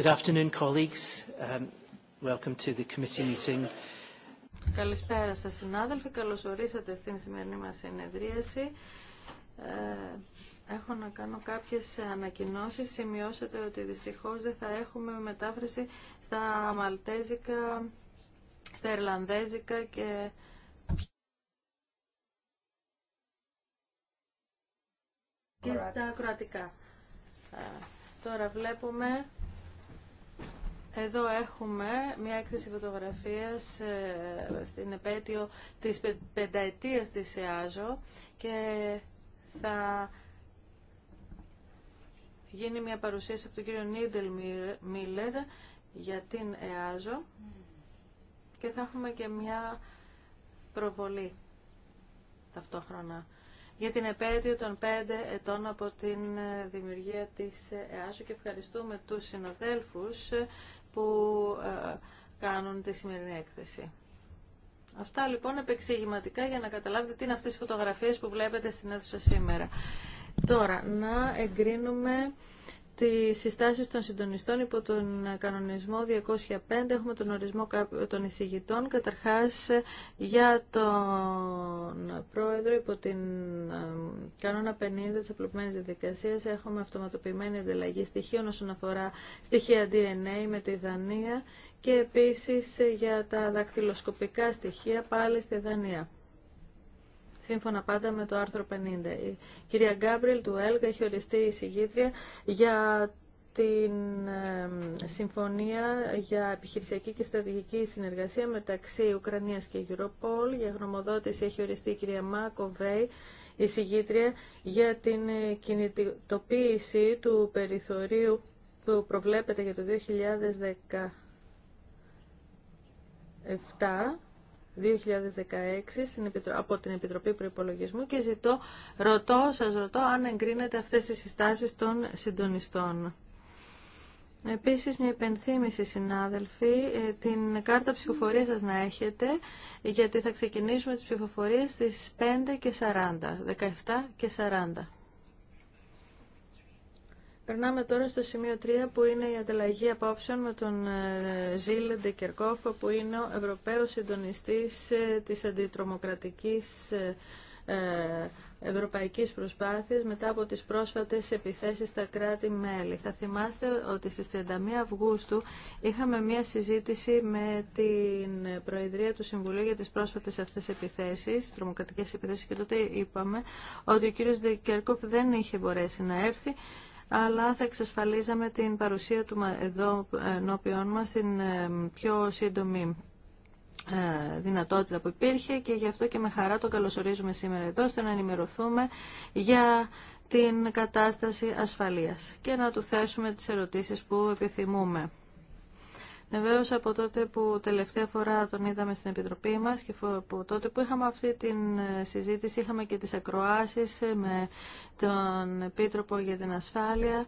Um, Καλησπέρα σας συνάδελφοι, καλώς ορίσατε στην σημερινή μας συνεδρίαση. Ε, έχω να κάνω κάποιες ανακοινώσεις. σημειώσετε ότι δυστυχώς δεν θα έχουμε μετάφραση στα μαλτέζικα, στα ιρλανδέζικα και και στα κροατικά. Ε, τώρα βλέπουμε εδώ έχουμε μια έκθεση φωτογραφίας ε, στην επέτειο της πενταετίας της ΕΑΖΟ και θα γίνει μια παρουσίαση από τον κύριο Νίντελ Μίλερ για την ΕΑΖΟ και θα έχουμε και μια προβολή ταυτόχρονα για την επέτειο των πέντε ετών από την ε, δημιουργία της ΕΑΖΟ και ευχαριστούμε τους συναδέλφους που ε, κάνουν τη σημερινή έκθεση. Αυτά λοιπόν επεξηγηματικά για να καταλάβετε τι είναι αυτές οι φωτογραφίες που βλέπετε στην αίθουσα σήμερα. Τώρα, να εγκρίνουμε τις συστάσεις των συντονιστών υπό τον κανονισμό 205 έχουμε τον ορισμό των εισηγητών καταρχάς για τον πρόεδρο υπό την κανόνα 50 της απλοποιημένης διαδικασίας έχουμε αυτοματοποιημένη ανταλλαγή στοιχείων όσον αφορά στοιχεία DNA με τη Δανία και επίσης για τα δακτυλοσκοπικά στοιχεία πάλι στη Δανία σύμφωνα πάντα με το άρθρο 50. Η κυρία Γκάμπριλ του ΕΛΚ έχει οριστεί η συγγήτρια για την συμφωνία για επιχειρησιακή και στρατηγική συνεργασία μεταξύ Ουκρανίας και Europol. Για γνωμοδότηση έχει οριστεί η κυρία Μάκο Βέη, η συγγήτρια, για την ε, κινητοποίηση του περιθωρίου που προβλέπεται για το 2017 2016 από την Επιτροπή Προϋπολογισμού και ζητώ, ρωτώ, σας ρωτώ αν εγκρίνετε αυτές τις συστάσεις των συντονιστών. Επίσης μια υπενθύμηση συνάδελφοι, ε, την κάρτα ψηφοφορίας σας να έχετε, γιατί θα ξεκινήσουμε τις ψηφοφορίες στις 5 και 40, 17 και 40. Περνάμε τώρα στο σημείο 3 που είναι η ανταλλαγή απόψεων με τον ε, Ζήλ Ντεκερκόφ που είναι ο Ευρωπαίος Συντονιστής ε, της Αντιτρομοκρατικής ε, ευρωπαϊκής προσπάθειας μετά από τις πρόσφατες επιθέσεις στα κράτη-μέλη. Θα θυμάστε ότι στις 31 Αυγούστου είχαμε μία συζήτηση με την Προεδρία του Συμβουλίου για τις πρόσφατες αυτές επιθέσεις, τρομοκρατικές επιθέσεις και τότε είπαμε ότι ο κύριος Ντεκερκόφ δεν είχε μπορέσει να έρθει αλλά θα εξασφαλίζαμε την παρουσία του εδώ ε, ενώπιόν μας στην ε, πιο σύντομη ε, δυνατότητα που υπήρχε και γι' αυτό και με χαρά το καλωσορίζουμε σήμερα εδώ ώστε να ενημερωθούμε για την κατάσταση ασφαλείας και να του θέσουμε τις ερωτήσεις που επιθυμούμε. Βεβαίω από τότε που τελευταία φορά τον είδαμε στην Επιτροπή μας και από τότε που είχαμε αυτή την ε, συζήτηση είχαμε και τις ακροάσεις ε, με τον Επίτροπο για την Ασφάλεια.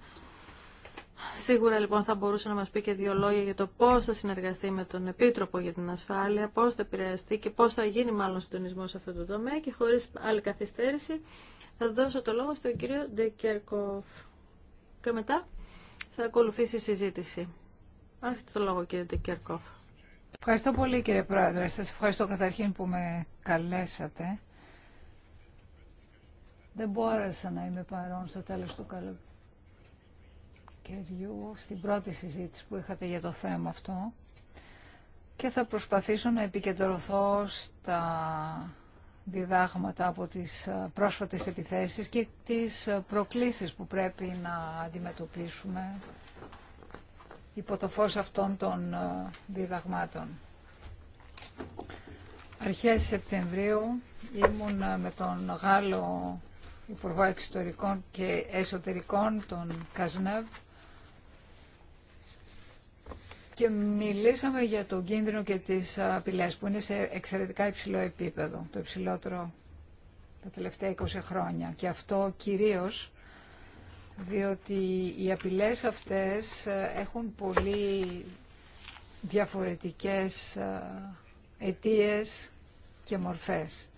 Σίγουρα λοιπόν θα μπορούσε να μας πει και δύο λόγια για το πώς θα συνεργαστεί με τον Επίτροπο για την Ασφάλεια, πώς θα επηρεαστεί και πώς θα γίνει μάλλον συντονισμό σε αυτό το τομέα και χωρίς άλλη καθυστέρηση θα δώσω το λόγο στον κύριο Ντεκέρκοφ. Και μετά θα ακολουθήσει η συζήτηση. Αυτό το λόγο κύριε Τεκερκόφ. Ευχαριστώ πολύ κύριε Πρόεδρε. Σας ευχαριστώ καταρχήν που με καλέσατε. Δεν μπόρεσα να είμαι παρόν στο τέλος του καλοκαιριού στην πρώτη συζήτηση που είχατε για το θέμα αυτό και θα προσπαθήσω να επικεντρωθώ στα διδάγματα από τις πρόσφατες επιθέσεις και τις προκλήσεις που πρέπει να αντιμετωπίσουμε υπό το φως αυτών των ε, διδαγμάτων. Αρχές Σεπτεμβρίου ήμουν ε, με τον Γάλλο Υπουργό Εξωτερικών και Εσωτερικών, τον Καζνεύ, και μιλήσαμε για τον κίνδυνο και τις απειλές που είναι σε εξαιρετικά υψηλό επίπεδο, το υψηλότερο τα τελευταία 20 χρόνια. Και αυτό κυρίως διότι οι απειλές αυτές ε, έχουν πολύ διαφορετικές ε, αιτίες και μορφές.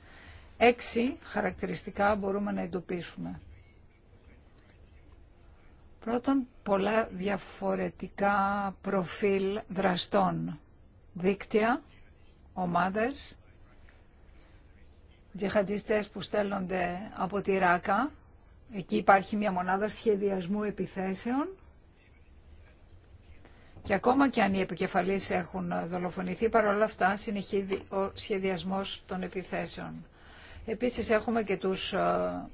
Έξι χαρακτηριστικά μπορούμε να εντοπίσουμε. Πρώτον, πολλά διαφορετικά προφίλ δραστών. Δίκτυα, ομάδες, τζιχαντιστές που στέλνονται από τη Ράκα, Εκεί υπάρχει μια μονάδα σχεδιασμού επιθέσεων και ακόμα και αν οι επικεφαλείς έχουν δολοφονηθεί, παρόλα αυτά συνεχίζει ο σχεδιασμός των επιθέσεων. Επίσης έχουμε και τους ε,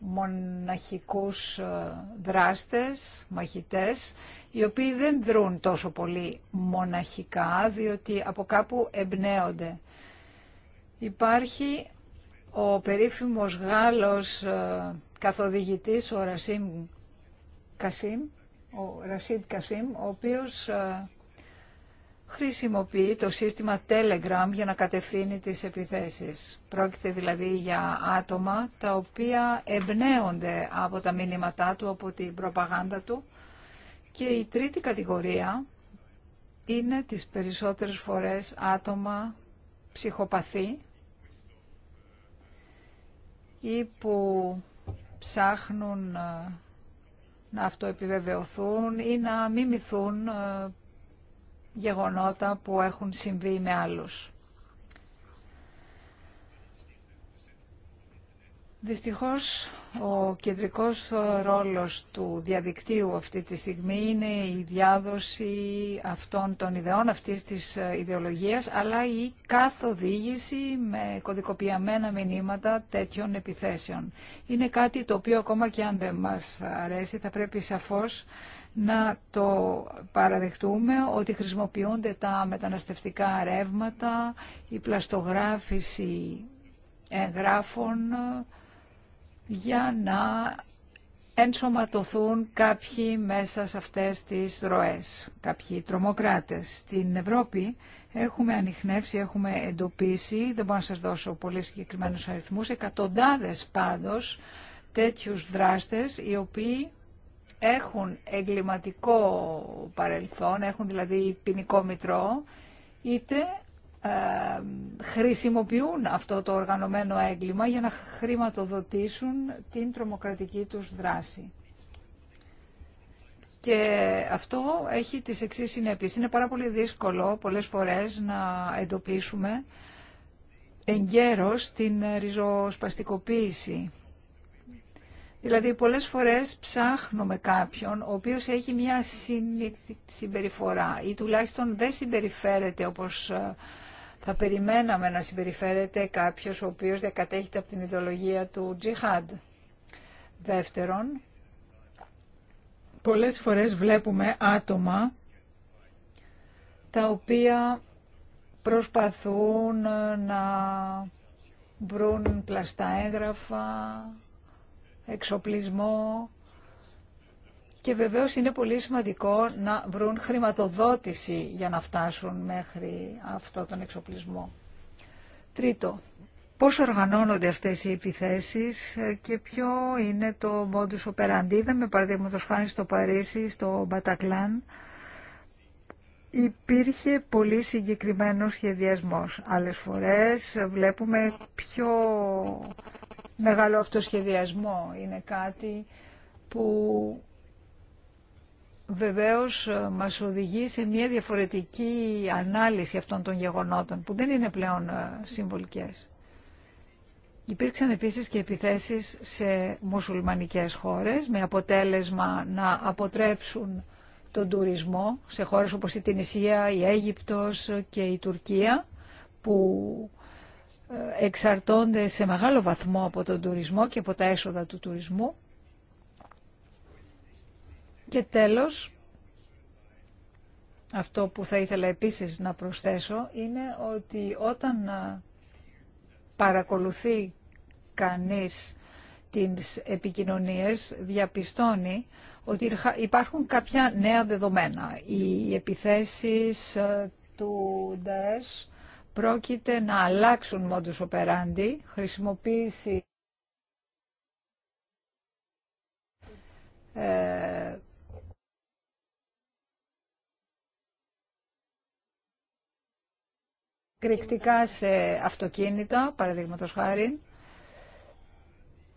μοναχικούς ε, δράστες, μαχητές, οι οποίοι δεν δρούν τόσο πολύ μοναχικά, διότι από κάπου εμπνέονται. Υπάρχει ο περίφημος Γάλλος ε, καθοδηγητής ο Ρασίμ Κασίμ, ο Ρασίτ Κασίμ, ο οποίος ε, χρησιμοποιεί το σύστημα Telegram για να κατευθύνει τις επιθέσεις. Πρόκειται δηλαδή για άτομα τα οποία εμπνέονται από τα μήνυματά του, από την προπαγάνδα του. Και η τρίτη κατηγορία είναι τις περισσότερες φορές άτομα ψυχοπαθή ή που ψάχνουν ε, να αυτοεπιβεβαιωθούν ή να μιμηθούν ε, γεγονότα που έχουν συμβεί με άλλους. Δυστυχώς ο κεντρικός ρόλος του διαδικτύου αυτή τη στιγμή είναι η διάδοση αυτών των ιδεών, αυτής της ιδεολογίας, αλλά η καθοδήγηση με κωδικοποιημένα μηνύματα τέτοιων επιθέσεων. Είναι κάτι το οποίο ακόμα και αν δεν μας αρέσει θα πρέπει σαφώς να το παραδεχτούμε ότι χρησιμοποιούνται τα μεταναστευτικά ρεύματα, η πλαστογράφηση εγγράφων, για να ενσωματωθούν κάποιοι μέσα σε αυτές τις ροές, κάποιοι τρομοκράτες. Στην Ευρώπη έχουμε ανιχνεύσει, έχουμε εντοπίσει, δεν μπορώ να σας δώσω πολύ συγκεκριμένους αριθμούς, εκατοντάδες πάντως τέτοιους δράστες οι οποίοι έχουν εγκληματικό παρελθόν, έχουν δηλαδή ποινικό μητρό, είτε χρησιμοποιούν αυτό το οργανωμένο έγκλημα για να χρηματοδοτήσουν την τρομοκρατική τους δράση. Και αυτό έχει τις εξής συνέπειες. Είναι πάρα πολύ δύσκολο πολλές φορές να εντοπίσουμε εγκαίρως την ριζοσπαστικοποίηση. Δηλαδή πολλές φορές ψάχνουμε κάποιον ο οποίος έχει μια συμπεριφορά ή τουλάχιστον δεν συμπεριφέρεται όπως ε, θα περιμέναμε να συμπεριφέρεται κάποιος ο οποίος διακατέχεται από την ιδεολογία του τζιχάντ. Δεύτερον, πολλές φορές βλέπουμε άτομα τα οποία προσπαθούν να βρουν πλαστά έγγραφα, εξοπλισμό και βεβαίω είναι πολύ σημαντικό να βρουν χρηματοδότηση για να φτάσουν μέχρι αυτό τον εξοπλισμό. Τρίτο, πώ οργανώνονται αυτές οι επιθέσεις και ποιο είναι το modus operandi. Είδαμε παραδείγματος χάρη στο Παρίσι, στο Μπατακλάν, υπήρχε πολύ συγκεκριμένο σχεδιασμό. Άλλε φορές βλέπουμε πιο μεγάλο αυτοσχεδιασμό. Είναι κάτι που βεβαίως ε, μας οδηγεί σε μια διαφορετική ανάλυση αυτών των γεγονότων που δεν είναι πλέον ε, συμβολικές. Υπήρξαν επίσης και επιθέσεις σε μουσουλμανικές χώρες με αποτέλεσμα να αποτρέψουν τον τουρισμό σε χώρες όπως η Τινησία, η Αίγυπτος και η Τουρκία που ε, εξαρτώνται σε μεγάλο βαθμό από τον τουρισμό και από τα έσοδα του τουρισμού και τέλος, αυτό που θα ήθελα επίσης να προσθέσω είναι ότι όταν ε, παρακολουθεί κανείς τις επικοινωνίες διαπιστώνει ότι υπάρχουν κάποια νέα δεδομένα. Οι επιθέσεις ε, του ΝΤΕΣ πρόκειται να αλλάξουν μόντους οπεράντι, χρησιμοποίηση ε, κρυκτικά σε αυτοκίνητα, παραδείγματο χάρη,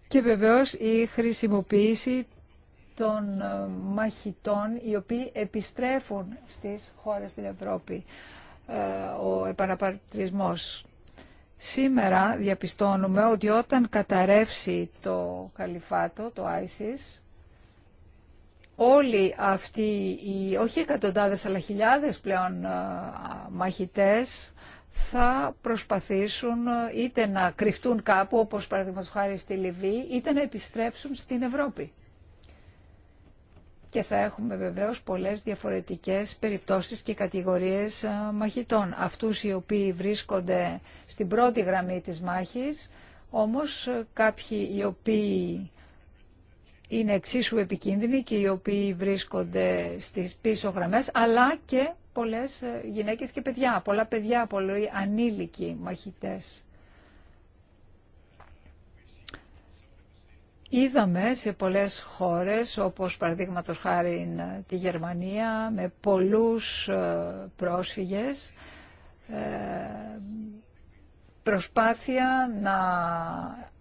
και βεβαίως η χρησιμοποίηση των ε, μαχητών οι οποίοι επιστρέφουν στις χώρες στην Ευρώπη ε, ο επαναπατρισμός. Σήμερα διαπιστώνουμε ότι όταν καταρρεύσει το Καλυφάτο, το ISIS, όλοι αυτοί οι όχι εκατοντάδες αλλά χιλιάδες πλέον ε, μαχητές θα προσπαθήσουν είτε να κρυφτούν κάπου, όπως παραδείγματος χάρη στη Λιβύη, είτε να επιστρέψουν στην Ευρώπη. Και θα έχουμε βεβαίως πολλές διαφορετικές περιπτώσεις και κατηγορίες ε, μαχητών. Αυτούς οι οποίοι βρίσκονται στην πρώτη γραμμή της μάχης, όμως ε, κάποιοι οι οποίοι είναι εξίσου επικίνδυνοι και οι οποίοι βρίσκονται στις πίσω γραμμές, αλλά και πολλές ε, γυναίκες και παιδιά, πολλά παιδιά, πολλοί ανήλικοι μαχητές. Είδαμε σε πολλές χώρες, όπως παραδείγματο χάρη ε, τη Γερμανία, με πολλούς ε, πρόσφυγες, προσπάθεια να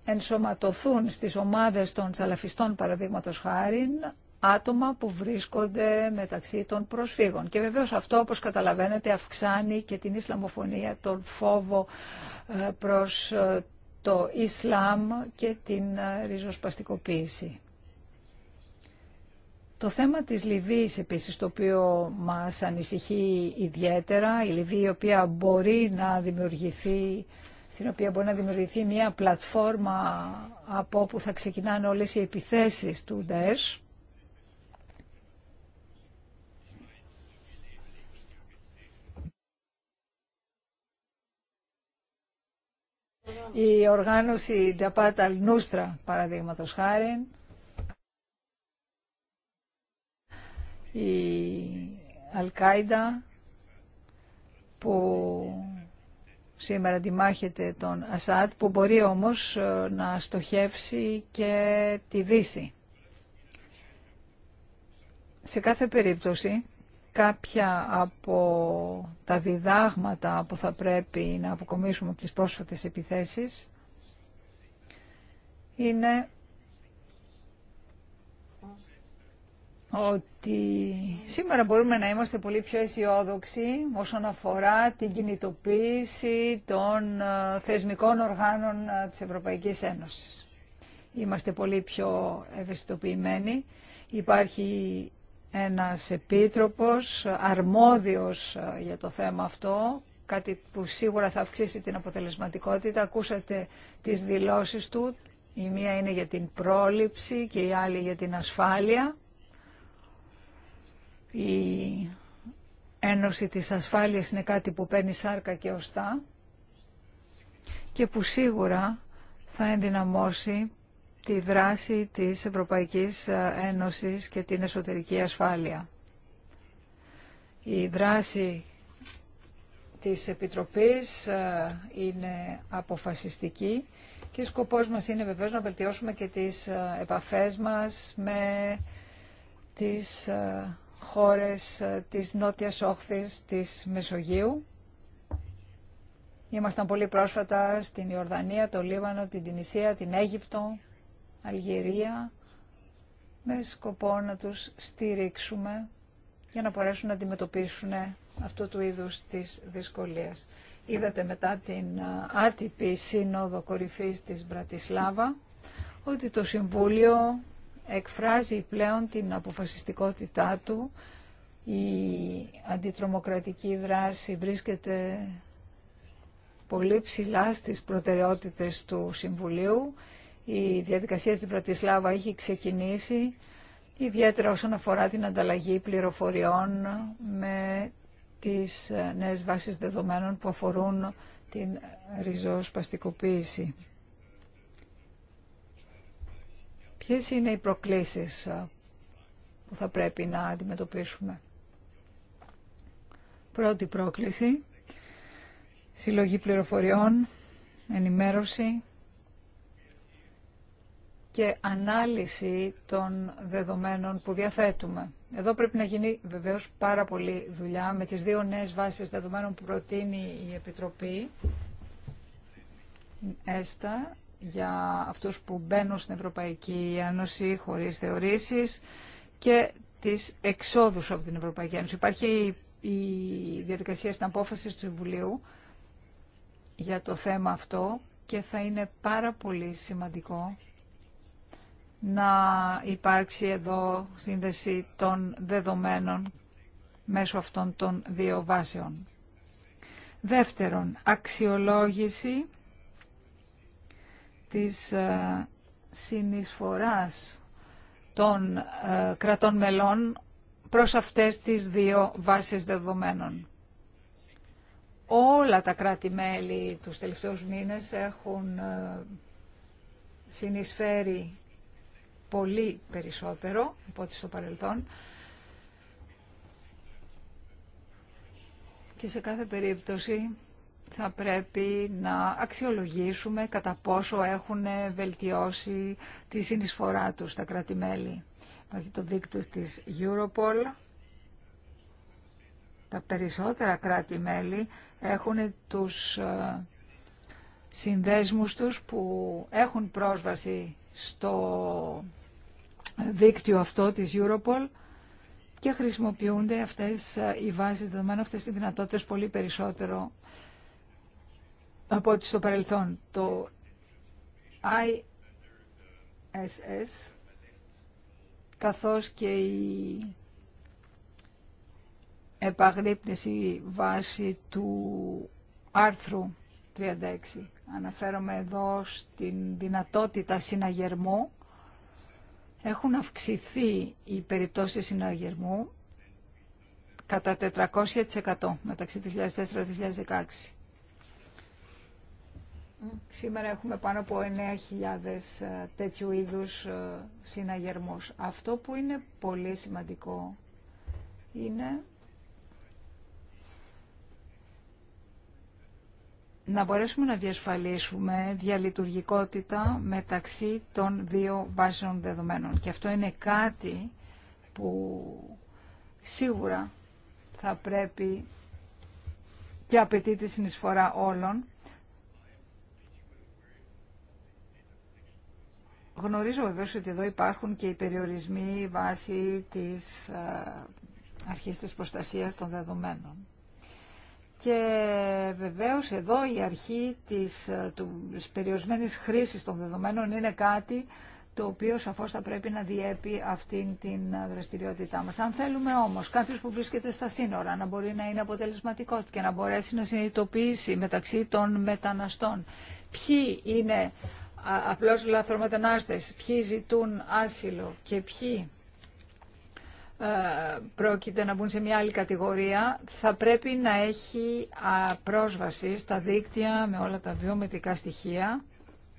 ενσωματωθούν στις ομάδες των σαλαφιστών παραδείγματος χάρη άτομα που βρίσκονται μεταξύ των προσφύγων. Και βεβαίως αυτό, όπως καταλαβαίνετε, αυξάνει και την Ισλαμοφωνία, τον φόβο ε, προς ε, το Ισλάμ και την ε, ριζοσπαστικοποίηση. Το θέμα της Λιβύης επίσης το οποίο μας ανησυχεί ιδιαίτερα, η Λιβύη η οποία μπορεί να δημιουργηθεί στην οποία μπορεί να δημιουργηθεί μια πλατφόρμα από όπου θα ξεκινάνε όλες οι επιθέσεις του ΝΤΑΕΣ. Η οργάνωση Τζαπατά Αλνούστρα, παραδείγματο χάρη, η Αλκάιντα που σήμερα αντιμάχεται τον Ασάτ, που μπορεί όμως ε, να στοχεύσει και τη Δύση. Σε κάθε περίπτωση, κάποια από τα διδάγματα που θα πρέπει να αποκομίσουμε από τις πρόσφατες επιθέσεις είναι ότι σήμερα μπορούμε να είμαστε πολύ πιο αισιόδοξοι όσον αφορά την κινητοποίηση των ε, θεσμικών οργάνων ε, της Ευρωπαϊκής Ένωσης. Είμαστε πολύ πιο ευαισθητοποιημένοι. Υπάρχει ένας επίτροπος αρμόδιος ε, για το θέμα αυτό, κάτι που σίγουρα θα αυξήσει την αποτελεσματικότητα. Ακούσατε τις δηλώσεις του, η μία είναι για την πρόληψη και η άλλη για την ασφάλεια. Η Ένωση της Ασφάλειας είναι κάτι που παίρνει σάρκα και οστά και που σίγουρα θα ενδυναμώσει τη δράση της Ευρωπαϊκής Ένωσης και την εσωτερική ασφάλεια. Η δράση της Επιτροπής ε, είναι αποφασιστική και σκοπός μας είναι βεβαίως να βελτιώσουμε και τις ε, επαφές μας με τις ε, χώρες της νότιας όχθης της Μεσογείου. Ήμασταν πολύ πρόσφατα στην Ιορδανία, το Λίβανο, την Τινησία, την Αίγυπτο, Αλγερία με σκοπό να τους στηρίξουμε για να μπορέσουν να αντιμετωπίσουν αυτό του είδους της δυσκολίας. Είδατε μετά την άτυπη σύνοδο κορυφής της Μπρατισλάβα ότι το Συμβούλιο εκφράζει πλέον την αποφασιστικότητά του. Η αντιτρομοκρατική δράση βρίσκεται πολύ ψηλά στις προτεραιότητες του Συμβουλίου η διαδικασία στην Πρατισλάβα έχει ξεκινήσει, ιδιαίτερα όσον αφορά την ανταλλαγή πληροφοριών με τις ε, νέες βάσεις δεδομένων που αφορούν την ριζοσπαστικοποίηση. Ποιες είναι οι προκλήσεις ε, που θα πρέπει να αντιμετωπίσουμε. Πρώτη πρόκληση, συλλογή πληροφοριών, ενημέρωση, και ανάλυση των δεδομένων που διαθέτουμε. Εδώ πρέπει να γίνει βεβαίως πάρα πολλή δουλειά με τις δύο νέες βάσεις δεδομένων που προτείνει η Επιτροπή ΕΣΤΑ για αυτούς που μπαίνουν στην Ευρωπαϊκή Ένωση χωρίς θεωρήσεις και τις εξόδους από την Ευρωπαϊκή Ένωση. Υπάρχει η διαδικασία στην απόφαση του Συμβουλίου για το θέμα αυτό και θα είναι πάρα πολύ σημαντικό να υπάρξει εδώ σύνδεση των δεδομένων μέσω αυτών των δύο βάσεων. Δεύτερον, αξιολόγηση της ε, συνισφοράς των ε, κρατών μελών προς αυτές τις δύο βάσεις δεδομένων. Όλα τα κράτη-μέλη τους τελευταίους μήνες έχουν ε, συνεισφέρει πολύ περισσότερο από ό,τι στο παρελθόν. Και σε κάθε περίπτωση θα πρέπει να αξιολογήσουμε κατά πόσο έχουν βελτιώσει τη συνεισφορά τους τα κράτη-μέλη. Δηλαδή το δίκτυο της Europol, τα περισσότερα κράτη-μέλη έχουν τους ε, συνδέσμους τους που έχουν πρόσβαση στο δίκτυο αυτό της Europol και χρησιμοποιούνται αυτές ε, οι βάσεις δεδομένων, αυτές οι δυνατότητες πολύ περισσότερο από ό,τι στο παρελθόν. Το ISS καθώς και η επαγρύπνηση βάση του άρθρου 36. Αναφέρομαι εδώ στην δυνατότητα συναγερμού έχουν αυξηθεί οι περιπτώσεις συναγερμού κατά 400% μεταξύ 2004-2016. Σήμερα έχουμε πάνω από 9.000 ε, τέτοιου είδους ε, συναγερμούς. Αυτό που είναι πολύ σημαντικό είναι να μπορέσουμε να διασφαλίσουμε διαλειτουργικότητα μεταξύ των δύο βάσεων δεδομένων. Και αυτό είναι κάτι που σίγουρα θα πρέπει και απαιτεί τη συνεισφορά όλων. Γνωρίζω βεβαίω ότι εδώ υπάρχουν και οι περιορισμοί βάσει της ε, αρχής της προστασίας των δεδομένων. Και βεβαίως εδώ η αρχή της, περιορισμένη περιορισμένης χρήσης των δεδομένων είναι κάτι το οποίο σαφώς θα πρέπει να διέπει αυτήν την δραστηριότητά μας. Αν θέλουμε όμως κάποιος που βρίσκεται στα σύνορα να μπορεί να είναι αποτελεσματικός και να μπορέσει να συνειδητοποιήσει μεταξύ των μεταναστών ποιοι είναι απλώς λαθρομετανάστες, ποιοι ζητούν άσυλο και ποιοι ε, πρόκειται να μπουν σε μια άλλη κατηγορία, θα πρέπει να έχει πρόσβαση στα δίκτυα με όλα τα βιομετρικά στοιχεία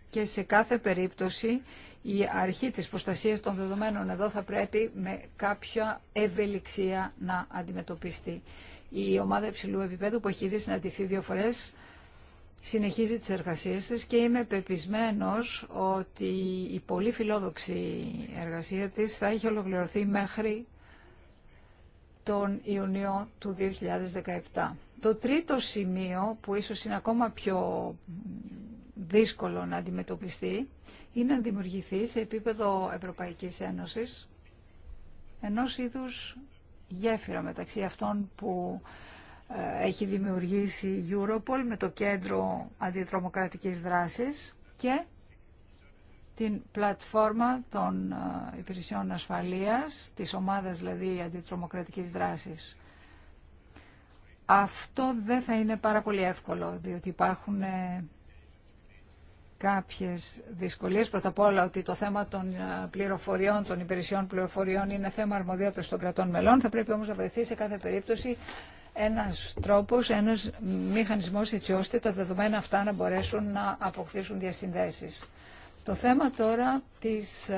και σε κάθε περίπτωση η αρχή της προστασίας των δεδομένων εδώ θα πρέπει με κάποια ευελιξία να αντιμετωπιστεί. Η ομάδα υψηλού επίπεδου που έχει ήδη συναντηθεί δύο φορές συνεχίζει τις εργασίες της και είμαι πεπισμένος ότι η πολύ φιλόδοξη εργασία της θα έχει ολοκληρωθεί μέχρι τον Ιουνιό του 2017. Το τρίτο σημείο που ίσως είναι ακόμα πιο δύσκολο να αντιμετωπιστεί είναι να δημιουργηθεί σε επίπεδο Ευρωπαϊκής Ένωσης ενός είδους γέφυρα μεταξύ αυτών που ε, έχει δημιουργήσει η Europol με το κέντρο αντιτρομοκρατικής δράσης και την πλατφόρμα των ε, υπηρεσιών ασφαλείας, της ομάδας δηλαδή αντιτρομοκρατικής δράσης. Αυτό δεν θα είναι πάρα πολύ εύκολο, διότι υπάρχουν ε, κάποιες δυσκολίες. Πρώτα απ' όλα ότι το θέμα των ε, πληροφοριών, των υπηρεσιών πληροφοριών είναι θέμα αρμοδιότητας των κρατών μελών. Θα πρέπει όμως να βρεθεί σε κάθε περίπτωση ένας τρόπος, ένας μηχανισμός έτσι ώστε τα δεδομένα αυτά να μπορέσουν να αποκτήσουν διασυνδέσεις. Το θέμα τώρα της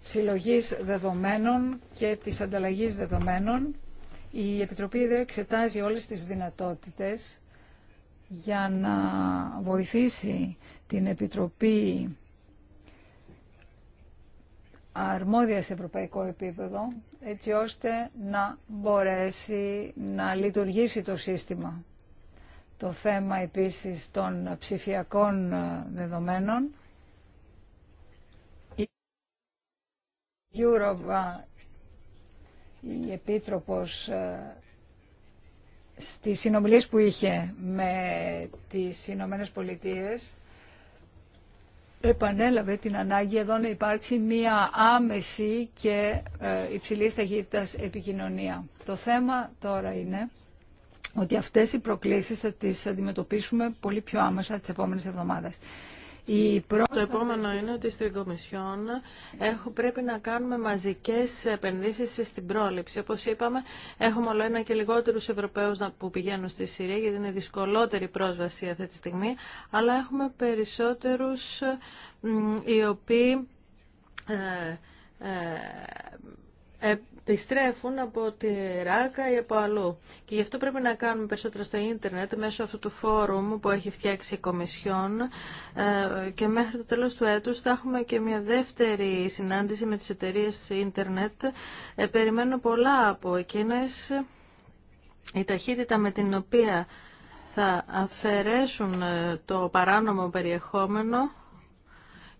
συλλογής δεδομένων και της ανταλλαγής δεδομένων. Η Επιτροπή εδώ εξετάζει όλες τις δυνατότητες για να βοηθήσει την Επιτροπή αρμόδια σε ευρωπαϊκό επίπεδο, έτσι ώστε να μπορέσει να λειτουργήσει το σύστημα το θέμα επίσης των ψηφιακών ε, δεδομένων. Η Eurova, η Επίτροπος ε, στις συνομιλίες που είχε με τις Ηνωμένε Πολιτείες επανέλαβε την ανάγκη εδώ να υπάρξει μία άμεση και ε, υψηλής ταχύτητας επικοινωνία. Το θέμα τώρα είναι ότι αυτές οι προκλήσεις θα τις αντιμετωπίσουμε πολύ πιο άμεσα τις επόμενες εβδομάδες. Η Το επόμενο είναι ότι στην Κομισιόν πρέπει να κάνουμε μαζικές επενδύσεις στην πρόληψη. Όπως είπαμε, έχουμε όλο ένα και λιγότερους Ευρωπαίους που πηγαίνουν στη Συρία, γιατί είναι δυσκολότερη πρόσβαση αυτή τη στιγμή, αλλά έχουμε περισσότερους οι οποίοι ε, ε, ε επιστρέφουν από τη Ράκα ή από αλλού. Και γι' αυτό πρέπει να κάνουμε περισσότερο στο ίντερνετ μέσω αυτού του φόρουμ που έχει φτιάξει η Κομισιόν ε, και μέχρι το τέλος του έτους θα έχουμε και μια δεύτερη συνάντηση με τις εταιρείες ίντερνετ. Ε, περιμένω πολλά από εκείνες. Η ταχύτητα με την οποία θα αφαιρέσουν ε, το παράνομο περιεχόμενο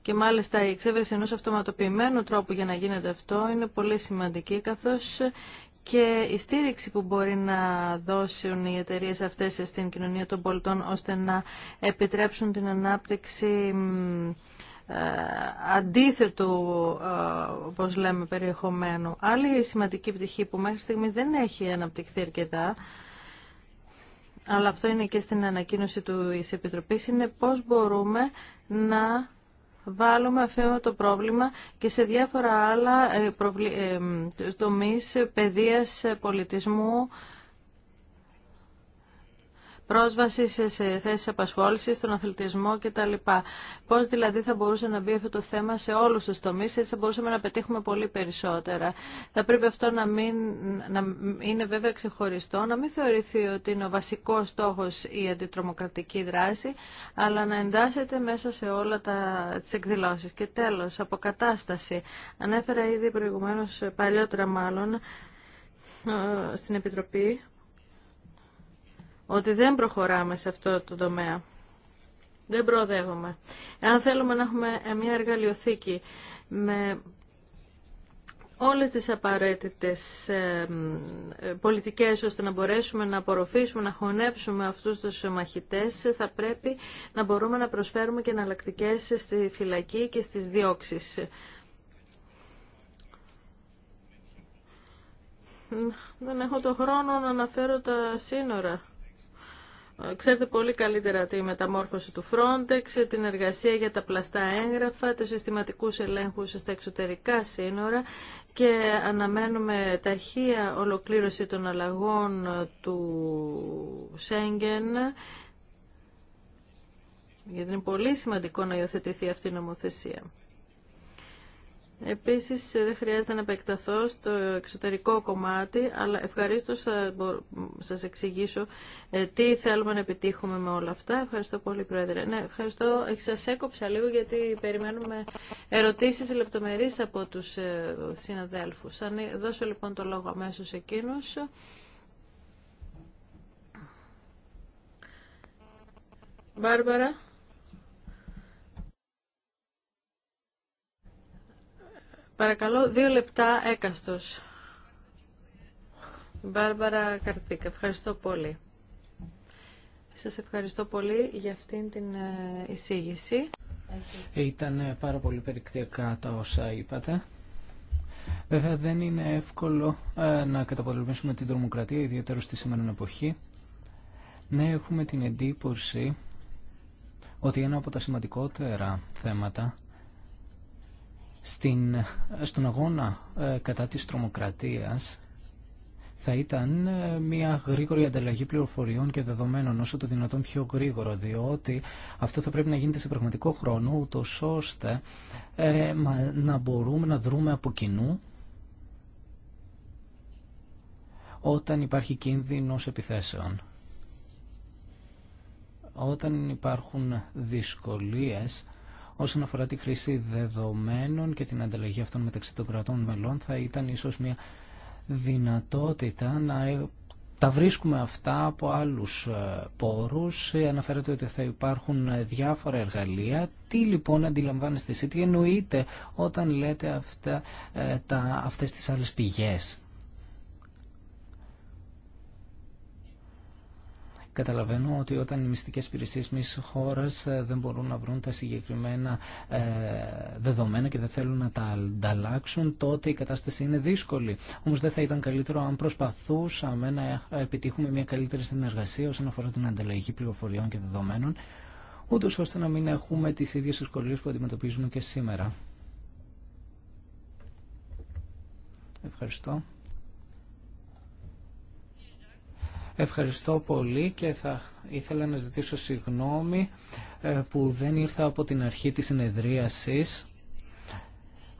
και μάλιστα η εξέβρεση ενός αυτοματοποιημένου τρόπου για να γίνεται αυτό είναι πολύ σημαντική, καθώς και η στήριξη που μπορεί να δώσουν οι εταιρείε αυτές στην κοινωνία των πολιτών ώστε να επιτρέψουν την ανάπτυξη ε, αντίθετου, ε, όπως λέμε, περιεχομένου. Άλλη σημαντική πτυχή που μέχρι στιγμής δεν έχει αναπτυχθεί αρκετά, αλλά αυτό είναι και στην ανακοίνωση του Επιτροπής, είναι πώς μπορούμε να βάλουμε αφήνουμε το πρόβλημα και σε διάφορα άλλα ε, ε, τομείς ε, παιδείας, πολιτισμού, πρόσβαση σε θέσεις απασχόλησης, στον αθλητισμό κτλ. Πώς δηλαδή θα μπορούσε να μπει αυτό το θέμα σε όλους τους τομείς, έτσι θα μπορούσαμε να πετύχουμε πολύ περισσότερα. Θα πρέπει αυτό να, μην, να είναι βέβαια ξεχωριστό, να μην θεωρηθεί ότι είναι ο βασικός στόχος η αντιτρομοκρατική δράση, αλλά να εντάσσεται μέσα σε όλα τα, τις εκδηλώσεις. Και τέλος, αποκατάσταση. Ανέφερα ήδη προηγουμένως, παλιότερα μάλλον, ε, στην Επιτροπή ότι δεν προχωράμε σε αυτό το τομέα. Δεν προοδεύουμε. Εάν θέλουμε να έχουμε ε, μια εργαλειοθήκη με όλες τις απαραίτητες ε, ε, πολιτικές ώστε να μπορέσουμε να απορροφήσουμε, να χωνέψουμε αυτούς τους μαχητές, θα πρέπει να μπορούμε να προσφέρουμε και εναλλακτικέ στη φυλακή και στις διώξεις. Δεν έχω το χρόνο να αναφέρω τα σύνορα. Ξέρετε πολύ καλύτερα τη μεταμόρφωση του Frontex, την εργασία για τα πλαστά έγγραφα, του συστηματικούς ελέγχους στα εξωτερικά σύνορα και αναμένουμε ταχεία ολοκλήρωση των αλλαγών του Σέγγεν γιατί είναι πολύ σημαντικό να υιοθετηθεί αυτή η νομοθεσία. Επίσης δεν χρειάζεται να επεκταθώ στο εξωτερικό κομμάτι, αλλά ευχαρίστω θα σας εξηγήσω ε, τι θέλουμε να επιτύχουμε με όλα αυτά. Ευχαριστώ πολύ Πρόεδρε. Ναι, ευχαριστώ. Σας έκοψα λίγο γιατί περιμένουμε ερωτήσεις λεπτομερείς από τους ε, συναδέλφους. αν δώσω λοιπόν το λόγο αμέσως εκείνους. Μπάρμπαρα. Παρακαλώ, δύο λεπτά έκαστος. Μπάρμπαρα Καρτίκα, ευχαριστώ πολύ. Σας ευχαριστώ πολύ για αυτήν την ε, εισήγηση. Ήταν ε, πάρα πολύ περιεκτικά τα όσα είπατε. Βέβαια δεν είναι εύκολο ε, να καταπολεμήσουμε την τρομοκρατία, ιδιαίτερα στη σήμερα εποχή. Ναι, έχουμε την εντύπωση ότι ένα από τα σημαντικότερα θέματα στην, στον αγώνα ε, κατά της τρομοκρατίας θα ήταν ε, μια γρήγορη ανταλλαγή πληροφοριών και δεδομένων όσο το δυνατόν πιο γρήγορο, διότι αυτό θα πρέπει να γίνεται σε πραγματικό χρόνο, ούτω ώστε ε, να μπορούμε να δρούμε από κοινού όταν υπάρχει κίνδυνος επιθέσεων. Όταν υπάρχουν δυσκολίες, όσον αφορά τη χρήση δεδομένων και την ανταλλαγή αυτών μεταξύ των κρατών μελών θα ήταν ίσως μια δυνατότητα να ε, τα βρίσκουμε αυτά από άλλους ε, πόρους. Ε, αναφέρεται ότι θα υπάρχουν διάφορα εργαλεία. Τι λοιπόν αντιλαμβάνεστε εσύ, τι εννοείτε όταν λέτε αυτά, τα, αυτές τις άλλες πηγές. Καταλαβαίνω ότι όταν οι μυστικές υπηρεσίες μιας χώρας ε, δεν μπορούν να βρουν τα συγκεκριμένα ε, δεδομένα και δεν θέλουν να τα ανταλλάξουν, τότε η κατάσταση είναι δύσκολη. Όμως δεν θα ήταν καλύτερο αν προσπαθούσαμε να επιτύχουμε μια καλύτερη συνεργασία όσον αφορά την ανταλλαγή πληροφοριών και δεδομένων, ούτως ώστε να μην έχουμε τις ίδιες δυσκολίε που αντιμετωπίζουμε και σήμερα. Ευχαριστώ. Ευχαριστώ πολύ και θα ήθελα να ζητήσω συγγνώμη ε, που δεν ήρθα από την αρχή της συνεδρίασης.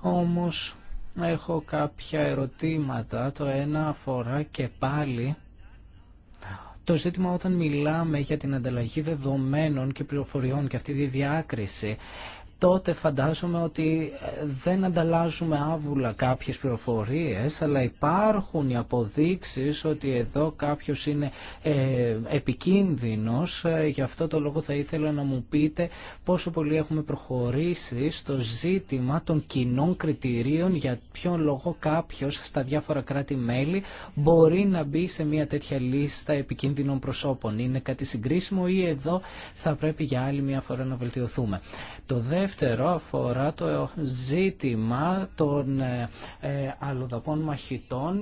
Όμως έχω κάποια ερωτήματα. Το ένα αφορά και πάλι το ζήτημα όταν μιλάμε για την ανταλλαγή δεδομένων και πληροφοριών και αυτή τη διάκριση τότε φαντάζομαι ότι ε, δεν ανταλλάζουμε άβουλα κάποιες πληροφορίες, αλλά υπάρχουν οι αποδείξεις ότι εδώ κάποιος είναι ε, επικίνδυνος. Ε, γι' αυτό το λόγο θα ήθελα να μου πείτε πόσο πολύ έχουμε προχωρήσει στο ζήτημα των κοινών κριτηρίων για ποιον λόγο κάποιος στα διάφορα κράτη-μέλη μπορεί να μπει σε μια τέτοια λίστα επικίνδυνων προσώπων. Είναι κάτι συγκρίσιμο ή εδώ θα πρέπει για άλλη μια φορά να βελτιωθούμε. Το δεύτερο δεύτερο αφορά το ζήτημα των ε, ε, αλλοδαπών μαχητών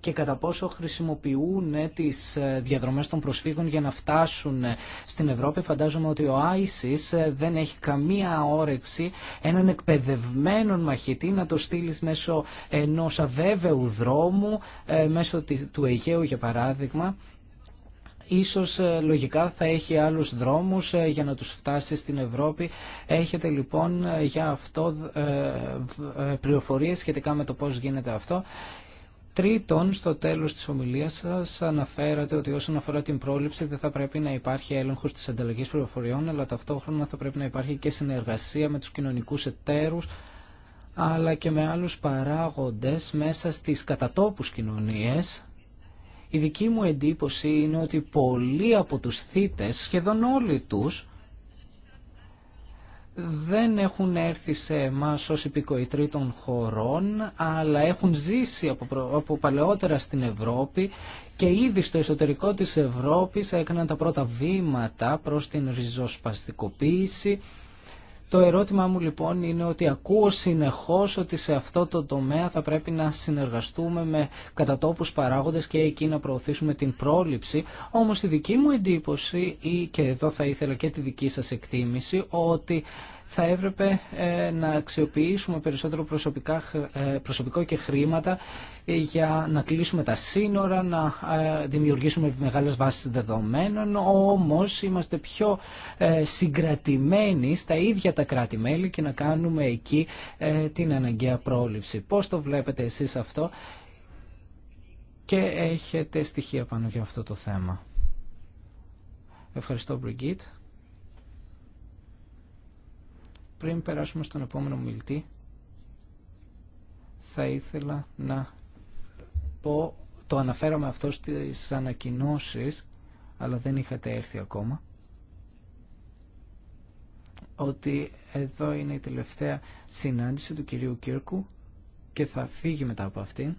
και κατά πόσο χρησιμοποιούν ε, τις διαδρομές των προσφύγων για να φτάσουν στην Ευρώπη. Φαντάζομαι ότι ο Άισις δεν έχει καμία όρεξη έναν εκπαιδευμένο μαχητή να το στείλει μέσω ενός αβέβαιου δρόμου, μέσω του Αιγαίου για παράδειγμα, ίσως ε, λογικά θα έχει άλλους δρόμους ε, για να τους φτάσει στην Ευρώπη. Έχετε λοιπόν ε, για αυτό πληροφορίες σχετικά με το πώς γίνεται αυτό. Τρίτον, στο τέλος της ομιλίας σας αναφέρατε ότι όσον αφορά την πρόληψη δεν θα πρέπει να υπάρχει έλεγχος της ανταλλαγής πληροφοριών, αλλά ταυτόχρονα θα πρέπει να υπάρχει και συνεργασία με τους κοινωνικούς εταίρους, αλλά και με άλλους παράγοντες μέσα στις κατατόπους κοινωνίες, η δική μου εντύπωση είναι ότι πολλοί από τους θύτες, σχεδόν όλοι τους, δεν έχουν έρθει σε εμάς ως υπηκοϊτροί των χωρών, αλλά έχουν ζήσει από, από παλαιότερα στην Ευρώπη και ήδη στο εσωτερικό της Ευρώπης έκαναν τα πρώτα βήματα προς την ριζοσπαστικοποίηση το ερώτημά μου λοιπόν είναι ότι ακούω συνεχώς ότι σε αυτό το τομέα θα πρέπει να συνεργαστούμε με κατατόπους παράγοντες και εκεί να προωθήσουμε την πρόληψη. Όμως η δική μου εντύπωση ή και εδώ θα ήθελα και τη δική σας εκτίμηση ότι θα έπρεπε ε, να αξιοποιήσουμε περισσότερο προσωπικά, ε, προσωπικό και χρήματα ε, για να κλείσουμε τα σύνορα, να δημιουργήσουμε μεγάλες βάσεις δεδομένων, όμως είμαστε πιο συγκρατημένοι στα ίδια τα κράτη-μέλη και να κάνουμε εκεί την αναγκαία πρόληψη. Πώς το βλέπετε εσείς αυτό και έχετε στοιχεία πάνω για αυτό το θέμα. Ευχαριστώ, Μπριγκίτ. Πριν περάσουμε στον επόμενο μιλτή, θα ήθελα να πω, το αναφέραμε αυτό στις ανακοινώσεις, αλλά δεν είχατε έρθει ακόμα, ότι εδώ είναι η τελευταία συνάντηση του κυρίου Κύρκου και θα φύγει μετά από αυτήν.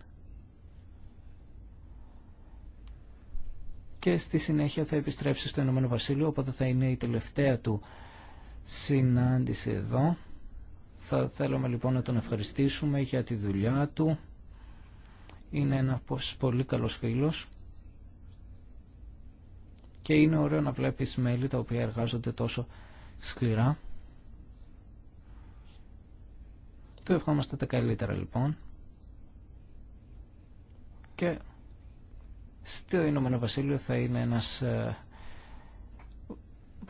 Και στη συνέχεια θα επιστρέψει στο Ηνωμένο Βασίλειο, οπότε θα είναι η τελευταία του συνάντηση εδώ. Θα θέλαμε λοιπόν να τον ευχαριστήσουμε για τη δουλειά του. Είναι ένα πολύ καλός φίλος και είναι ωραίο να βλέπεις μέλη τα οποία εργάζονται τόσο σκληρά. Του ευχόμαστε τα καλύτερα λοιπόν. Και στο Ηνωμένο Βασίλειο θα είναι ένας ε,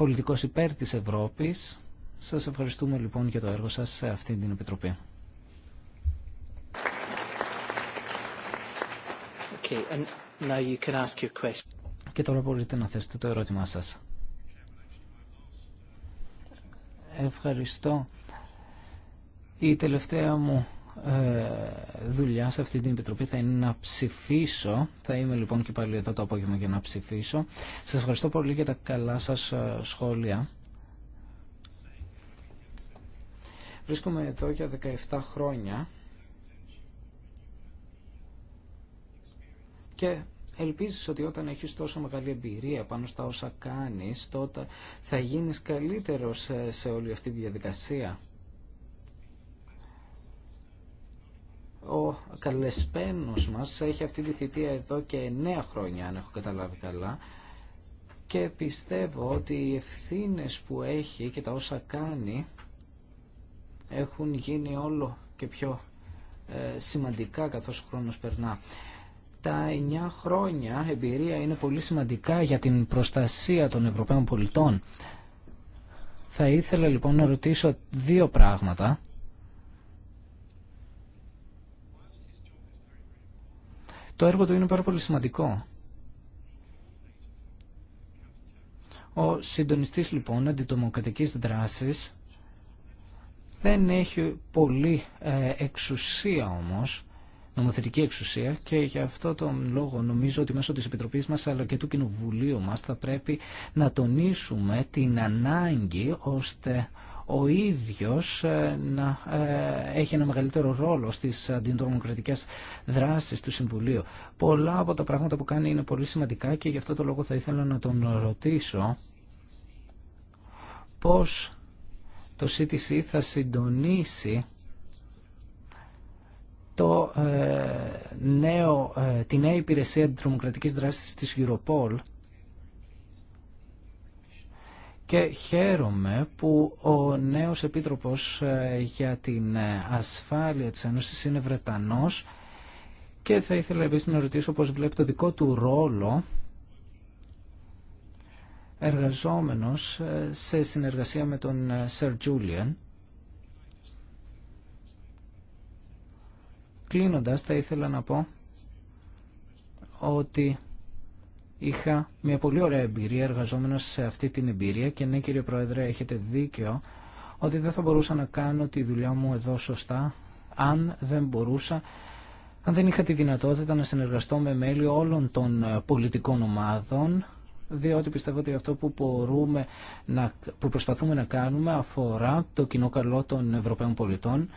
πολιτικός υπέρ της Ευρώπης. Σας ευχαριστούμε λοιπόν για το έργο σας σε αυτή την Επιτροπή. Okay, and now you can ask your Και τώρα μπορείτε να θέσετε το ερώτημά σας. Ευχαριστώ. Η τελευταία μου ε, δουλειά σε αυτή την επιτροπή θα είναι να ψηφίσω. Θα είμαι λοιπόν και πάλι εδώ το απόγευμα για να ψηφίσω. Σας ευχαριστώ πολύ για τα καλά σας ε, σχόλια. Βρίσκομαι εδώ για 17 χρόνια και ελπίζεις ότι όταν έχεις τόσο μεγάλη εμπειρία πάνω στα όσα κάνεις τότε θα γίνεις καλύτερος ε, σε όλη αυτή τη διαδικασία. Ο καλεσπένος μας έχει αυτή τη θητεία εδώ και 9 χρόνια, αν έχω καταλάβει καλά, και πιστεύω ότι οι ευθύνε που έχει και τα όσα κάνει έχουν γίνει όλο και πιο ε, σημαντικά καθώς ο χρόνος περνά. Τα 9 χρόνια εμπειρία είναι πολύ σημαντικά για την προστασία των Ευρωπαίων πολιτών. Θα ήθελα λοιπόν να ρωτήσω δύο πράγματα. Το έργο του είναι πάρα πολύ σημαντικό. Ο συντονιστής λοιπόν αντιτομοκρατικής δράσης δεν έχει πολύ ε, εξουσία όμως, νομοθετική εξουσία και γι' αυτό τον λόγο νομίζω ότι μέσω της Επιτροπής μας αλλά και του Κοινοβουλίου μας θα πρέπει να τονίσουμε την ανάγκη ώστε ο ίδιος ε, να ε, έχει ένα μεγαλύτερο ρόλο στις αντιδρομοκρατικές δράσεις του Συμβουλίου. Πολλά από τα πράγματα που κάνει είναι πολύ σημαντικά και γι' αυτό το λόγο θα ήθελα να τον ρωτήσω πώς το CTC θα συντονίσει το, ε, νέο, τη νέα υπηρεσία αντιτρομοκρατικής δράσης της Europol και χαίρομαι που ο νέος Επίτροπος ε, για την ε, Ασφάλεια της Ένωσης είναι Βρετανός και θα ήθελα επίσης να ρωτήσω πώς βλέπει το δικό του ρόλο εργαζόμενος ε, σε συνεργασία με τον Σερ Τζούλιαν. Κλείνοντας θα ήθελα να πω ότι είχα μια πολύ ωραία εμπειρία εργαζόμενος σε αυτή την εμπειρία και ναι κύριε Πρόεδρε έχετε δίκιο ότι δεν θα μπορούσα να κάνω τη δουλειά μου εδώ σωστά αν δεν μπορούσα αν δεν είχα τη δυνατότητα να συνεργαστώ με μέλη όλων των ε, πολιτικών ομάδων διότι πιστεύω ότι αυτό που, μπορούμε να, που προσπαθούμε να κάνουμε αφορά το κοινό καλό των Ευρωπαίων πολιτών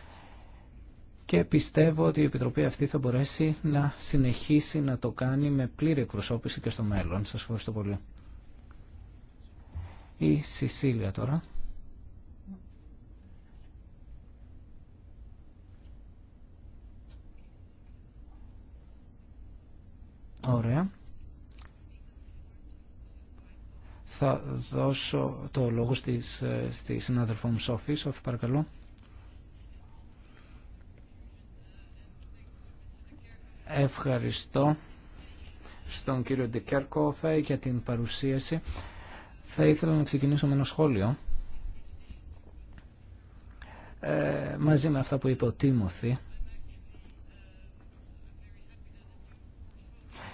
και πιστεύω ότι η Επιτροπή αυτή θα μπορέσει να συνεχίσει να το κάνει με πλήρη εκπροσώπηση και στο μέλλον. Σας ευχαριστώ πολύ. Η Σισίλια τώρα. Ωραία. Θα δώσω το λόγο στη, ε, στη συνάδελφό μου Σόφη. Σόφη, παρακαλώ. Ευχαριστώ στον κύριο Ντεκέρκοφε για την παρουσίαση. Θα ήθελα να ξεκινήσω με ένα σχόλιο. Ε, μαζί με αυτά που είπε ο Τίμωθη.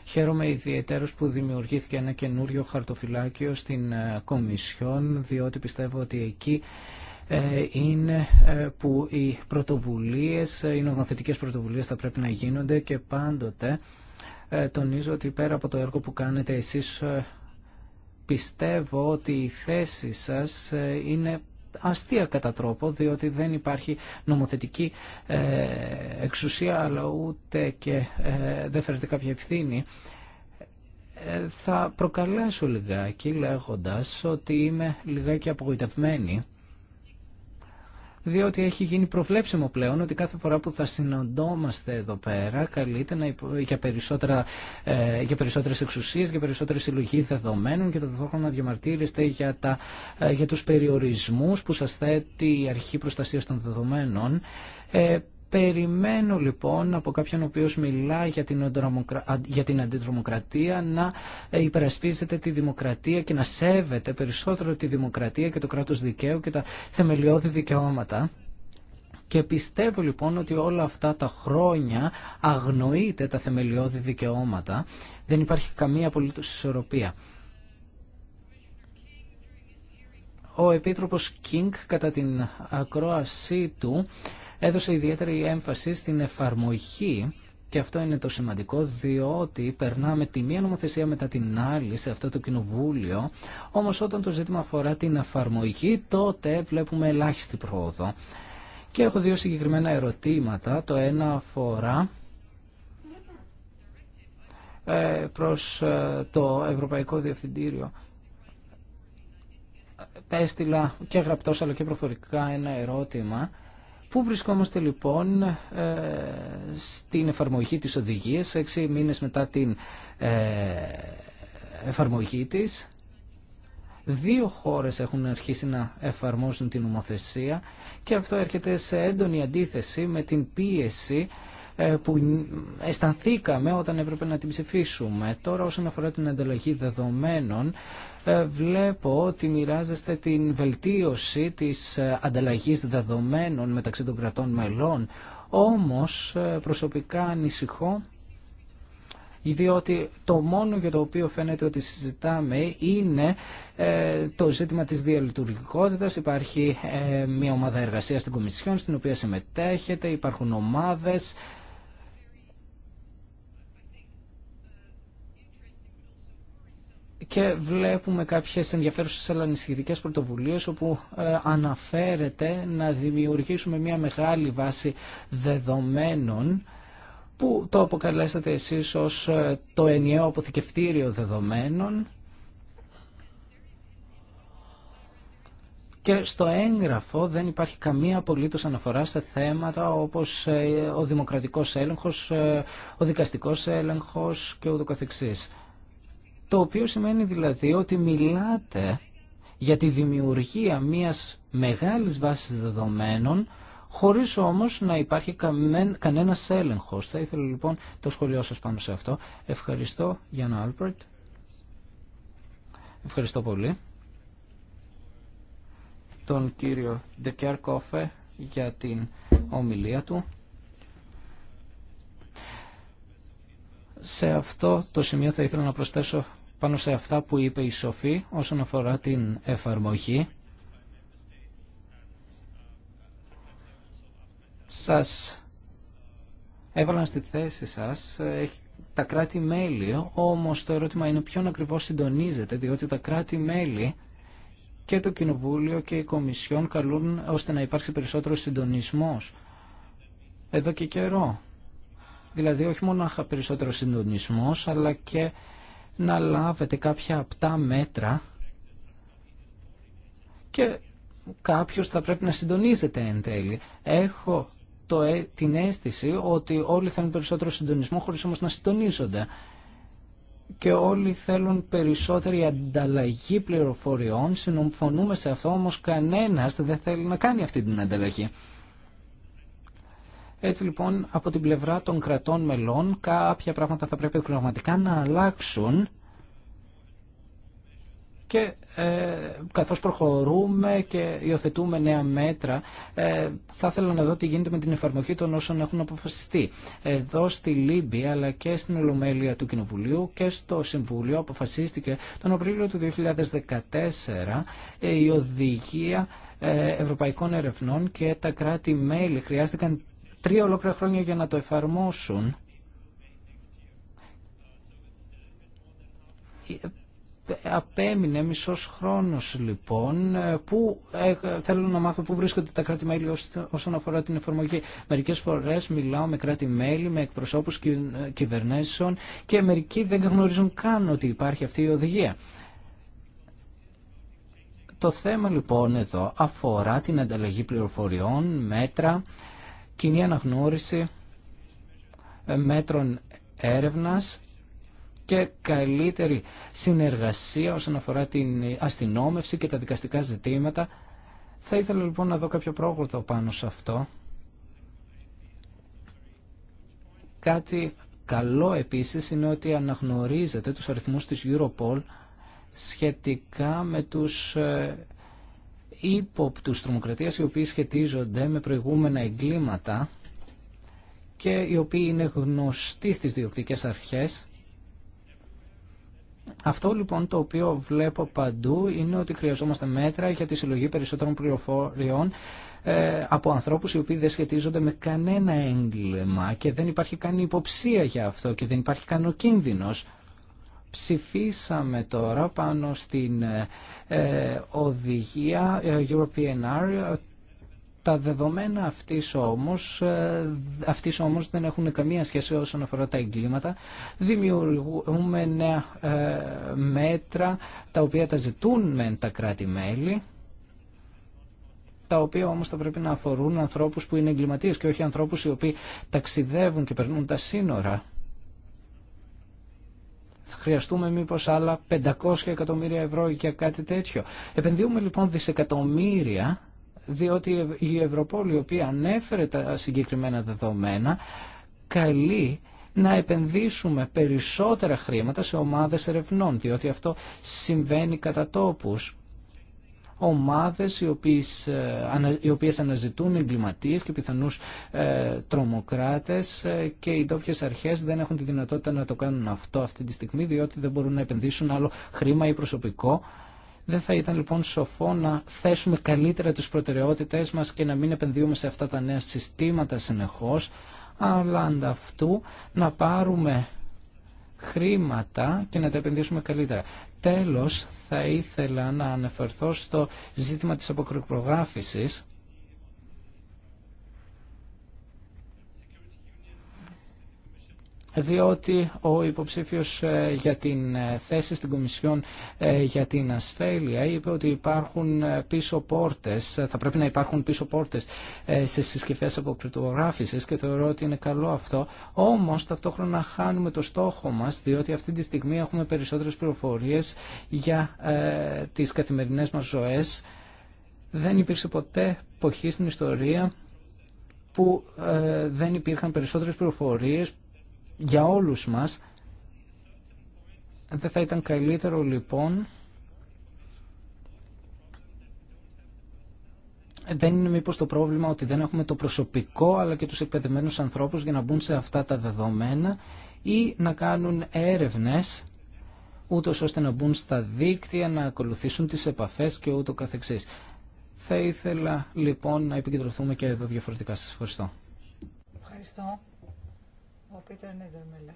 Χαίρομαι ιδιαίτερως που δημιουργήθηκε ένα καινούριο χαρτοφυλάκιο στην ε, Κομισιόν, διότι πιστεύω ότι εκεί ε, είναι ε, που οι πρωτοβουλίες, ε, οι νομοθετικές πρωτοβουλίες θα πρέπει να γίνονται και πάντοτε τονίζω ότι πέρα από το έργο που κάνετε εσείς πιστεύω ότι η θέση σας είναι αστεία κατά τρόπο διότι δεν υπάρχει νομοθετική εξουσία αλλά ούτε και δεν φέρετε κάποια ευθύνη θα προκαλέσω λιγάκι λέγοντας ότι είμαι λιγάκι απογοητευμένη διότι έχει γίνει προβλέψιμο πλέον ότι κάθε φορά που θα συναντώμαστε εδώ πέρα καλείται να για, περισσότερα, ε, για περισσότερες εξουσίες, για περισσότερη συλλογή δεδομένων και το ταυτόχρονα να διαμαρτύρεστε για, τα, ε, για τους περιορισμούς που σας θέτει η Αρχή Προστασίας των Δεδομένων. Ε, Περιμένω λοιπόν από κάποιον ο οποίος μιλά για την, για την αντιδρομοκρατία να υπερασπίζεται τη δημοκρατία και να σέβεται περισσότερο τη δημοκρατία και το κράτος δικαίου και τα θεμελιώδη δικαιώματα. Και πιστεύω λοιπόν ότι όλα αυτά τα χρόνια αγνοείται τα θεμελιώδη δικαιώματα. Δεν υπάρχει καμία απολύτως ισορροπία. Ο Επίτροπος Κίνγκ κατά την ακρόασή του έδωσε ιδιαίτερη έμφαση στην εφαρμογή και αυτό είναι το σημαντικό διότι περνάμε τη μία νομοθεσία μετά την άλλη σε αυτό το κοινοβούλιο όμως όταν το ζήτημα αφορά την εφαρμογή τότε βλέπουμε ελάχιστη πρόοδο. Και έχω δύο συγκεκριμένα ερωτήματα. Το ένα αφορά ε, προς ε, το Ευρωπαϊκό Διευθυντήριο. Έστειλα και γραπτός αλλά και προφορικά ένα ερώτημα Πού βρισκόμαστε λοιπόν ε, στην εφαρμογή της οδηγίας έξι μήνες μετά την ε, εφαρμογή της. Δύο χώρες έχουν αρχίσει να εφαρμόζουν την νομοθεσία και αυτό έρχεται σε έντονη αντίθεση με την πίεση ε, που αισθανθήκαμε όταν έπρεπε να την ψηφίσουμε. Τώρα όσον αφορά την ανταλλαγή δεδομένων, ε, βλέπω ότι μοιράζεστε την βελτίωση της ε, ανταλλαγής δεδομένων μεταξύ των κρατών μελών. Όμως προσωπικά ανησυχώ διότι το μόνο για το οποίο φαίνεται ότι συζητάμε είναι το ζήτημα της διαλειτουργικότητας. Υπάρχει μια ομάδα εργασίας στην Κομισιόν στην οποία συμμετέχετε, υπάρχουν ομάδες και βλέπουμε κάποιες ενδιαφέρουσες αλλά ανησυχητικές πρωτοβουλίες όπου ε, αναφέρεται να δημιουργήσουμε μια μεγάλη βάση δεδομένων που το αποκαλέσατε εσείς ως ε, το ενιαίο αποθηκευτήριο δεδομένων Και στο έγγραφο δεν υπάρχει καμία απολύτως αναφορά σε θέματα όπως ε, ο δημοκρατικός έλεγχος, ο δικαστικός έλεγχος και ούτω καθεξής. Το οποίο σημαίνει δηλαδή ότι μιλάτε για τη δημιουργία μιας μεγάλης βάσης δεδομένων χωρίς όμως να υπάρχει κανένας έλεγχος. Θα ήθελα λοιπόν το σχολείο σας πάνω σε αυτό. Ευχαριστώ Γιάννα Άλπρετ. Ευχαριστώ πολύ τον κύριο Κόφε για την ομιλία του. Σε αυτό το σημείο θα ήθελα να προσθέσω πάνω σε αυτά που είπε η Σοφή όσον αφορά την εφαρμογή. Σας έβαλαν στη θέση σας ε, τα κράτη-μέλη, όμως το ερώτημα είναι ποιον ακριβώς συντονίζεται, διότι τα κράτη-μέλη και το Κοινοβούλιο και η Κομισιόν καλούν ώστε να υπάρξει περισσότερο συντονισμός. Εδώ και καιρό. Δηλαδή όχι μόνο περισσότερο συντονισμός, αλλά και να λάβετε κάποια απτά μέτρα και κάποιος θα πρέπει να συντονίζεται εν τέλει. Έχω το, την αίσθηση ότι όλοι θέλουν περισσότερο συντονισμό χωρίς όμως να συντονίζονται και όλοι θέλουν περισσότερη ανταλλαγή πληροφοριών, συνομφωνούμε σε αυτό, όμως κανένας δεν θέλει να κάνει αυτή την ανταλλαγή. Έτσι λοιπόν από την πλευρά των κρατών μελών κάποια πράγματα θα πρέπει πραγματικά να αλλάξουν και ε, καθώς προχωρούμε και υιοθετούμε νέα μέτρα ε, θα ήθελα να δω τι γίνεται με την εφαρμογή των όσων έχουν αποφασιστεί. Εδώ στη Λίμπη αλλά και στην Ολομέλεια του Κοινοβουλίου και στο Συμβούλιο αποφασίστηκε τον Απρίλιο του 2014 ε, η οδηγία ε, ευρωπαϊκών ερευνών και τα κράτη-μέλη χρειάστηκαν τρία ολόκληρα χρόνια για να το εφαρμόσουν. Απέμεινε μισός χρόνος λοιπόν που ε, θέλω να μάθω πού βρίσκονται τα κράτη-μέλη όσον αφορά την εφαρμογή. Μερικές φορές μιλάω με κράτη-μέλη, με εκπροσώπους κυβερνήσεων και μερικοί δεν γνωρίζουν καν ότι υπάρχει αυτή η οδηγία. Το θέμα λοιπόν εδώ αφορά την ανταλλαγή πληροφοριών, μέτρα, κοινή αναγνώριση ε, μέτρων έρευνας και καλύτερη συνεργασία όσον αφορά την αστυνόμευση και τα δικαστικά ζητήματα. Θα ήθελα λοιπόν να δω κάποιο πρόγραμμα πάνω σε αυτό. Κάτι καλό επίσης είναι ότι αναγνωρίζετε τους αριθμούς της Europol σχετικά με τους ε, ύποπτους τρομοκρατίας οι οποίοι σχετίζονται με προηγούμενα εγκλήματα και οι οποίοι είναι γνωστοί στις διοκτικές αρχές. Αυτό λοιπόν το οποίο βλέπω παντού είναι ότι χρειαζόμαστε μέτρα για τη συλλογή περισσότερων πληροφοριών ε, από ανθρώπους οι οποίοι δεν σχετίζονται με κανένα έγκλημα και δεν υπάρχει καν υποψία για αυτό και δεν υπάρχει καν ο κίνδυνος ψηφίσαμε τώρα πάνω στην ε, ε, οδηγία ε, European Area. Τα δεδομένα αυτής όμως, ε, αυτής όμως δεν έχουν καμία σχέση όσον αφορά τα εγκλήματα. Δημιουργούμε νέα μέτρα τα οποία τα ζητούν με τα κράτη-μέλη τα οποία όμως θα πρέπει να αφορούν ανθρώπους που είναι εγκληματίες και όχι ανθρώπους οι οποίοι ταξιδεύουν και περνούν τα σύνορα. Θα χρειαστούμε μήπως άλλα 500 εκατομμύρια ευρώ ή και κάτι τέτοιο. Επενδύουμε λοιπόν δισεκατομμύρια διότι η κατι τετοιο επενδυουμε λοιπον δισεκατομμυρια διοτι η οποία ανέφερε τα συγκεκριμένα δεδομένα καλεί να επενδύσουμε περισσότερα χρήματα σε ομάδες ερευνών διότι αυτό συμβαίνει κατά τόπους ομάδες οι οποίες, ε, οι οποίες αναζητούν εγκληματίες και πιθανούς ε, τρομοκράτες ε, και οι ντόπιε αρχές δεν έχουν τη δυνατότητα να το κάνουν αυτό αυτή τη στιγμή διότι δεν μπορούν να επενδύσουν άλλο χρήμα ή προσωπικό. Δεν θα ήταν λοιπόν σοφό να θέσουμε καλύτερα τις προτεραιότητες μας και να μην επενδύουμε σε αυτά τα νέα συστήματα συνεχώς αλλά ανταυτού να πάρουμε χρήματα και να τα επενδύσουμε καλύτερα. Τέλος, θα ήθελα να αναφερθώ στο ζήτημα της αποκρυπτογράφησης διότι ο υποψήφιος ε, για την ε, θέση στην Κομισιόν ε, για την ασφέλεια είπε ότι υπάρχουν πίσω πόρτες, θα πρέπει να υπάρχουν πίσω πόρτες σε συσκευές αποκριτογράφησης και θεωρώ ότι είναι καλό αυτό. Όμως ταυτόχρονα χάνουμε το στόχο μας διότι αυτή τη στιγμή έχουμε περισσότερες πληροφορίες για τις καθημερινές μας ζωές. Δεν υπήρξε ποτέ εποχή στην ιστορία που δεν υπήρχαν περισσότερες πληροφορίες για όλους μας. Δεν θα ήταν καλύτερο λοιπόν... Δεν είναι μήπως το πρόβλημα ότι δεν έχουμε το προσωπικό αλλά και τους εκπαιδευμένους ανθρώπους για να μπουν σε αυτά τα δεδομένα ή να κάνουν έρευνες ούτως ώστε να μπουν στα δίκτυα, να ακολουθήσουν τις επαφές και ούτω καθεξής. Θα ήθελα λοιπόν να επικεντρωθούμε και εδώ διαφορετικά. Σας Ευχαριστώ. Ο Πίτερ Νίδερμιλερ.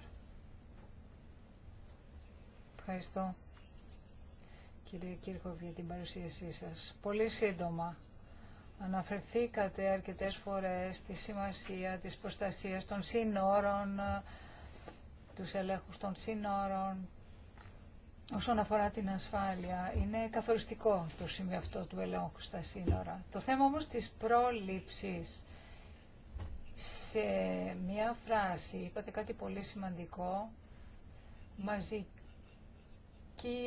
Ευχαριστώ κύριε Κύρχοβ για την παρουσίασή σας. Πολύ σύντομα. Αναφερθήκατε αρκετές φορές στη σημασία της προστασίας των σύνορων, τους ελέγχους των σύνορων. Όσον αφορά την ασφάλεια, είναι καθοριστικό το σημείο αυτό του ελέγχου στα σύνορα. Το θέμα όμως της πρόληψης σε μία φράση είπατε κάτι πολύ σημαντικό, μαζική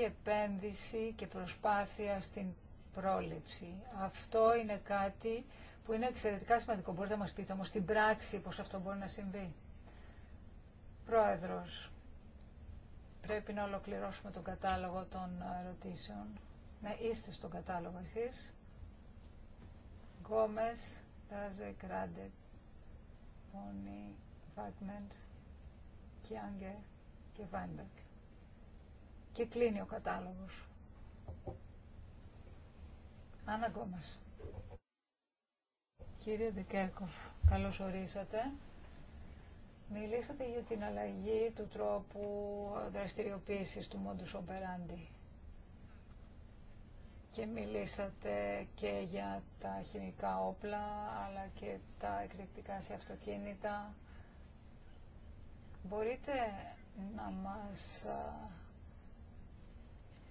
επένδυση και προσπάθεια στην πρόληψη. Αυτό είναι κάτι που είναι εξαιρετικά σημαντικό. Μπορείτε να μας πείτε όμως στην πράξη πώς αυτό μπορεί να συμβεί. Πρόεδρος, πρέπει να ολοκληρώσουμε τον κατάλογο των ερωτήσεων. Να είστε στον κατάλογο εσείς. Γκόμες, Ράζε, Κράντετ. Μπόνι, Βάγκμεντ, Κιάνγκε και Βάινμπεκ. Και κλείνει ο κατάλογος. Άννα μα. Κύριε Δικέρκοφ, καλώς ορίσατε. Μιλήσατε για την αλλαγή του τρόπου δραστηριοποίησης του Μόντου Σομπεράντι και μιλήσατε και για τα χημικά όπλα, αλλά και τα εκρηκτικά σε αυτοκίνητα. Μπορείτε να μας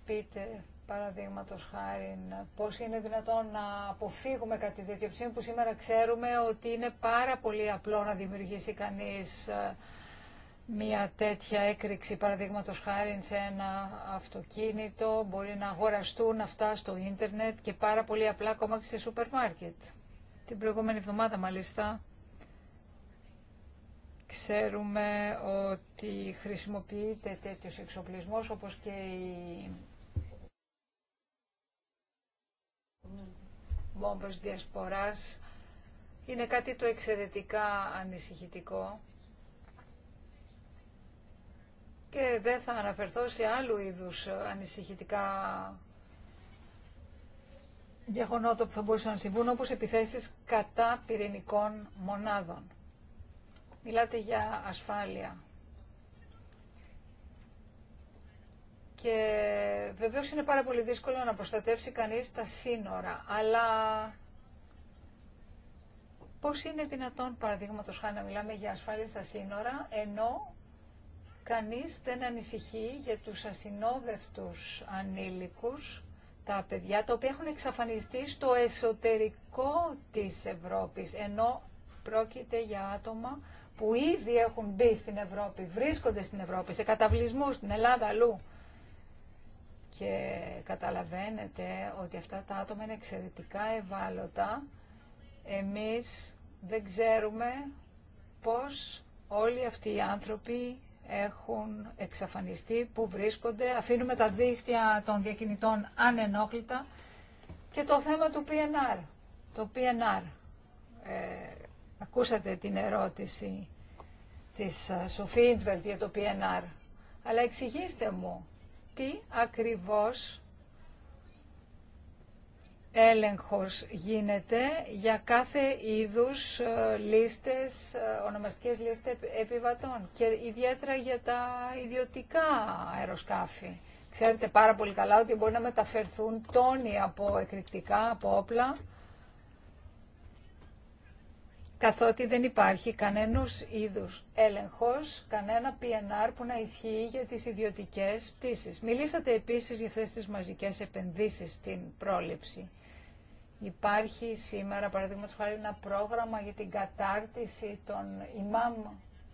πείτε, παραδείγματο χάρη, πώς είναι δυνατόν να αποφύγουμε κάτι τέτοιο που σήμερα ξέρουμε ότι είναι πάρα πολύ απλό να δημιουργήσει κανείς μια τέτοια έκρηξη, παραδείγματο χάρη σε ένα αυτοκίνητο, μπορεί να αγοραστούν αυτά στο ίντερνετ και πάρα πολύ απλά ακόμα και σε σούπερ μάρκετ. Την προηγούμενη εβδομάδα μάλιστα ξέρουμε ότι χρησιμοποιείται τέτοιος εξοπλισμός όπως και η μόμπρος διασποράς. Είναι κάτι το εξαιρετικά ανησυχητικό και δεν θα αναφερθώ σε άλλου είδους ανησυχητικά γεγονότα που θα μπορούσαν να συμβούν, όπως επιθέσεις κατά πυρηνικών μονάδων. Μιλάτε για ασφάλεια. Και βεβαίως είναι πάρα πολύ δύσκολο να προστατεύσει κανείς τα σύνορα, αλλά πώς είναι δυνατόν, παραδείγματος χάρη, να μιλάμε για ασφάλεια στα σύνορα, ενώ Κανείς δεν ανησυχεί για τους ασυνόδευτους ανήλικους, τα παιδιά τα οποία έχουν εξαφανιστεί στο εσωτερικό της Ευρώπης, ενώ πρόκειται για άτομα που ήδη έχουν μπει στην Ευρώπη, βρίσκονται στην Ευρώπη, σε καταβλισμούς στην Ελλάδα, αλλού. Και καταλαβαίνετε ότι αυτά τα άτομα είναι εξαιρετικά ευάλωτα. Εμείς δεν ξέρουμε πώς όλοι αυτοί οι άνθρωποι έχουν εξαφανιστεί, που βρίσκονται. Αφήνουμε τα δίχτυα των διακινητών ανενόχλητα. Και το θέμα του PNR. Το PNR. Ε, ακούσατε την ερώτηση της ε, Σοφή για το PNR. Αλλά εξηγήστε μου τι ακριβώς έλεγχος γίνεται για κάθε είδους ε, λίστες, ε, ονομαστικές λίστες επιβατών και ιδιαίτερα για τα ιδιωτικά αεροσκάφη. Ξέρετε πάρα πολύ καλά ότι μπορεί να μεταφερθούν τόνοι από εκρηκτικά, από όπλα, καθότι δεν υπάρχει κανένας είδους έλεγχος, κανένα PNR που να ισχύει για τις ιδιωτικές πτήσεις. Μιλήσατε επίσης για αυτές τις μαζικές επενδύσεις στην πρόληψη. Υπάρχει σήμερα, παραδείγματος χάρη, ένα πρόγραμμα για την κατάρτιση των ημάμ,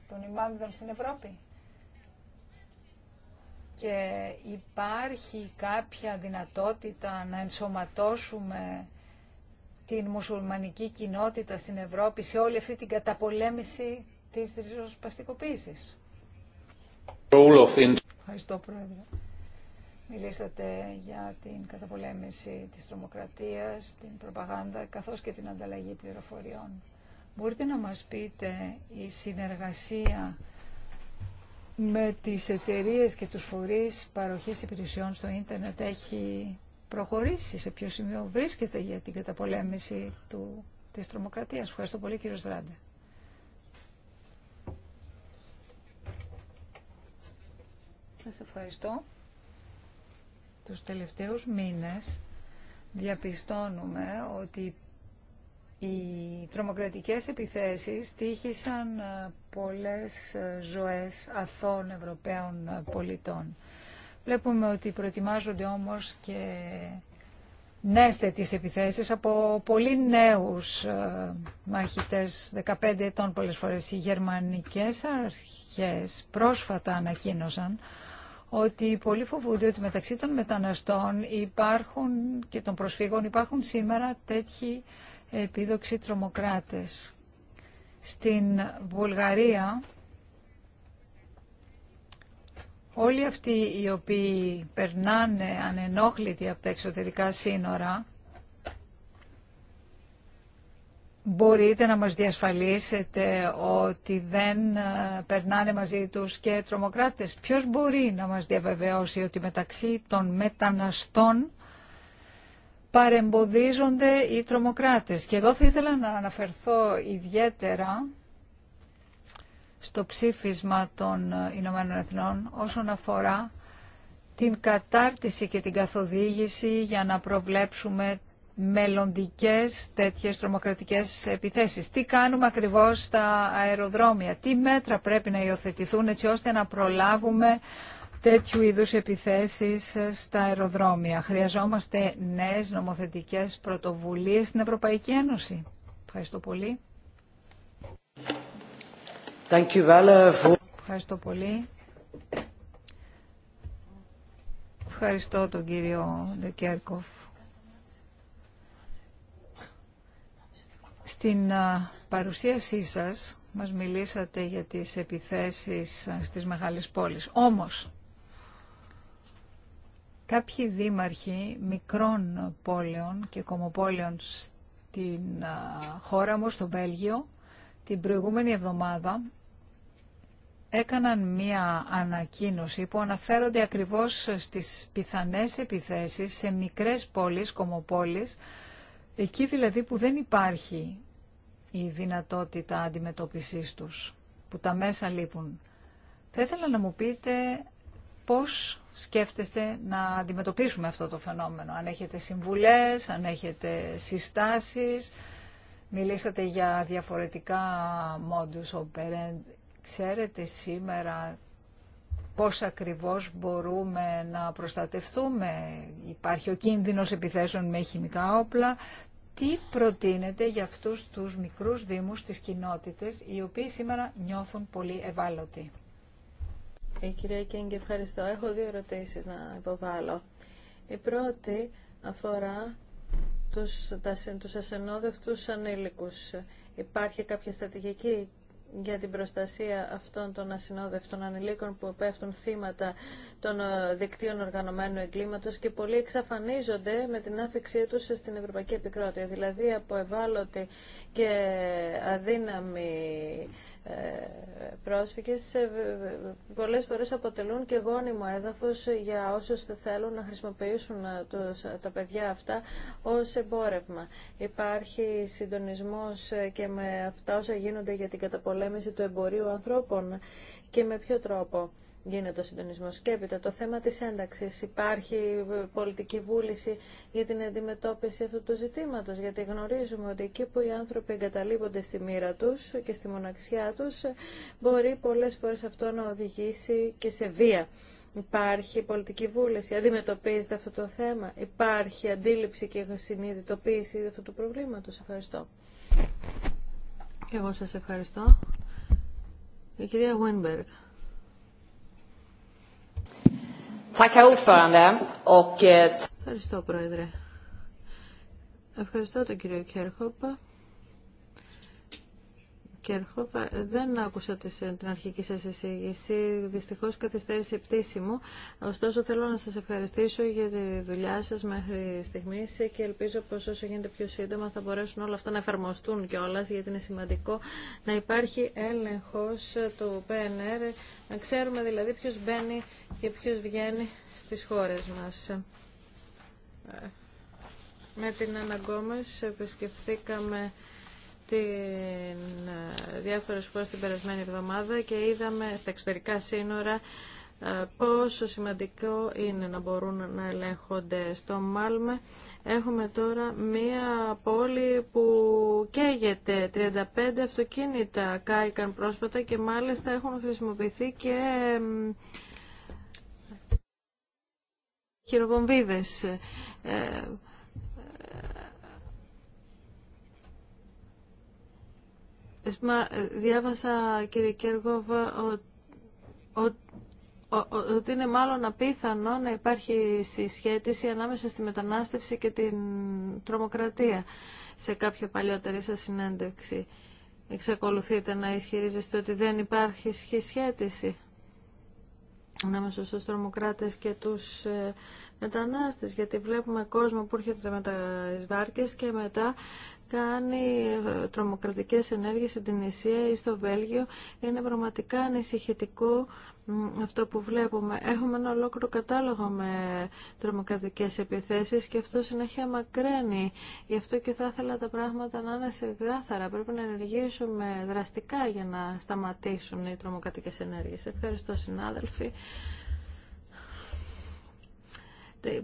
των ημάμιδων στην Ευρώπη. Και υπάρχει κάποια δυνατότητα να ενσωματώσουμε την μουσουλμανική κοινότητα στην Ευρώπη σε όλη αυτή την καταπολέμηση της ριζοσπαστικοποίησης. Ευχαριστώ, Πρόεδρε. Μιλήσατε για την καταπολέμηση της τρομοκρατίας, την προπαγάνδα, καθώς και την ανταλλαγή πληροφοριών. Μπορείτε να μας πείτε η συνεργασία με τις εταιρείες και τους φορείς παροχής υπηρεσιών στο ίντερνετ έχει προχωρήσει, σε ποιο σημείο βρίσκεται για την καταπολέμηση του, της τρομοκρατίας. Ευχαριστώ πολύ κύριο Στράντε. Σας ευχαριστώ. Τους τελευταίους μήνες διαπιστώνουμε ότι οι τρομοκρατικές επιθέσεις τύχησαν ε, πολλές ε, ζωές αθών Ευρωπαίων ε, πολιτών. Βλέπουμε ότι προετοιμάζονται όμως και νέστε τις επιθέσεις από πολύ νέους μαχητές, 15 ετών πολλές φορές. Οι γερμανικές αρχές πρόσφατα ανακοίνωσαν ότι πολλοί φοβούνται ότι μεταξύ των μεταναστών υπάρχουν και των προσφύγων υπάρχουν σήμερα τέτοιοι επίδοξοι τρομοκράτες. Στην Βουλγαρία όλοι αυτοί οι οποίοι περνάνε ανενόχλητοι από τα εξωτερικά σύνορα μπορείτε να μας διασφαλίσετε ότι δεν ε, περνάνε μαζί τους και τρομοκράτες. Ποιος μπορεί να μας διαβεβαιώσει ότι μεταξύ των μεταναστών παρεμποδίζονται οι τρομοκράτες. Και εδώ θα ήθελα να αναφερθώ ιδιαίτερα στο ψήφισμα των ε, Ηνωμένων Εθνών όσον αφορά την κατάρτιση και την καθοδήγηση για να προβλέψουμε μελλοντικές τέτοιες τρομοκρατικές επιθέσεις. Τι κάνουμε ακριβώς στα αεροδρόμια, τι μέτρα πρέπει να υιοθετηθούν έτσι ώστε να προλάβουμε τέτοιου είδους επιθέσεις στα αεροδρόμια. Χρειαζόμαστε νέες νομοθετικές πρωτοβουλίες στην Ευρωπαϊκή Ένωση. Ευχαριστώ πολύ. Ευχαριστώ πολύ. Ευχαριστώ τον κύριο Ντεκέρκοφ. Στην παρουσίασή σας μας μιλήσατε για τις επιθέσεις στις μεγάλες πόλεις. Όμως, κάποιοι δήμαρχοι μικρών πόλεων και κομοπόλεων στην χώρα μου, στο Βέλγιο, την προηγούμενη εβδομάδα έκαναν μία ανακοίνωση που αναφέρονται ακριβώς στις πιθανές επιθέσεις σε μικρές πόλεις, κομοπόλεις, Εκεί δηλαδή που δεν υπάρχει η δυνατότητα αντιμετώπισης τους, που τα μέσα λείπουν. Θα ήθελα να μου πείτε πώς σκέφτεστε να αντιμετωπίσουμε αυτό το φαινόμενο. Αν έχετε συμβουλές, αν έχετε συστάσεις, μιλήσατε για διαφορετικά modus operandi. Ξέρετε σήμερα πώς ακριβώς μπορούμε να προστατευτούμε, υπάρχει ο κίνδυνος επιθέσεων με χημικά όπλα, τι προτείνετε για αυτούς τους μικρούς δήμους, τις κοινότητες, οι οποίοι σήμερα νιώθουν πολύ ευάλωτοι. Η ε, κυρία Κέγκη, ευχαριστώ. Έχω δύο ερωτήσεις να υποβάλω. Η πρώτη αφορά τους, τα, τους ασενόδευτους ανήλικους. Υπάρχει κάποια στρατηγική για την προστασία αυτών των ασυνόδευτων ανηλίκων που πέφτουν θύματα των ε, δικτύων οργανωμένου εγκλήματος και πολλοί εξαφανίζονται με την άφηξή τους στην Ευρωπαϊκή Επικρότητα. Δηλαδή από ευάλωτη και αδύναμη ε, πρόσφυγες ε, πολλές φορές αποτελούν και γόνιμο έδαφος για όσους θέλουν να χρησιμοποιήσουν ε, τα παιδιά αυτά ως εμπόρευμα. Υπάρχει συντονισμός και με αυτά όσα γίνονται για την καταπολέμηση του εμπορίου ανθρώπων και με ποιο τρόπο γίνεται ο συντονισμό. Και το θέμα τη ένταξη. Υπάρχει πολιτική βούληση για την αντιμετώπιση αυτού του ζητήματο. Γιατί γνωρίζουμε ότι εκεί που οι άνθρωποι εγκαταλείπονται στη μοίρα του και στη μοναξιά του, μπορεί πολλέ φορέ αυτό να οδηγήσει και σε βία. Υπάρχει πολιτική βούληση, αντιμετωπίζεται αυτό το θέμα, υπάρχει αντίληψη και συνειδητοποίηση αυτού του προβλήματος. Ευχαριστώ. Εγώ σας ευχαριστώ. Η κυρία Γουίνμπεργκ. Eh, Ευχαριστώ, Πρόεδρε. Ευχαριστώ τον κύριο Κέρχοπα και Δεν άκουσα την αρχική σας εισήγηση. Δυστυχώ καθυστέρησε η πτήση μου. Ωστόσο θέλω να σας ευχαριστήσω για τη δουλειά σας μέχρι στιγμής και ελπίζω πως όσο γίνεται πιο σύντομα θα μπορέσουν όλα αυτά να εφαρμοστούν κιόλα γιατί είναι σημαντικό να υπάρχει έλεγχο του PNR, να ξέρουμε δηλαδή ποιο μπαίνει και ποιο βγαίνει στι χώρε μα. Ε, με την Αναγκόμες επισκεφθήκαμε στην ε, διάφορες χώρες την περασμένη εβδομάδα και είδαμε στα εξωτερικά σύνορα ε, πόσο σημαντικό είναι να μπορούν να ελέγχονται στο Μάλμε. Έχουμε τώρα μία πόλη που καίγεται. 35 αυτοκίνητα κάηκαν πρόσφατα και μάλιστα έχουν χρησιμοποιηθεί και χειροβομβίδες. Ε, Ε, διάβασα κύριε Κέργοβ ότι είναι μάλλον απίθανο να υπάρχει συσχέτιση ανάμεσα στη μετανάστευση και την τρομοκρατία σε κάποια παλιότερη σας συνέντευξη. Εξακολουθείτε να ισχυρίζεστε ότι δεν υπάρχει συσχέτιση ανάμεσα στους τρομοκράτες και τους ε, μετανάστες γιατί βλέπουμε κόσμο που έρχεται με τα βάρκες και μετά κάνει ε, τρομοκρατικές ενέργειες στην Τινησία ή στο Βέλγιο. Είναι πραγματικά ανησυχητικό αυτό που βλέπουμε. Έχουμε ένα ολόκληρο κατάλογο με τρομοκρατικές επιθέσεις και αυτό συνέχεια μακραίνει. Γι' αυτό και θα ήθελα τα πράγματα να είναι σε γάθαρα. Πρέπει να ενεργήσουμε δραστικά για να σταματήσουν οι τρομοκρατικές ενέργειες. Ευχαριστώ συνάδελφοι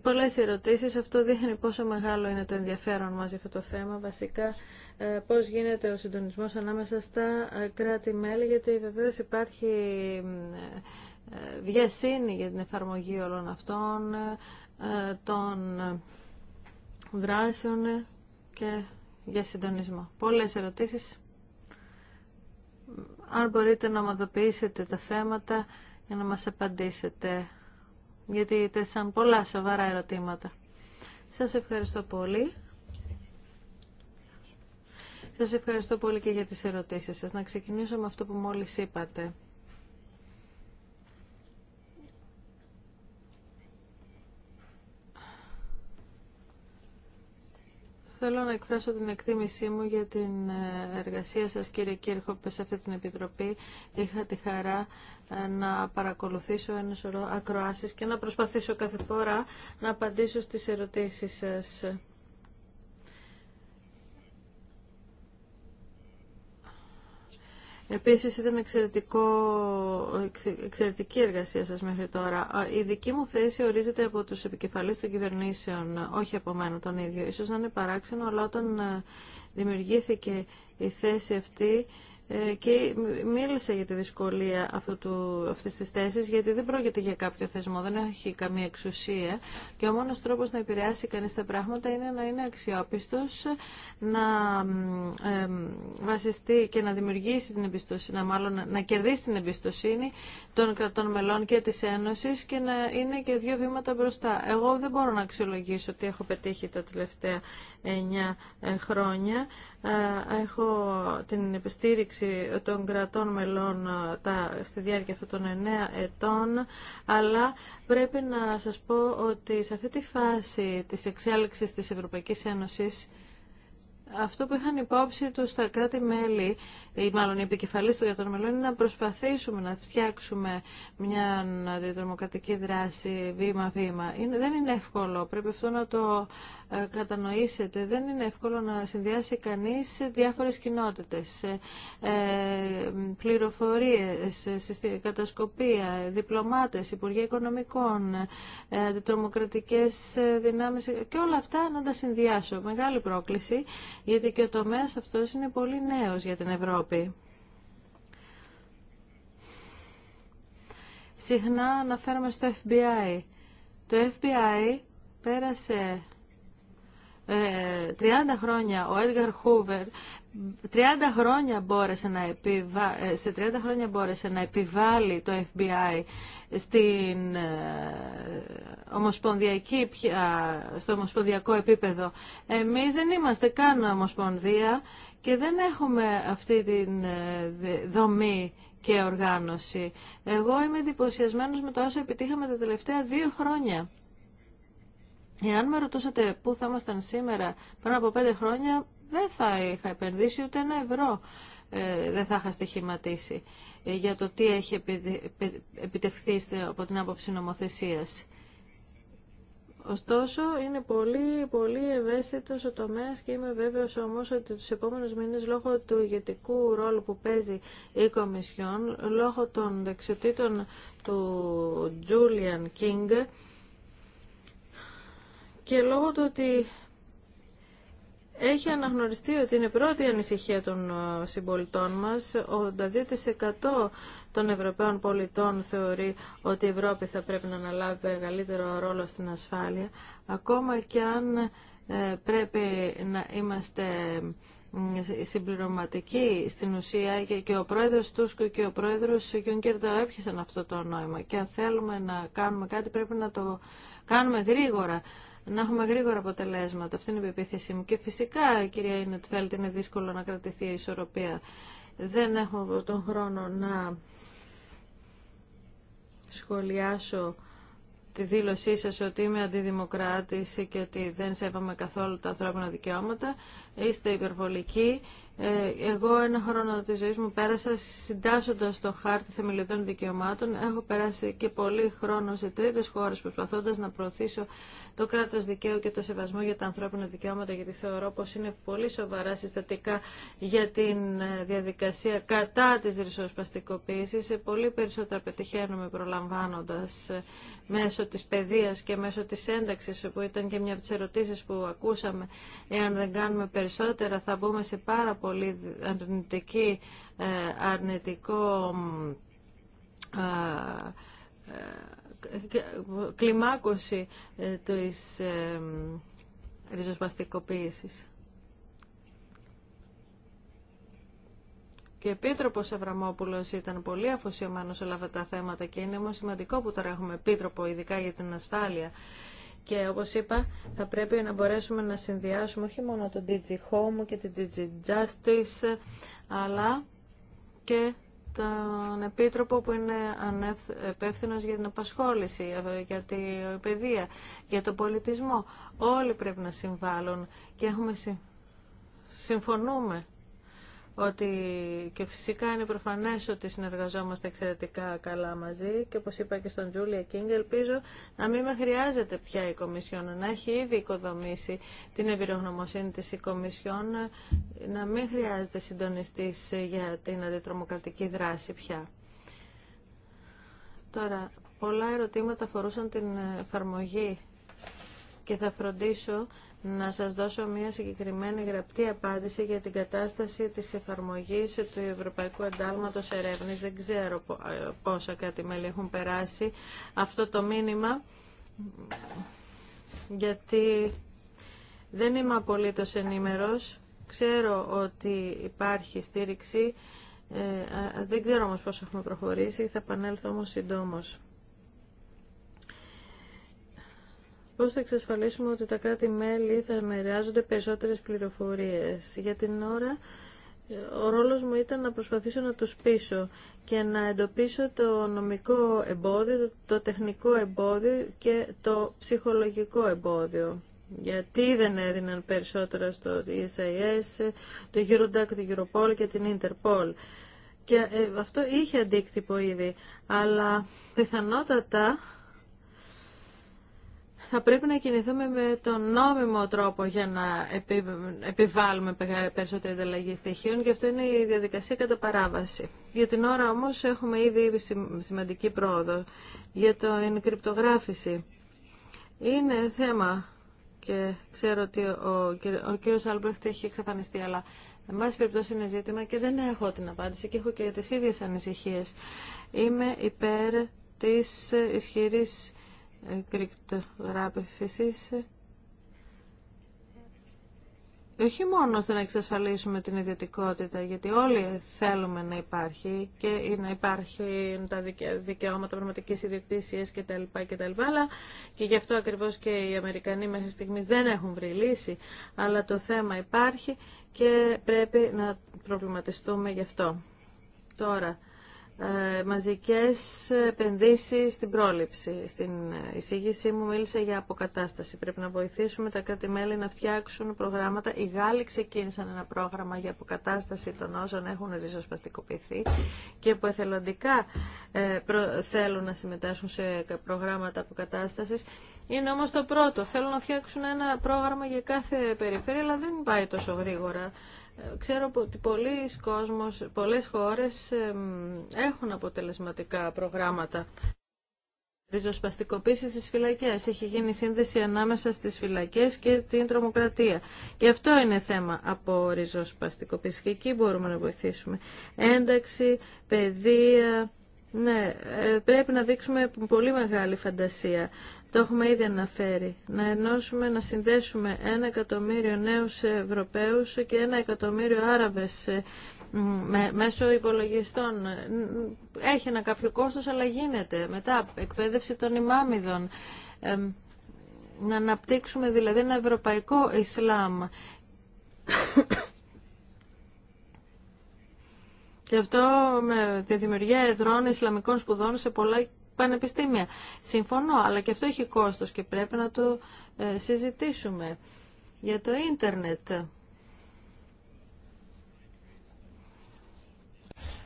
πολλές ερωτήσεις. Αυτό δείχνει πόσο μεγάλο είναι το ενδιαφέρον μας για αυτό το θέμα. Βασικά, ε, πώς γίνεται ο συντονισμός ανάμεσα στα ε, κράτη-μέλη, γιατί βεβαίως υπάρχει ε, βιασύνη για την εφαρμογή όλων αυτών των δράσεων και για συντονισμό. Πολλές ερωτήσεις. Αν μπορείτε να ομαδοποιήσετε τα θέματα για να μας απαντήσετε γιατί τέθησαν πολλά σοβαρά ερωτήματα. Σας ευχαριστώ πολύ. Σας ευχαριστώ πολύ και για τις ερωτήσεις σας. Να ξεκινήσω με αυτό που μόλις είπατε. Θέλω να εκφράσω την εκτίμησή μου για την ε, εργασία σας κύριε που σε αυτή την Επιτροπή. Είχα τη χαρά ε, να παρακολουθήσω ένα σωρό ακροάσεις και να προσπαθήσω κάθε φορά να απαντήσω στις ερωτήσεις σας. Επίσης ήταν εξαιρετικό, εξαιρετική εργασία σας μέχρι τώρα. Η δική μου θέση ορίζεται από τους επικεφαλείς των κυβερνήσεων, όχι από μένα τον ίδιο. Ίσως να είναι παράξενο, αλλά όταν ε, δημιουργήθηκε η θέση αυτή, ε, και μίλησε για τη δυσκολία αυτού τη αυτής της θέσης γιατί δεν πρόκειται για κάποιο θεσμό, δεν έχει καμία εξουσία και ο μόνος τρόπος να επηρεάσει κανείς τα πράγματα είναι να είναι αξιόπιστος, να ε, βασιστεί και να δημιουργήσει την εμπιστοσύνη, να, μάλλον, να κερδίσει την εμπιστοσύνη των κρατών μελών και της Ένωσης και να είναι και δύο βήματα μπροστά. Εγώ δεν μπορώ να αξιολογήσω ότι έχω πετύχει τα τελευταία 9 ε, χρόνια έχω την επιστήριξη των κρατών μελών τα, στη διάρκεια αυτών των εννέα ετών, αλλά πρέπει να σας πω ότι σε αυτή τη φάση της εξέλιξης της Ευρωπαϊκής Ένωσης αυτό που είχαν υπόψη του στα κράτη-μέλη, ή μάλλον οι επικεφαλής των κρατών μελών, είναι να προσπαθήσουμε να φτιάξουμε μια αντιτρομοκρατικη δραση δράση βήμα-βήμα. δεν είναι εύκολο, πρέπει αυτό να το ε, κατανοήσετε. Δεν είναι εύκολο να συνδυάσει κανείς διάφορες κοινότητες, ε, ε πληροφορίες, ε, κατασκοπία, διπλωμάτες, Υπουργεία Οικονομικών, ε, αντιτρομοκρατικές και όλα αυτά να τα συνδυάσω. Μεγάλη πρόκληση γιατί και ο τομέας αυτός είναι πολύ νέος για την Ευρώπη. Συχνά αναφέρομαι στο FBI. Το FBI πέρασε 30 ε, χρόνια ο Έντγαρ Χούβερ 30 χρόνια μπόρεσε να επιβα... Ε, σε 30 χρόνια μπόρεσε να επιβάλλει το FBI στην ε, ομοσπονδιακή στο ομοσπονδιακό επίπεδο. Εμείς δεν είμαστε καν ομοσπονδία και δεν έχουμε αυτή τη δομή και οργάνωση. Εγώ είμαι εντυπωσιασμένο με το όσο επιτύχαμε τα τελευταία δύο χρόνια. Εάν με ρωτούσατε πού θα ήμασταν σήμερα πριν από πέντε χρόνια, δεν θα είχα επενδύσει ούτε ένα ευρώ. Ε, δεν θα είχα στοιχηματίσει ε, για το τι έχει επιτευχθεί από την άποψη νομοθεσία. Ωστόσο, είναι πολύ, πολύ ευαίσθητο ο τομέα και είμαι βέβαιο όμω ότι του επόμενου μήνε, λόγω του ηγετικού ρόλου που παίζει η Κομισιόν, λόγω των δεξιοτήτων του Τζούλιαν Κίνγκ, και λόγω του ότι έχει αναγνωριστεί ότι είναι πρώτη ανησυχία των ε, συμπολιτών μας. 82% των Ευρωπαίων πολιτών θεωρεί ότι η Ευρώπη θα πρέπει να αναλάβει μεγαλύτερο ρόλο στην ασφάλεια, ακόμα και αν ε, πρέπει να είμαστε ε, συμπληρωματικοί στην ουσία και, ο πρόεδρος Τούσκο και ο πρόεδρος Γιούνκερ το έπιασαν αυτό το νόημα και αν θέλουμε να κάνουμε κάτι πρέπει να το κάνουμε γρήγορα να έχουμε γρήγορα αποτελέσματα. Αυτή είναι η πεποίθησή μου. Και φυσικά, κυρία Ινετφέλτ, είναι δύσκολο να κρατηθεί η ισορροπία. Δεν έχω τον χρόνο να σχολιάσω τη δήλωσή σας ότι είμαι αντιδημοκράτης και ότι δεν σέβαμε καθόλου τα ανθρώπινα δικαιώματα. Είστε υπερβολικοί ε, εγώ ένα χρόνο τη ζωή μου πέρασα συντάσσοντα το χάρτη θεμελιωδών δικαιωμάτων. Έχω περάσει και πολύ χρόνο σε τρίτε χώρε προσπαθώντα να προωθήσω το κράτο δικαίου και το σεβασμό για τα ανθρώπινα δικαιώματα, γιατί θεωρώ πω είναι πολύ σοβαρά συστατικά για την ε, διαδικασία κατά τη ρισοσπαστικοποίηση. Ε, πολύ περισσότερα πετυχαίνουμε προλαμβάνοντα μέσω τη παιδεία και μέσω τη ένταξη, που ήταν και μια από τι ερωτήσει που ακούσαμε. Εάν δεν κάνουμε περισσότερα, θα μπούμε σε πάρα πολύ πολύ αρνητική, ε, αρνητικό ε, ε, κλιμάκωση της ριζοσπαστικοποίησης. Και ο Επίτροπο Αβραμόπουλο ήταν πολύ αφοσιωμένο σε όλα αυτά τα θέματα και είναι όμω σημαντικό που τώρα έχουμε επίτροπο, ειδικά για την ασφάλεια και όπως είπα, θα πρέπει να μπορέσουμε να συνδυάσουμε όχι μόνο το Digi Home και την Digi Justice, αλλά και τον Επίτροπο που είναι υπεύθυνο για την απασχόληση, για την παιδεία, για τον πολιτισμό. Όλοι πρέπει να συμβάλλουν και έχουμε συμφωνούμε ότι και φυσικά είναι προφανές ότι συνεργαζόμαστε εξαιρετικά καλά μαζί και όπως είπα και στον Τζούλια Κίνγκ ελπίζω να μην με χρειάζεται πια η Κομισιόν να έχει ήδη οικοδομήσει την εμπειρογνωμοσύνη της η Κομισιόν να μην χρειάζεται συντονιστής για την αντιτρομοκρατική δράση πια. Τώρα, πολλά ερωτήματα αφορούσαν την εφαρμογή και θα φροντίσω να σας δώσω μια συγκεκριμένη γραπτή απάντηση για την κατάσταση της εφαρμογής του Ευρωπαϊκού Αντάλματος Ερεύνης. Δεν ξέρω ε, πόσα κάτι μέλη έχουν περάσει αυτό το μήνυμα, γιατί δεν είμαι απολύτως ενήμερος. Ξέρω ότι υπάρχει στήριξη, ε, δεν ξέρω όμως πώς έχουμε προχωρήσει, θα επανέλθω όμως συντόμως. Πώς θα εξασφαλίσουμε ότι τα κράτη-μέλη θα μεριάζονται περισσότερες πληροφορίες. Για την ώρα ο ρόλος μου ήταν να προσπαθήσω να τους πείσω και να εντοπίσω το νομικό εμπόδιο, το τεχνικό εμπόδιο και το ψυχολογικό εμπόδιο. Γιατί δεν έδιναν περισσότερα στο ESIS, το Eurodac, το Europol και την Interpol. Και ε, αυτό είχε αντίκτυπο ήδη, αλλά πιθανότατα θα πρέπει να κινηθούμε με τον νόμιμο τρόπο για να επιβάλλουμε περισσότερη ανταλλαγή στοιχείων και αυτό είναι η διαδικασία κατά παράβαση. Για την ώρα όμως έχουμε ήδη σημαντική πρόοδο για την κρυπτογράφηση. Είναι θέμα και ξέρω ότι ο, ο κύριος Άλμπρεχτ έχει εξαφανιστεί, αλλά εν πάση περιπτώσει είναι ζήτημα και δεν έχω την απάντηση και έχω και τις ίδιες ανησυχίες. Είμαι υπέρ της ισχυρής όχι μόνο ώστε να εξασφαλίσουμε την ιδιωτικότητα, γιατί όλοι θέλουμε να υπάρχει και να υπάρχουν τα δικαιώματα πραγματική ιδιοκτησία κτλ, Αλλά και γι' αυτό ακριβώ και οι Αμερικανοί μέχρι στιγμή δεν έχουν βρει λύση. Αλλά το θέμα υπάρχει και πρέπει να προβληματιστούμε γι' αυτό. Τώρα, ε, μαζικές επενδύσεις στην πρόληψη. Στην εισήγησή μου μίλησα για αποκατάσταση. Πρέπει να βοηθήσουμε τα κράτη-μέλη να φτιάξουν προγράμματα. Οι Γάλλοι ξεκίνησαν ένα πρόγραμμα για αποκατάσταση των όσων έχουν ριζοσπαστικοποιηθεί και που εθελοντικά ε, θέλουν να συμμετάσχουν σε προγράμματα αποκατάστασης. Είναι όμως το πρώτο. Θέλουν να φτιάξουν ένα πρόγραμμα για κάθε περιφέρεια, αλλά δεν πάει τόσο γρήγορα. Ξέρω ότι πολλοί κόσμος, πολλές χώρες έχουν αποτελεσματικά προγράμματα ριζοσπαστικοποίηση στις φυλακές. Έχει γίνει σύνδεση ανάμεσα στις φυλακές και την τρομοκρατία. Και αυτό είναι θέμα από ριζοσπαστικοποίηση και εκεί μπορούμε να βοηθήσουμε. Ένταξη, παιδεία, ναι, ε, πρέπει να δείξουμε πολύ μεγάλη φαντασία. Το έχουμε ήδη αναφέρει. Να ενώσουμε, να συνδέσουμε ένα εκατομμύριο νέους Ευρωπαίους και ένα εκατομμύριο Άραβες ε, μέσω υπολογιστών. Έχει ένα κάποιο κόστος, αλλά γίνεται. Μετά, εκπαίδευση των ημάμιδων. να αναπτύξουμε δηλαδή ένα ευρωπαϊκό Ισλάμ. Και αυτό με τη δημιουργία εδρών Ισλαμικών σπουδών σε πολλά πανεπιστήμια. Συμφωνώ, αλλά και αυτό έχει κόστος και πρέπει να το ε, συζητήσουμε. Για το ίντερνετ.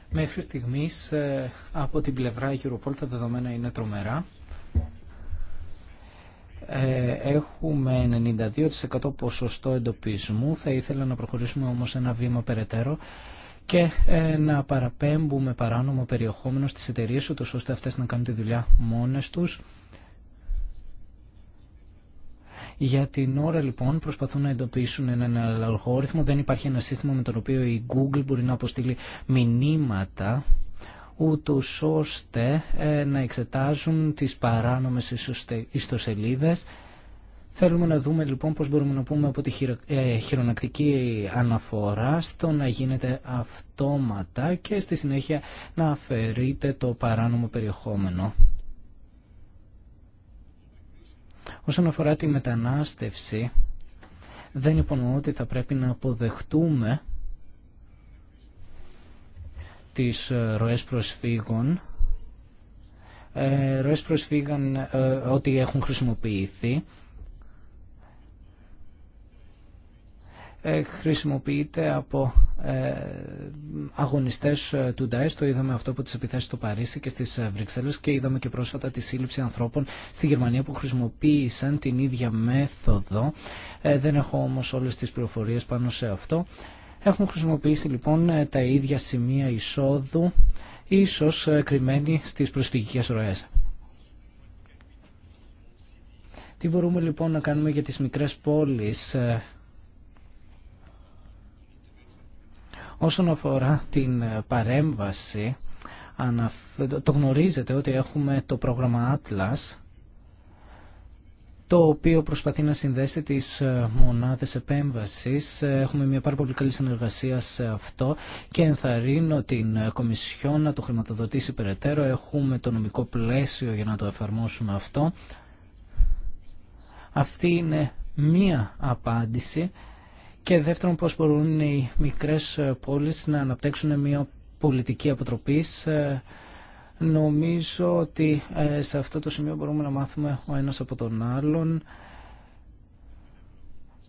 Μέχρι στιγμής ε, από την πλευρά Europol τα δεδομένα είναι τρομερά. Ε, έχουμε 92% ποσοστό εντοπισμού. Θα ήθελα να προχωρήσουμε όμως ένα βήμα περαιτέρω και ε, να παραπέμπουμε παράνομο περιεχόμενο στις εταιρείε, ούτως ώστε αυτές να κάνουν τη δουλειά μόνες τους. Για την ώρα λοιπόν προσπαθούν να εντοπίσουν έναν αλγόριθμο. Δεν υπάρχει ένα σύστημα με τον οποίο η Google μπορεί να αποστείλει μηνύματα ούτως ώστε ε, να εξετάζουν τις παράνομες ιστοσελίδες Θέλουμε να δούμε λοιπόν πώς μπορούμε να πούμε από τη ε, χειρονακτική αναφορά στο να γίνεται αυτόματα και στη συνέχεια να αφαιρείται το παράνομο περιεχόμενο. Όσον αφορά τη μετανάστευση, δεν υπονοώ ότι θα πρέπει να αποδεχτούμε τις ε, ροές προσφύγων ε, ροές προσφύγαν ότι έχουν χρησιμοποιηθεί Ε, χρησιμοποιείται από ε, αγωνιστές ε, του ΝΤΑΕΣ. Το είδαμε αυτό από τις επιθέσεις στο Παρίσι και στις Βρυξέλλες και είδαμε και πρόσφατα τη σύλληψη ανθρώπων στη Γερμανία που χρησιμοποίησαν την ίδια μέθοδο. Δεν έχω όμως όλες τις πληροφορίες πάνω σε αυτό. Έχουν χρησιμοποιήσει λοιπόν τα ίδια σημεία εισόδου, ίσως κρυμμένοι στις προσφυγικές ροές. Τι μπορούμε λοιπόν να κάνουμε για τις μικρές πόλεις Όσον αφορά την ε, παρέμβαση, το γνωρίζετε ότι έχουμε το πρόγραμμα Atlas, το οποίο προσπαθεί να συνδέσει τις ε, μονάδες επέμβασης. Ε, έχουμε μια πάρα πολύ καλή συνεργασία σε αυτό και ενθαρρύνω την Κομισιό να το χρηματοδοτήσει περαιτέρω. Έχουμε το νομικό πλαίσιο για να το εφαρμόσουμε αυτό. Αυτή είναι μία απάντηση και δεύτερον πώς μπορούν οι μικρές πόλεις να αναπτύξουν μια πολιτική αποτροπής. Ε, νομίζω ότι ε, σε αυτό το σημείο μπορούμε να μάθουμε ο ένας από τον άλλον.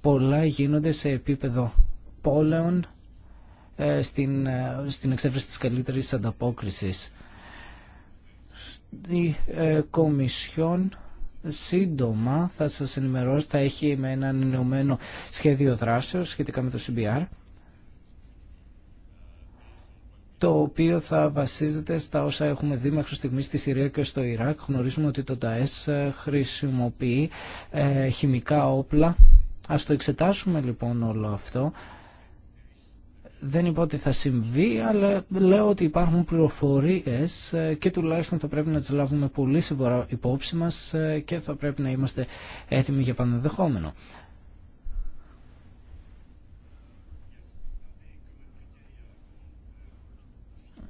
Πολλά γίνονται σε επίπεδο πόλεων ε, στην, στην εξέφραση της καλύτερης ανταπόκρισης. Η Κομισιόν σύντομα θα σας ενημερώσω, θα έχει με ένα ενωμένο σχέδιο δράσεως σχετικά με το CBR το οποίο θα βασίζεται στα όσα έχουμε δει μέχρι στιγμή στη Συρία και στο Ιράκ. Γνωρίζουμε ότι το ΤΑΕΣ χρησιμοποιεί ε, χημικά όπλα. Ας το εξετάσουμε λοιπόν όλο αυτό δεν είπα ότι θα συμβεί, αλλά λέω ότι υπάρχουν πληροφορίες ε, και τουλάχιστον θα πρέπει να τις λάβουμε πολύ σίγουρα υπόψη μας ε, και θα πρέπει να είμαστε έτοιμοι για πανεδεχόμενο.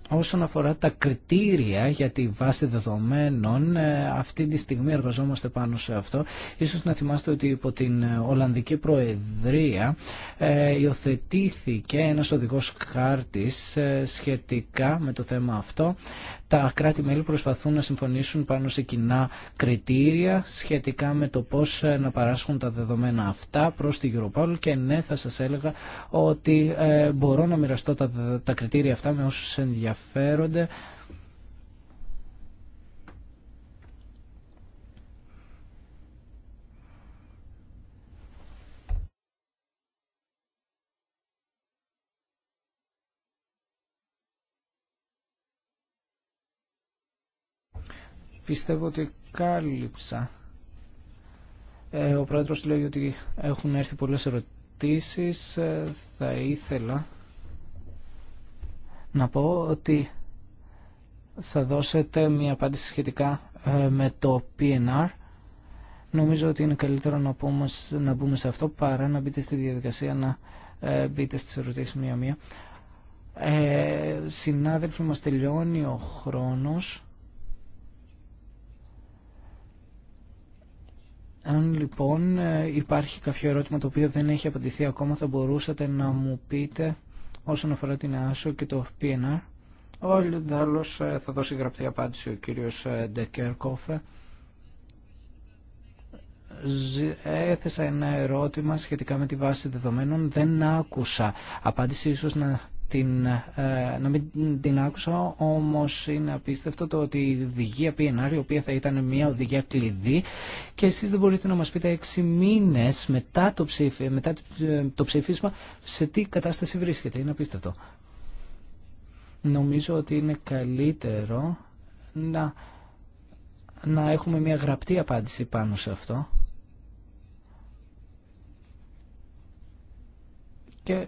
Όσον αφορά τα κριτήρια για τη βάση δεδομένων, ε, αυτή τη στιγμή εργαζόμαστε πάνω σε αυτό. Ίσως να θυμάστε ότι υπό την Ολλανδική Προεδρία ε, υιοθετήθηκε ένας οδηγός χάρτης ε, σχετικά με το θέμα αυτό τα κράτη-μέλη προσπαθούν να συμφωνήσουν πάνω σε κοινά κριτήρια σχετικά με το πώς ε, να παράσχουν τα δεδομένα αυτά προς τη Europol και ναι θα σας έλεγα ότι ε, μπορώ να μοιραστώ τα, τα κριτήρια αυτά με όσους ενδιαφέρονται Πιστεύω ότι κάλυψα. Ε, ο πρόεδρος λέει ότι έχουν έρθει πολλές ερωτήσεις. Ε, θα ήθελα να πω ότι θα δώσετε μια απάντηση σχετικά ε, με το PNR. Νομίζω ότι είναι καλύτερο να, πούμε, να μπούμε σε αυτό παρά να μπείτε στη διαδικασία να μπείτε στις ερωτήσεις μία-μία. Ε, συνάδελφοι μας τελειώνει ο χρόνος. Αν λοιπόν ε, υπάρχει κάποιο ερώτημα το οποίο δεν έχει απαντηθεί ακόμα θα μπορούσατε να μου πείτε όσον αφορά την ΑΣΟ και το PNR. Όλοι ε, θα δώσει γραπτή απάντηση ο κύριος ε, Ντεκέρκοφε. Έθεσα ένα ερώτημα σχετικά με τη βάση δεδομένων. Δεν άκουσα απάντηση. Ίσως να την, ε, να μην την άκουσα, όμως είναι απίστευτο το ότι η οδηγία PNR, η οποία θα ήταν μια οδηγία κλειδί και εσείς δεν μπορείτε να μας πείτε έξι μήνες μετά το, ψήφι, μετά ε, το ψήφισμα σε τι κατάσταση βρίσκεται. Είναι απίστευτο. Νομίζω ότι είναι καλύτερο να, να έχουμε μια γραπτή απάντηση πάνω σε αυτό. Και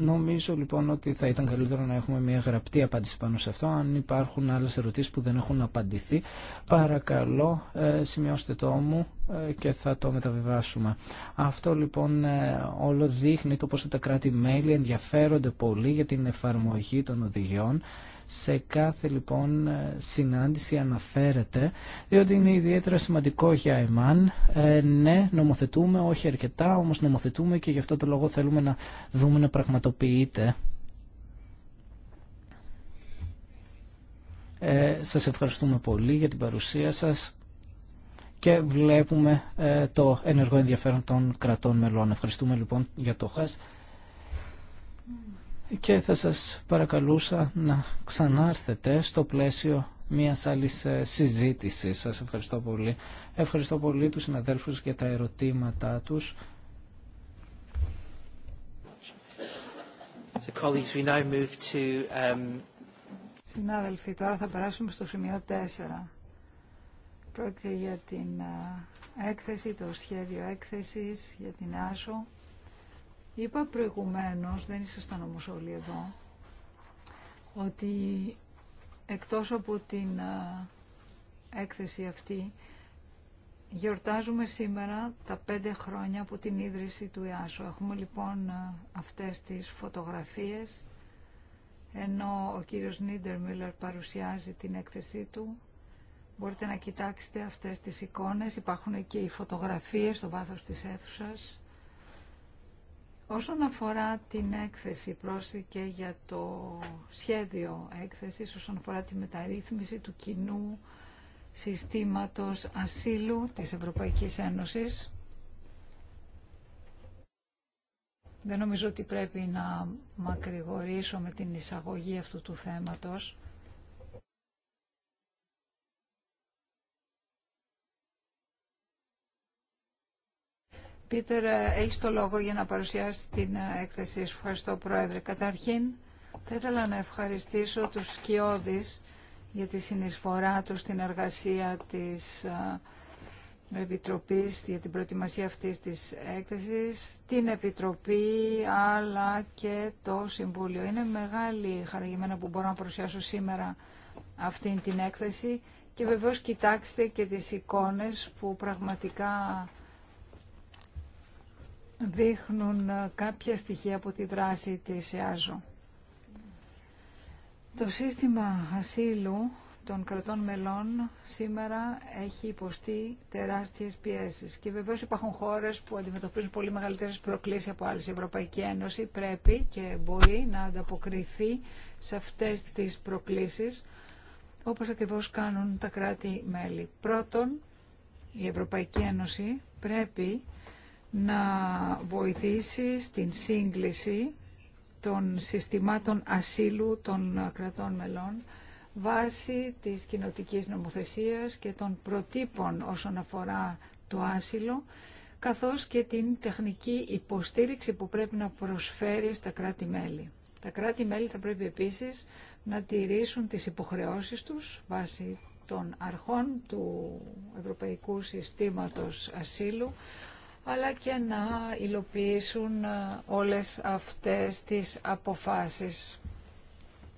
Νομίζω λοιπόν ότι θα ήταν καλύτερο να έχουμε μια γραπτή απάντηση πάνω σε αυτό. Αν υπάρχουν άλλες ερωτήσεις που δεν έχουν απαντηθεί, παρακαλώ ε, σημειώστε το μου ε, και θα το μεταβιβάσουμε. Αυτό λοιπόν ε, όλο δείχνει το πόσο τα κράτη-μέλη ενδιαφέρονται πολύ για την εφαρμογή των οδηγιών σε κάθε λοιπόν συνάντηση αναφέρεται, διότι είναι ιδιαίτερα σημαντικό για εμάν. Ε, ναι, νομοθετούμε, όχι αρκετά, όμως νομοθετούμε και γι' αυτό το λόγο θέλουμε να δούμε να πραγματοποιείται. Ε, σας ευχαριστούμε πολύ για την παρουσία σας και βλέπουμε ε, το ενεργό ενδιαφέρον των κρατών μελών. Ευχαριστούμε λοιπόν για το ΧΑΣ και θα σας παρακαλούσα να ξανάρθετε στο πλαίσιο μιας άλλης ε, συζήτησης. Σας ευχαριστώ πολύ. Ευχαριστώ πολύ τους συναδέλφους για τα ερωτήματά τους. So um, Συνάδελφοι, τώρα θα περάσουμε στο σημείο 4. Πρόκειται για την ε, έκθεση, το σχέδιο έκθεσης για την ΆΣΟ. Είπα προηγουμένως, δεν ήσασταν όμως όλοι εδώ, ότι εκτός από την έκθεση αυτή, Γιορτάζουμε σήμερα τα πέντε χρόνια από την ίδρυση του ΕΑΣΟ. Έχουμε λοιπόν αυτές τις φωτογραφίες, ενώ ο κύριος Νίντερ Μίλλερ παρουσιάζει την έκθεσή του. Μπορείτε να κοιτάξετε αυτές τις εικόνες, υπάρχουν και οι φωτογραφίες στο βάθος της αίθουσας. Όσον αφορά την έκθεση πρόσθηκε για το σχέδιο έκθεσης, όσον αφορά τη μεταρρύθμιση του κοινού συστήματος ασύλου της Ευρωπαϊκής Ένωσης, δεν νομίζω ότι πρέπει να μακρηγορήσω με την εισαγωγή αυτού του θέματος. Πίτερ, έχει το λόγο για να παρουσιάσει την ε, έκθεση. Ευχαριστώ, Πρόεδρε. Καταρχήν, θα ήθελα να ευχαριστήσω τους Σκιώδης για τη συνεισφορά τους στην εργασία της ε, Επιτροπής για την προετοιμασία αυτής της έκθεσης, την Επιτροπή αλλά και το Συμβούλιο. Είναι μεγάλη χαραγημένα που μπορώ να παρουσιάσω σήμερα αυτή την έκθεση και βεβαίως κοιτάξτε και τις εικόνες που πραγματικά δείχνουν ε, κάποια στοιχεία από τη δράση της ΕΑΖΟ. Το σύστημα ασύλου των κρατών μελών σήμερα έχει υποστεί τεράστιες πιέσεις και βεβαίως υπάρχουν χώρες που αντιμετωπίζουν πολύ μεγαλύτερες προκλήσεις από άλλες. Η Ευρωπαϊκή Ένωση πρέπει και μπορεί να ανταποκριθεί σε αυτές τις προκλήσεις όπως ακριβώς κάνουν τα κράτη-μέλη. Πρώτον, η Ευρωπαϊκή Ένωση πρέπει να βοηθήσει στην σύγκληση των συστημάτων ασύλου των κρατών μελών βάσει της κοινοτικής νομοθεσίας και των προτύπων όσον αφορά το άσυλο, καθώς και την τεχνική υποστήριξη που πρέπει να προσφέρει στα κράτη-μέλη. Τα κράτη-μέλη θα πρέπει επίσης να τηρήσουν τις υποχρεώσεις τους βάσει των αρχών του Ευρωπαϊκού Συστήματος Ασύλου, αλλά και να υλοποιήσουν ε, όλες αυτές τις αποφάσεις.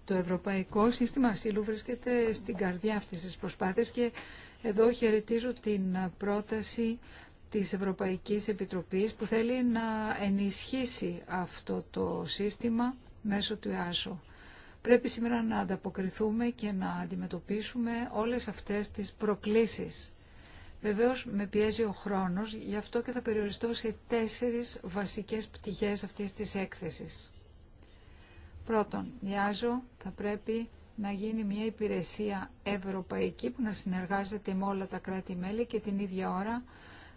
Το Ευρωπαϊκό Σύστημα Ασύλου βρίσκεται στην καρδιά αυτής της προσπάθειας και εδώ χαιρετίζω την πρόταση της Ευρωπαϊκής Επιτροπής που θέλει να ενισχύσει αυτό το σύστημα μέσω του ΕΑΣΟ. Πρέπει σήμερα να ανταποκριθούμε και να αντιμετωπίσουμε όλες αυτές τις προκλήσεις Βεβαίω με πιέζει ο χρόνος, γι' αυτό και θα περιοριστώ σε τέσσερις βασικές πτυχές αυτής της έκθεσης. Πρώτον, η ΆΖΟ θα πρέπει να γίνει μια υπηρεσία ευρωπαϊκή που να συνεργάζεται με όλα τα κράτη-μέλη και την ίδια ώρα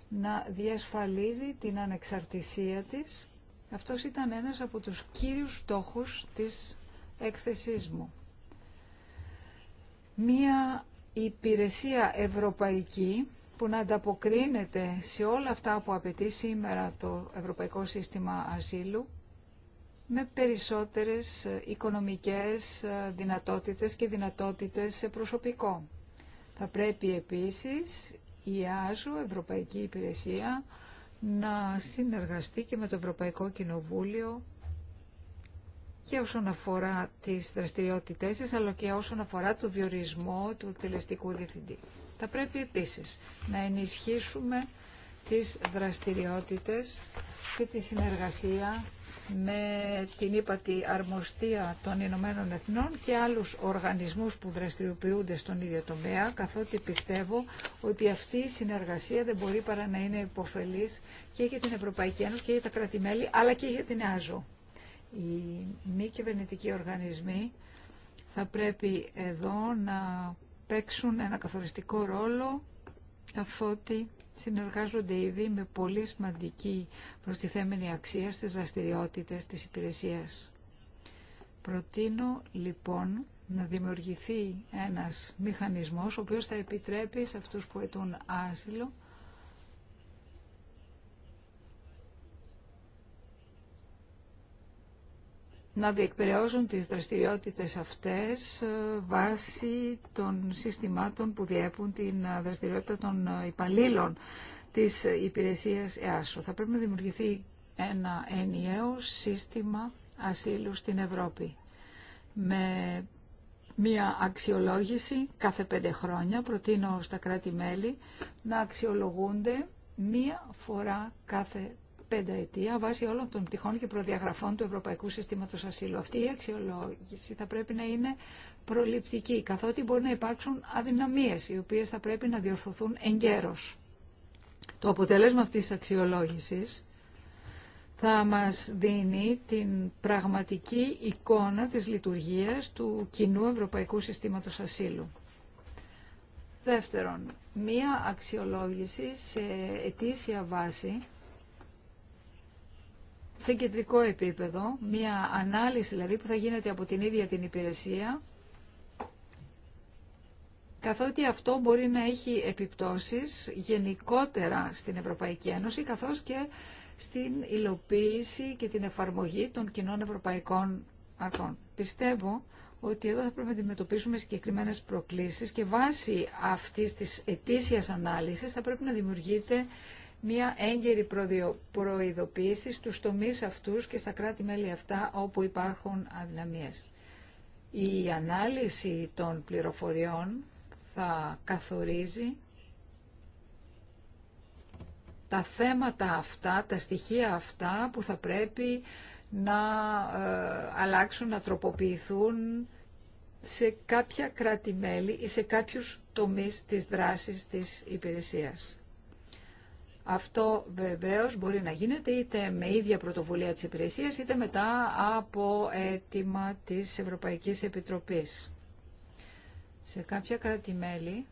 να διασφαλίζει την ανεξαρτησία της. Αυτός ήταν ένας από τους κύριους στόχους της έκθεσής μου. Μία υπηρεσία ευρωπαϊκή που να ανταποκρίνεται σε όλα αυτά που απαιτεί σήμερα το Ευρωπαϊκό Σύστημα Ασύλου με περισσότερες οικονομικές δυνατότητες και δυνατότητες σε προσωπικό. Θα πρέπει επίσης η ΆΖΟ, Ευρωπαϊκή Υπηρεσία, να συνεργαστεί και με το Ευρωπαϊκό Κοινοβούλιο και όσον αφορά τις δραστηριότητές της, αλλά και όσον αφορά το διορισμό του εκτελεστικού διευθυντή. Θα πρέπει επίσης να ενισχύσουμε τις δραστηριότητες και τη συνεργασία με την ύπατη αρμοστία των Ηνωμένων Εθνών και άλλους οργανισμούς που δραστηριοποιούνται στον ίδιο τομέα, καθότι πιστεύω ότι αυτή η συνεργασία δεν μπορεί παρά να είναι υποφελής και για την Ευρωπαϊκή Ένωση και για τα κρατημέλη, αλλά και για την ΑΖΟ. Οι μη κυβερνητικοί οργανισμοί θα πρέπει εδώ να παίξουν ένα καθοριστικό ρόλο αφότι συνεργάζονται ήδη με πολύ σημαντική προστιθέμενη αξία στις δραστηριότητε της υπηρεσίας. Προτείνω λοιπόν να δημιουργηθεί ένας μηχανισμός ο οποίος θα επιτρέπει σε αυτούς που αιτούν άσυλο να διεκπαιρεώσουν τις δραστηριότητες αυτές ε, βάσει των συστημάτων που διέπουν την ε, δραστηριότητα των ε, υπαλλήλων της υπηρεσίας ΕΑΣΟ. Θα πρέπει να δημιουργηθεί ένα ενιαίο σύστημα ασύλου στην Ευρώπη με μία αξιολόγηση κάθε πέντε χρόνια, προτείνω στα κράτη-μέλη, να αξιολογούνται μία φορά κάθε πενταετία βάσει όλων των πτυχών και προδιαγραφών του Ευρωπαϊκού Συστήματος Ασύλου. Αυτή η αξιολόγηση θα πρέπει να είναι προληπτική, καθότι μπορεί να υπάρξουν αδυναμίες, οι οποίες θα πρέπει να διορθωθούν εγκαίρω. Το αποτέλεσμα αυτής της αξιολόγησης θα μας δίνει την πραγματική εικόνα της λειτουργίας του κοινού Ευρωπαϊκού Συστήματος Ασύλου. Δεύτερον, μία αξιολόγηση σε ετήσια βάση σε κεντρικό επίπεδο, μια ανάλυση δηλαδή που θα γίνεται από την ίδια την υπηρεσία, καθότι αυτό μπορεί να έχει επιπτώσεις γενικότερα στην Ευρωπαϊκή Ένωση, καθώς και στην υλοποίηση και την εφαρμογή των κοινών ευρωπαϊκών αρχών. Πιστεύω ότι εδώ θα πρέπει να αντιμετωπίσουμε συγκεκριμένες προκλήσεις και βάσει αυτής της ετήσιας ανάλυσης θα πρέπει να δημιουργείται μία έγκαιρη προειδοποίηση στους τομείς αυτούς και στα κράτη-μέλη αυτά όπου υπάρχουν αδυναμίες. Η ανάλυση των πληροφοριών θα καθορίζει τα θέματα αυτά, τα στοιχεία αυτά που θα πρέπει να ε, αλλάξουν, να τροποποιηθούν σε κάποια κράτη-μέλη ή σε κάποιους τομείς της δράσης της υπηρεσίας. Αυτό βεβαίω μπορεί να γίνεται είτε με ίδια πρωτοβουλία της υπηρεσίας είτε μετά από αίτημα της Ευρωπαϊκής Επιτροπής. Σε κάποια κράτη-μέλη,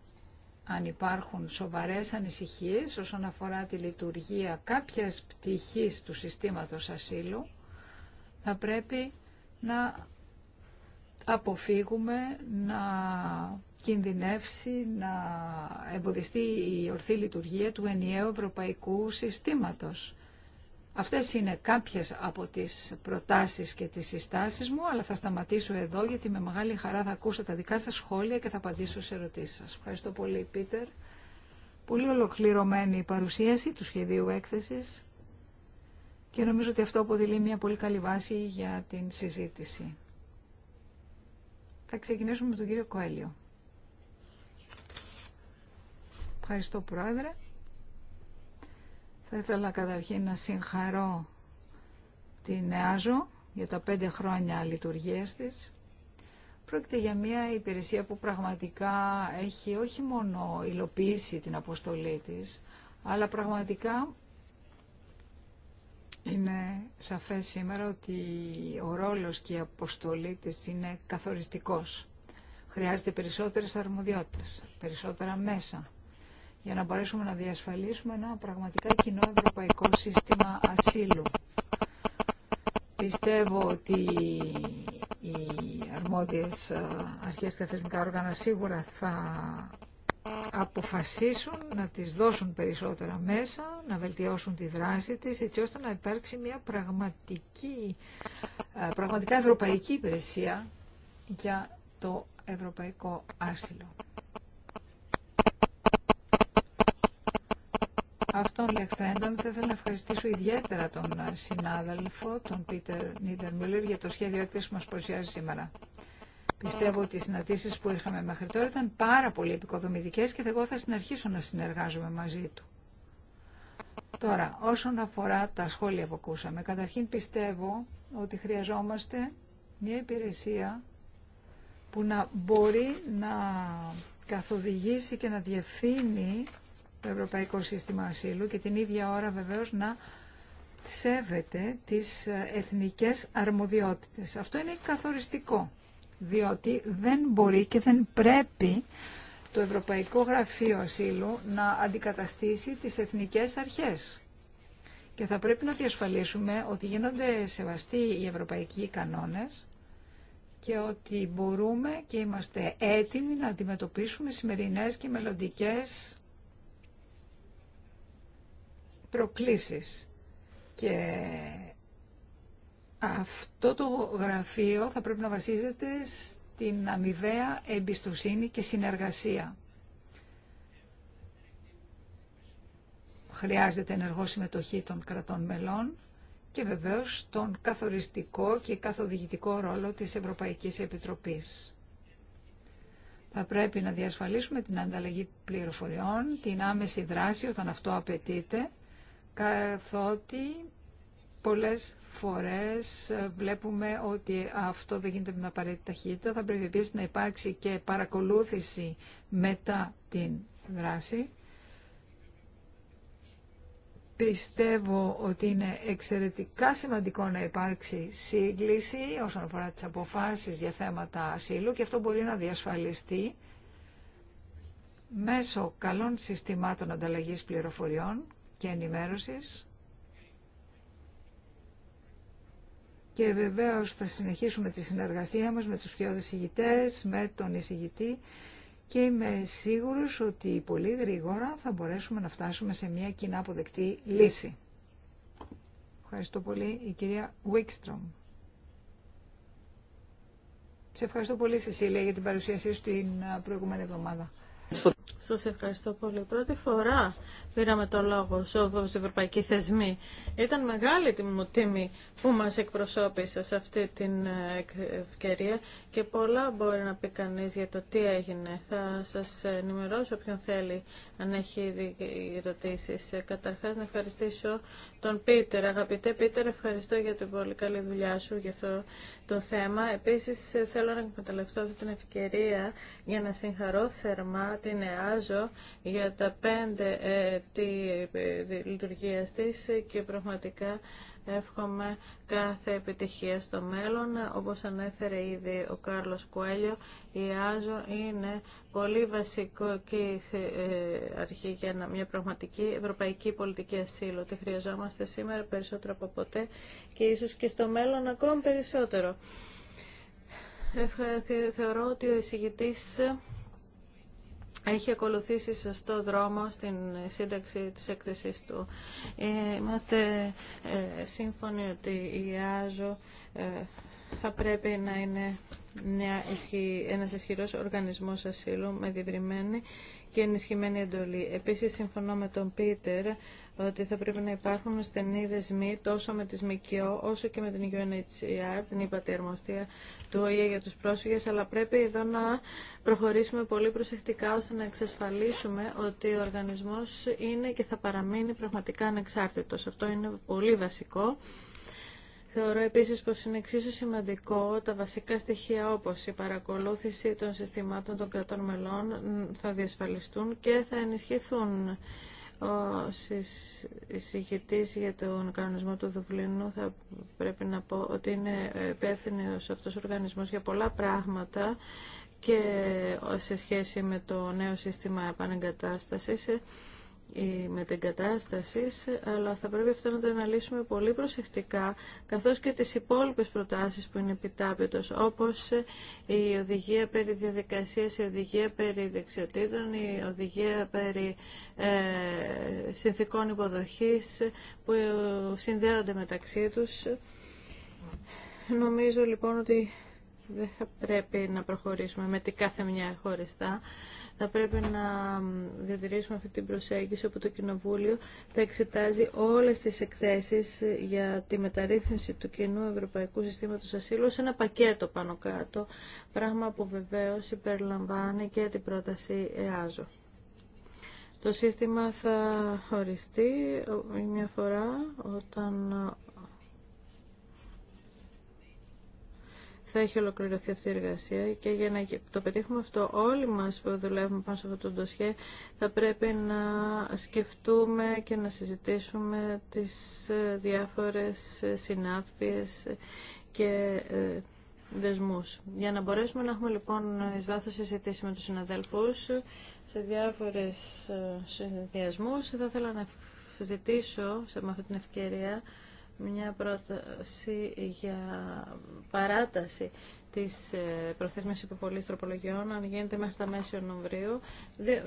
αν υπάρχουν σοβαρές ανησυχίες όσον αφορά τη λειτουργία κάποιας πτυχής του συστήματος ασύλου, θα πρέπει να αποφύγουμε να κινδυνεύσει να εμποδιστεί η ορθή λειτουργία του ενιαίου ευρωπαϊκού συστήματος. Αυτές είναι κάποιες από τις προτάσεις και τις συστάσεις μου, αλλά θα σταματήσω εδώ γιατί με μεγάλη χαρά θα ακούσω τα δικά σας σχόλια και θα απαντήσω σε ερωτήσεις σας. Ευχαριστώ πολύ, Πίτερ. Πολύ ολοκληρωμένη η παρουσίαση του σχεδίου έκθεσης και νομίζω ότι αυτό αποτελεί μια πολύ καλή βάση για την συζήτηση. Θα ξεκινήσουμε με τον κύριο Κοέλιο. Ευχαριστώ Πρόεδρε. Θα ήθελα καταρχήν να συγχαρώ την ΕΑΖΟ για τα πέντε χρόνια λειτουργίας της. Πρόκειται για μια υπηρεσία που πραγματικά έχει όχι μόνο υλοποιήσει την αποστολή της, αλλά πραγματικά είναι σαφές σήμερα ότι ο ρόλος και η αποστολή της είναι καθοριστικός. Χρειάζεται περισσότερες αρμοδιότητες, περισσότερα μέσα για να μπορέσουμε να διασφαλίσουμε ένα πραγματικά κοινό ευρωπαϊκό σύστημα ασύλου. Πιστεύω ότι οι αρμόδιες αρχές και θεσμικά όργανα σίγουρα θα αποφασίσουν να τις δώσουν περισσότερα μέσα, να βελτιώσουν τη δράση της, έτσι ώστε να υπάρξει μια πραγματική, πραγματικά ευρωπαϊκή υπηρεσία για το ευρωπαϊκό άσυλο. Αυτών λεχθέντων θα ήθελα να ευχαριστήσω ιδιαίτερα τον ε, συνάδελφο, τον Πίτερ Νίτερ Μιλλερ, για το σχέδιο έκθεση που μας παρουσιάζει σήμερα. Πιστεύω ότι οι συναντήσεις που είχαμε μέχρι τώρα ήταν πάρα πολύ επικοδομητικές και εγώ θα συνεχίσω να συνεργάζομαι μαζί του. Τώρα, όσον αφορά τα σχόλια που ακούσαμε, καταρχήν πιστεύω ότι χρειαζόμαστε μια υπηρεσία που να μπορεί να καθοδηγήσει και να διευθύνει το Ευρωπαϊκό Σύστημα Ασύλου και την ίδια ώρα βεβαίως να σέβεται τις εθνικές αρμοδιότητες. Αυτό είναι καθοριστικό, διότι δεν μπορεί και δεν πρέπει το Ευρωπαϊκό Γραφείο Ασύλου να αντικαταστήσει τις εθνικές αρχές. Και θα πρέπει να διασφαλίσουμε ότι γίνονται σεβαστοί οι ευρωπαϊκοί κανόνες και ότι μπορούμε και είμαστε έτοιμοι να αντιμετωπίσουμε σημερινές και μελλοντικές προκλήσεις και αυτό το γραφείο θα πρέπει να βασίζεται στην αμοιβαία εμπιστοσύνη και συνεργασία. Χρειάζεται ενεργό συμμετοχή των κρατών μελών και βεβαίως τον καθοριστικό και καθοδηγητικό ρόλο της Ευρωπαϊκής Επιτροπής. Θα πρέπει να διασφαλίσουμε την ανταλλαγή πληροφοριών, την άμεση δράση όταν αυτό απαιτείται καθότι πολλές φορές ε, βλέπουμε ότι αυτό δεν γίνεται με την απαραίτητη ταχύτητα. Θα πρέπει επίσης να υπάρξει και παρακολούθηση μετά την δράση. Πιστεύω ότι είναι εξαιρετικά σημαντικό να υπάρξει σύγκληση όσον αφορά τις αποφάσεις για θέματα ασύλου και αυτό μπορεί να διασφαλιστεί μέσω καλών συστημάτων ανταλλαγής πληροφοριών και ενημέρωσης. Και βεβαίως θα συνεχίσουμε τη συνεργασία μας με τους πιο ηγητές, με τον εισηγητή και είμαι σίγουρος ότι πολύ γρήγορα θα μπορέσουμε να φτάσουμε σε μια κοινά αποδεκτή λύση. Ευχαριστώ πολύ η κυρία Βίκστρομ. Σε ευχαριστώ πολύ Σεσίλια για την παρουσίασή σου την ε, προηγούμενη εβδομάδα. Σα ευχαριστώ πολύ. Πρώτη φορά πήραμε το λόγο σε ευρωπαϊκή θεσμή. Ήταν μεγάλη μου τιμή που μας εκπροσώπησε σε αυτή την ε, ευκαιρία και πολλά μπορεί να πει κανείς για το τι έγινε. Θα σας ενημερώσω ποιον θέλει αν έχει ερωτήσει. Ε, καταρχάς να ευχαριστήσω τον Πίτερ. Αγαπητέ Πίτερ, ευχαριστώ για την πολύ καλή δουλειά σου για αυτό το θέμα. Επίση, ε, θέλω να εκμεταλλευτώ την ευκαιρία για να συγχαρώ θερμά την σχολιάζω για τα πέντε έτη ε, ε, λειτουργία τη και πραγματικά εύχομαι κάθε επιτυχία στο μέλλον. Όπως ανέφερε ήδη ο Κάρλος Κουέλιο, η Άζο είναι πολύ βασικό και ε, αρχή για μια πραγματική ευρωπαϊκή πολιτική ασύλου. Τη χρειαζόμαστε σήμερα περισσότερο από ποτέ και ίσως και στο μέλλον ακόμη περισσότερο. Θεωρώ ότι ο εισηγητής έχει ακολουθήσει σωστό δρόμο στην σύνταξη της έκθεσης του. Είμαστε ε, σύμφωνοι ότι η ΆΖΟ ε, θα πρέπει να είναι μια ένας ισχυρός οργανισμός ασύλου με διευρυμένη και ενισχυμένη εντολή. Επίσης, συμφωνώ με τον Πίτερ ότι θα πρέπει να υπάρχουν στενοί δεσμοί τόσο με τη ΜΚΟ όσο και με την UNHCR, την υπατερμοστία του ΟΗΕ για του πρόσφυγε. αλλά πρέπει εδώ να προχωρήσουμε πολύ προσεκτικά ώστε να εξασφαλίσουμε ότι ο οργανισμός είναι και θα παραμείνει πραγματικά ανεξάρτητο. Αυτό είναι πολύ βασικό. Θεωρώ επίσης πως είναι εξίσου σημαντικό τα βασικά στοιχεία όπως η παρακολούθηση των συστημάτων των κρατών μελών θα διασφαλιστούν και θα ενισχυθούν. Ο εισηγητής για τον κανονισμό του Δουβλίνου θα πρέπει να πω ότι είναι υπεύθυνο αυτός ο οργανισμός για πολλά πράγματα και σε σχέση με το νέο σύστημα επανεγκατάστασης κατάσταση, αλλά θα πρέπει αυτό να το αναλύσουμε πολύ προσεκτικά, καθώς και τις υπόλοιπες προτάσεις που είναι επιτάπητος, όπως η οδηγία περί διαδικασίας, η οδηγία περί δεξιοτήτων, η οδηγία περί ε, συνθήκων υποδοχής που συνδέονται μεταξύ τους. Νομίζω λοιπόν ότι δεν θα πρέπει να προχωρήσουμε με την κάθε μια χωριστά. Θα πρέπει να διατηρήσουμε αυτή την προσέγγιση όπου το Κοινοβούλιο θα εξετάζει όλες τις εκθέσεις για τη μεταρρύθμιση του κοινού Ευρωπαϊκού Συστήματος Ασύλου σε ένα πακέτο πάνω κάτω, πράγμα που βεβαίως υπερλαμβάνει και την πρόταση ΕΑΖΟ. Το σύστημα θα οριστεί ε, μια φορά όταν θα έχει ολοκληρωθεί αυτή η εργασία και για να το πετύχουμε αυτό όλοι μας που δουλεύουμε πάνω σε αυτό το ντοσιέ θα πρέπει να σκεφτούμε και να συζητήσουμε τις ε, διάφορες ε, συνάφειες και ε, δεσμούς. Για να μπορέσουμε να έχουμε λοιπόν εις βάθος συζητήσει με τους συναδέλφους σε διάφορες συνδυασμούς θα ήθελα να ζητήσω σε, αυτή την ευκαιρία μια πρόταση για παράταση της ε, προθέσμιας υποβολής τροπολογιών, αν γίνεται μέχρι τα μέση Νοεμβρίου,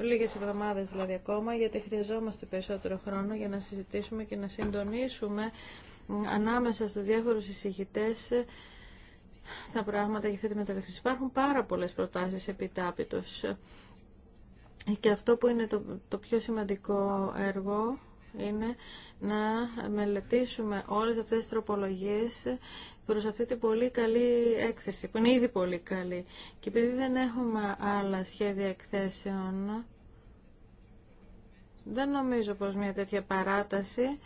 λίγες εβδομάδες δηλαδή ακόμα, γιατί χρειαζόμαστε περισσότερο χρόνο για να συζητήσουμε και να συντονίσουμε ανάμεσα στους διάφορους εισηγητές ε, τα πράγματα για αυτή τη μεταρρύθμιση. Υπάρχουν πάρα πολλές προτάσεις επιτάπητος. Ε, και αυτό που είναι το πιο σημαντικό έργο είναι να μελετήσουμε όλες αυτές τις τροπολογίες προς αυτή την πολύ καλή έκθεση, που είναι ήδη πολύ καλή. Και επειδή δεν έχουμε άλλα σχέδια εκθέσεων, δεν νομίζω πως μια τέτοια παράταση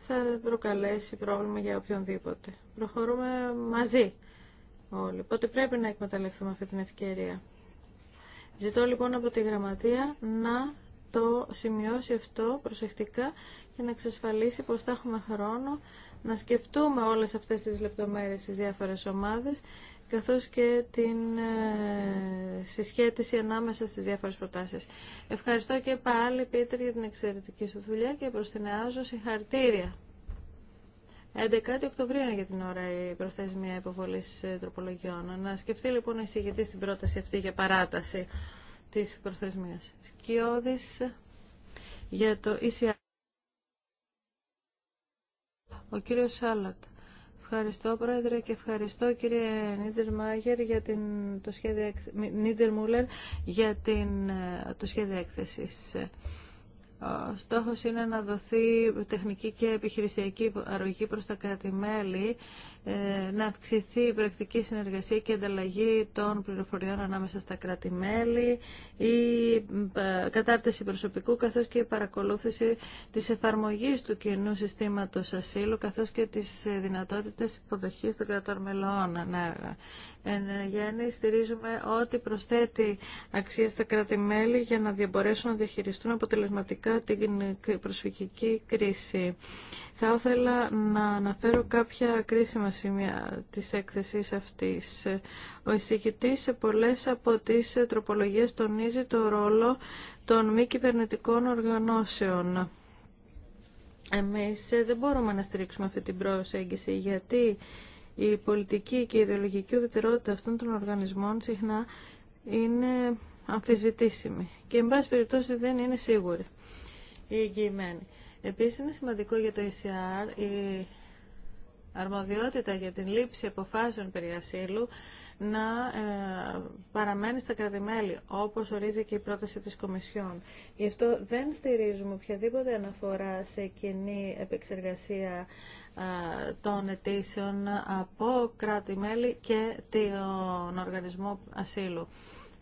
θα προκαλέσει πρόβλημα για οποιονδήποτε. Προχωρούμε μαζί όλοι. Οπότε πρέπει να εκμεταλλευτούμε αυτή την ευκαιρία. Ζητώ λοιπόν από τη Γραμματεία να το σημειώσει αυτό προσεκτικά για να εξασφαλίσει πως θα έχουμε χρόνο να σκεφτούμε όλες αυτές τις λεπτομέρειες στις διάφορες ομάδες καθώς και την ε, συσχέτιση ανάμεσα στις διάφορες προτάσεις. Ευχαριστώ και πάλι, Πίτερ, για την εξαιρετική σου δουλειά και προς την ΕΑΖΟ συγχαρητήρια. 11 Οκτωβρίου είναι για την ώρα η προθεσμία υποβολής ε, τροπολογιών. Να σκεφτεί λοιπόν η στην πρόταση αυτή για παράταση της προθεσμίας. Σκιώδης για το ECR. Ο κύριος Σάλατ. Ευχαριστώ Πρόεδρε και ευχαριστώ κύριε Νίτερ για την, το σχέδιο, Νίτερ για την, ε, το σχέδιο έκθεσης. Ο στόχος είναι να δοθεί τεχνική και επιχειρησιακή αρρωγή προς τα κρατη ε, να αυξηθεί η πρακτική συνεργασία και ανταλλαγή των πληροφοριών ανάμεσα στα κρατη η ε, κατάρτιση προσωπικού καθώς και η παρακολούθηση της εφαρμογής του κοινού συστήματος ασύλου καθώς και τις ε, δυνατότητες υποδοχής των κρατών μελών. Ναι, Εν γέννη, στηρίζουμε ό,τι προσθέτει αξία στα κρατη για να μπορέσουν να διαχειριστούν την προσφυγική κρίση. Θα ήθελα να αναφέρω κάποια κρίσιμα σημεία της έκθεσης αυτής. Ο εισηγητής σε πολλές από τις τροπολογίες τονίζει το ρόλο των μη κυβερνητικών οργανώσεων. Εμείς δεν μπορούμε να στηρίξουμε αυτή την προσέγγιση γιατί η πολιτική και η ιδεολογική ουδετερότητα αυτών των οργανισμών συχνά είναι αμφισβητήσιμη και εν πάση περιπτώσει δεν είναι σίγουρη ή Επίσης είναι σημαντικό για το ECR η αρμοδιότητα για την λήψη αποφάσεων περί ασύλου να ε, παραμένει στα κράτη-μέλη, όπως ορίζει και η πρόταση της Κομισιόν. Γι' αυτό δεν στηρίζουμε οποιαδήποτε αναφορά σε κοινή επεξεργασία των αιτήσεων από κράτη-μέλη και τον Οργανισμό Ασύλου.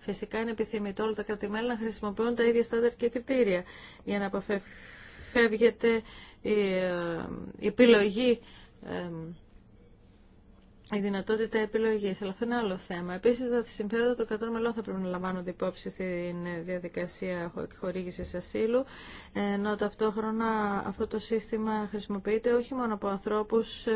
Φυσικά είναι επιθυμητό όλα τα κρατημέλη να χρησιμοποιούν τα ίδια στάνταρ και κριτήρια για να αποφεύγεται ε, η επιλογή ε, η δυνατότητα επιλογή. Αλλά αυτό είναι άλλο θέμα. Επίση, τα συμφέροντα των κρατών μελών θα πρέπει να λαμβάνονται υπόψη στην διαδικασία χορήγηση ασύλου, ενώ ταυτόχρονα αυτό το σύστημα χρησιμοποιείται όχι μόνο από ανθρώπου ε,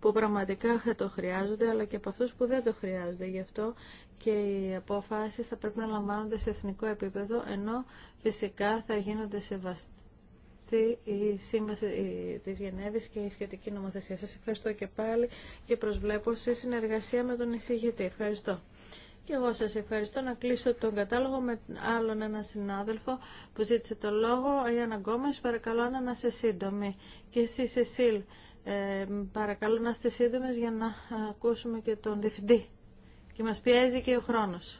που πραγματικά το χρειάζονται, αλλά και από αυτού που δεν το χρειάζονται. Γι' αυτό και οι αποφάσει θα πρέπει να λαμβάνονται σε εθνικό επίπεδο, ενώ φυσικά θα γίνονται σεβαστοί αυτή σύμβαση τη Γενέβη και η σχετική νομοθεσία. Σα ευχαριστώ και πάλι και προσβλέπω σε συνεργασία με τον εισηγητή. Ευχαριστώ. Και εγώ σας ευχαριστώ να κλείσω τον κατάλογο με άλλον ένα συνάδελφο που ζήτησε το λόγο. Αγιάννα Γκόμες, παρακαλώ να είσαι σύντομη. Και εσύ Σεσίλ, ε, παρακαλώ να είστε σύντομε για να ακούσουμε και τον διευθυντή. Και μας πιέζει και ο χρόνος.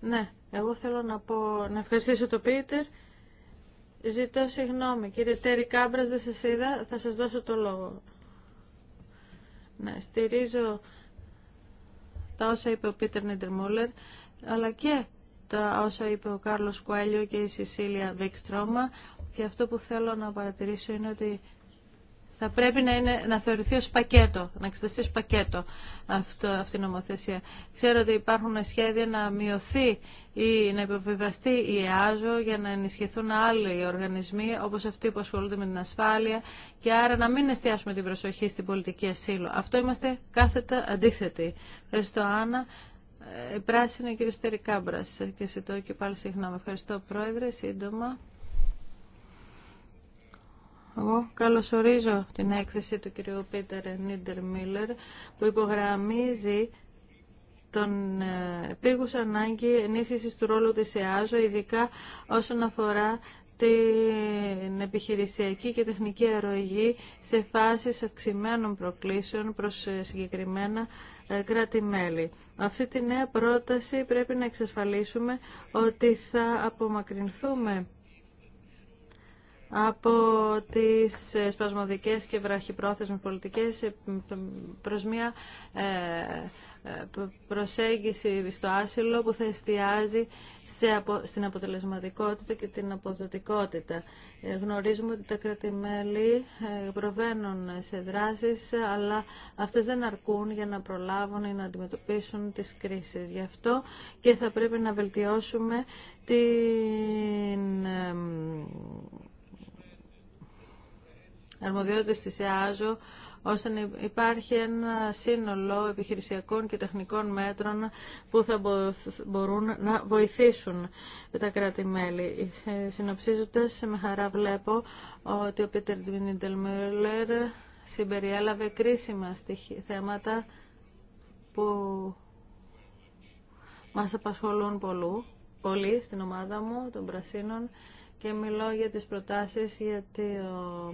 Ναι, εγώ θέλω να, πω, να ευχαριστήσω τον Πίτερ. Ζητώ συγγνώμη. Κύριε Τέρη Κάμπρας, δεν σας είδα. Θα σας δώσω το λόγο. Ναι, στηρίζω τα όσα είπε ο Πίτερ Νίντερμούλερ, αλλά και τα όσα είπε ο Κάρλος Κουέλιο και η Σισίλια Βίξτρομα. Και αυτό που θέλω να παρατηρήσω είναι ότι θα πρέπει να, είναι, να θεωρηθεί ως πακέτο, να εξεταστεί ως πακέτο αυτό, αυτή η νομοθεσία. Ξέρω ότι υπάρχουν σχέδια να μειωθεί ή να υποβιβαστεί η ΕΑΖΟ για να ενισχυθούν άλλοι οργανισμοί όπως αυτοί που ασχολούνται με την ασφάλεια και άρα να μην εστιάσουμε την προσοχή στην πολιτική ασύλου. Αυτό είμαστε κάθετα αντίθετοι. Ευχαριστώ Άννα. Η ε, πράσινη κύριο Στερικάμπρας και ζητώ και πάλι συγγνώμη. Ευχαριστώ Πρόεδρε, σύντομα. Εγώ καλωσορίζω την έκθεση του κυρίου Πίτερ Νίντερ Μίλλερ που υπογραμμίζει τον ε, πήγους ανάγκη ενίσχυσης του ρόλου της ΕΑΖΟ, ειδικά όσον αφορά την επιχειρησιακή και τεχνική αρρωγή σε φάσεις αυξημένων προκλήσεων προς ε, συγκεκριμένα ε, κράτη-μέλη. Αυτή τη νέα πρόταση πρέπει να εξασφαλίσουμε ότι θα απομακρυνθούμε από τις ε, σπασμωδικές και βραχυπρόθεσμες πολιτικές ε, προς μια ε, προσέγγιση στο άσυλο που θα εστιάζει σε στην αποτελεσματικότητα και την αποδοτικότητα. Γνωρίζουμε ότι τα κράτη-μέλη προβαίνουν σε δράσεις, αλλά αυτές δεν αρκούν για να προλάβουν ή να αντιμετωπίσουν τις κρίσεις. Γι' αυτό και θα πρέπει να βελτιώσουμε την αρμοδιότητες της ΕΑΖΟ ώστε να υπάρχει ένα σύνολο επιχειρησιακών και τεχνικών μέτρων που θα μπορούν να βοηθήσουν τα κράτη-μέλη. Συνοψίζοντας, με χαρά βλέπω ότι ο Πίτερ Ντελμιουλέρ συμπεριέλαβε κρίσιμα θέματα που μας απασχολούν πολλού, πολύ στην ομάδα μου των Πρασίνων και μιλώ για τις προτάσεις για το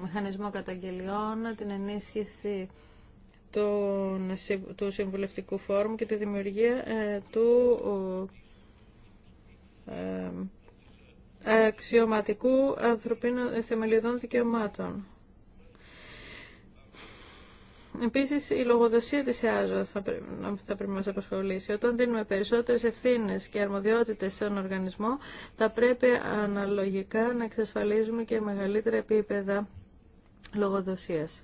μηχανισμό καταγγελιών, την ενίσχυση του Συμβουλευτικού Φόρουμ και τη δημιουργία ε, του ε, ε, αξιωματικού ανθρωπίνων θεμελιωδών δικαιωμάτων. Επίση, η λογοδοσία της ΕΑΖΟ θα πρέπει, θα πρέπει να μα απασχολήσει. Όταν δίνουμε περισσότερε ευθύνε και αρμοδιότητες σε έναν οργανισμό, θα πρέπει αναλογικά να εξασφαλίζουμε και μεγαλύτερα επίπεδα λογοδοσίας.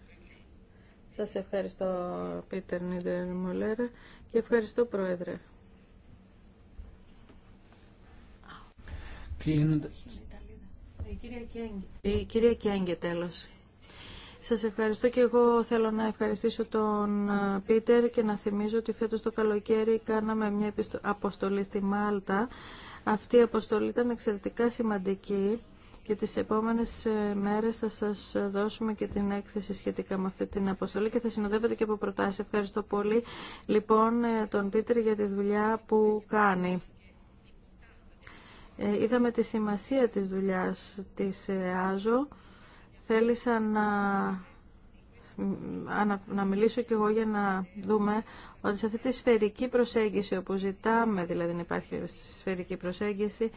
Σας ευχαριστώ, Πίτερ Νίτερ Μολέρα, και ευχαριστώ, Πρόεδρε. Η κυρία τέλος. Σας ευχαριστώ και εγώ θέλω να ευχαριστήσω τον ε, Πίτερ και να θυμίζω ότι φέτος το καλοκαίρι κάναμε μια αποστολή στη Μάλτα. Αυτή η αποστολή ήταν εξαιρετικά σημαντική και τις επόμενες ε, μέρες θα σας δώσουμε και την έκθεση σχετικά με αυτή την αποστολή και θα συνοδεύετε και από προτάσεις. Ευχαριστώ πολύ λοιπόν ε, τον Πίτερ για τη δουλειά που κάνει. Είδαμε τη σημασία της δουλειάς της ΑΖΟ. Θέλησα να να, μιλήσω και εγώ για να δούμε ότι σε αυτή τη σφαιρική προσέγγιση όπου ζητάμε, δηλαδή να υπάρχει σφαιρική προσέγγιση,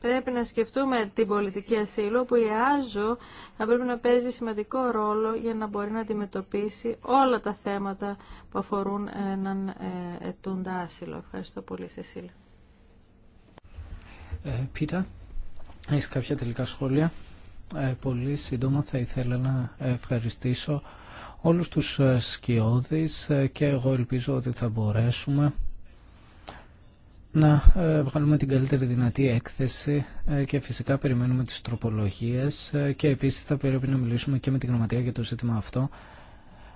πρέπει να σκεφτούμε την πολιτική ασύλου που η ΑΖΟ θα πρέπει να παίζει σημαντικό ρόλο για να μπορεί να αντιμετωπίσει όλα τα θέματα που αφορούν έναν ε, ετούντα άσυλο. Ευχαριστώ πολύ, Σεσίλ. Ε, Πίτα. Έχεις κάποια τελικά σχόλια. Ε, πολύ σύντομα θα ήθελα να ευχαριστήσω όλους τους ε, σκιώδεις ε, και εγώ ελπίζω ότι θα μπορέσουμε να ε, βγάλουμε την καλύτερη δυνατή έκθεση και φυσικά περιμένουμε τις τροπολογίες και επίσης θα πρέπει να μιλήσουμε και με την Γραμματεία για το ζήτημα αυτό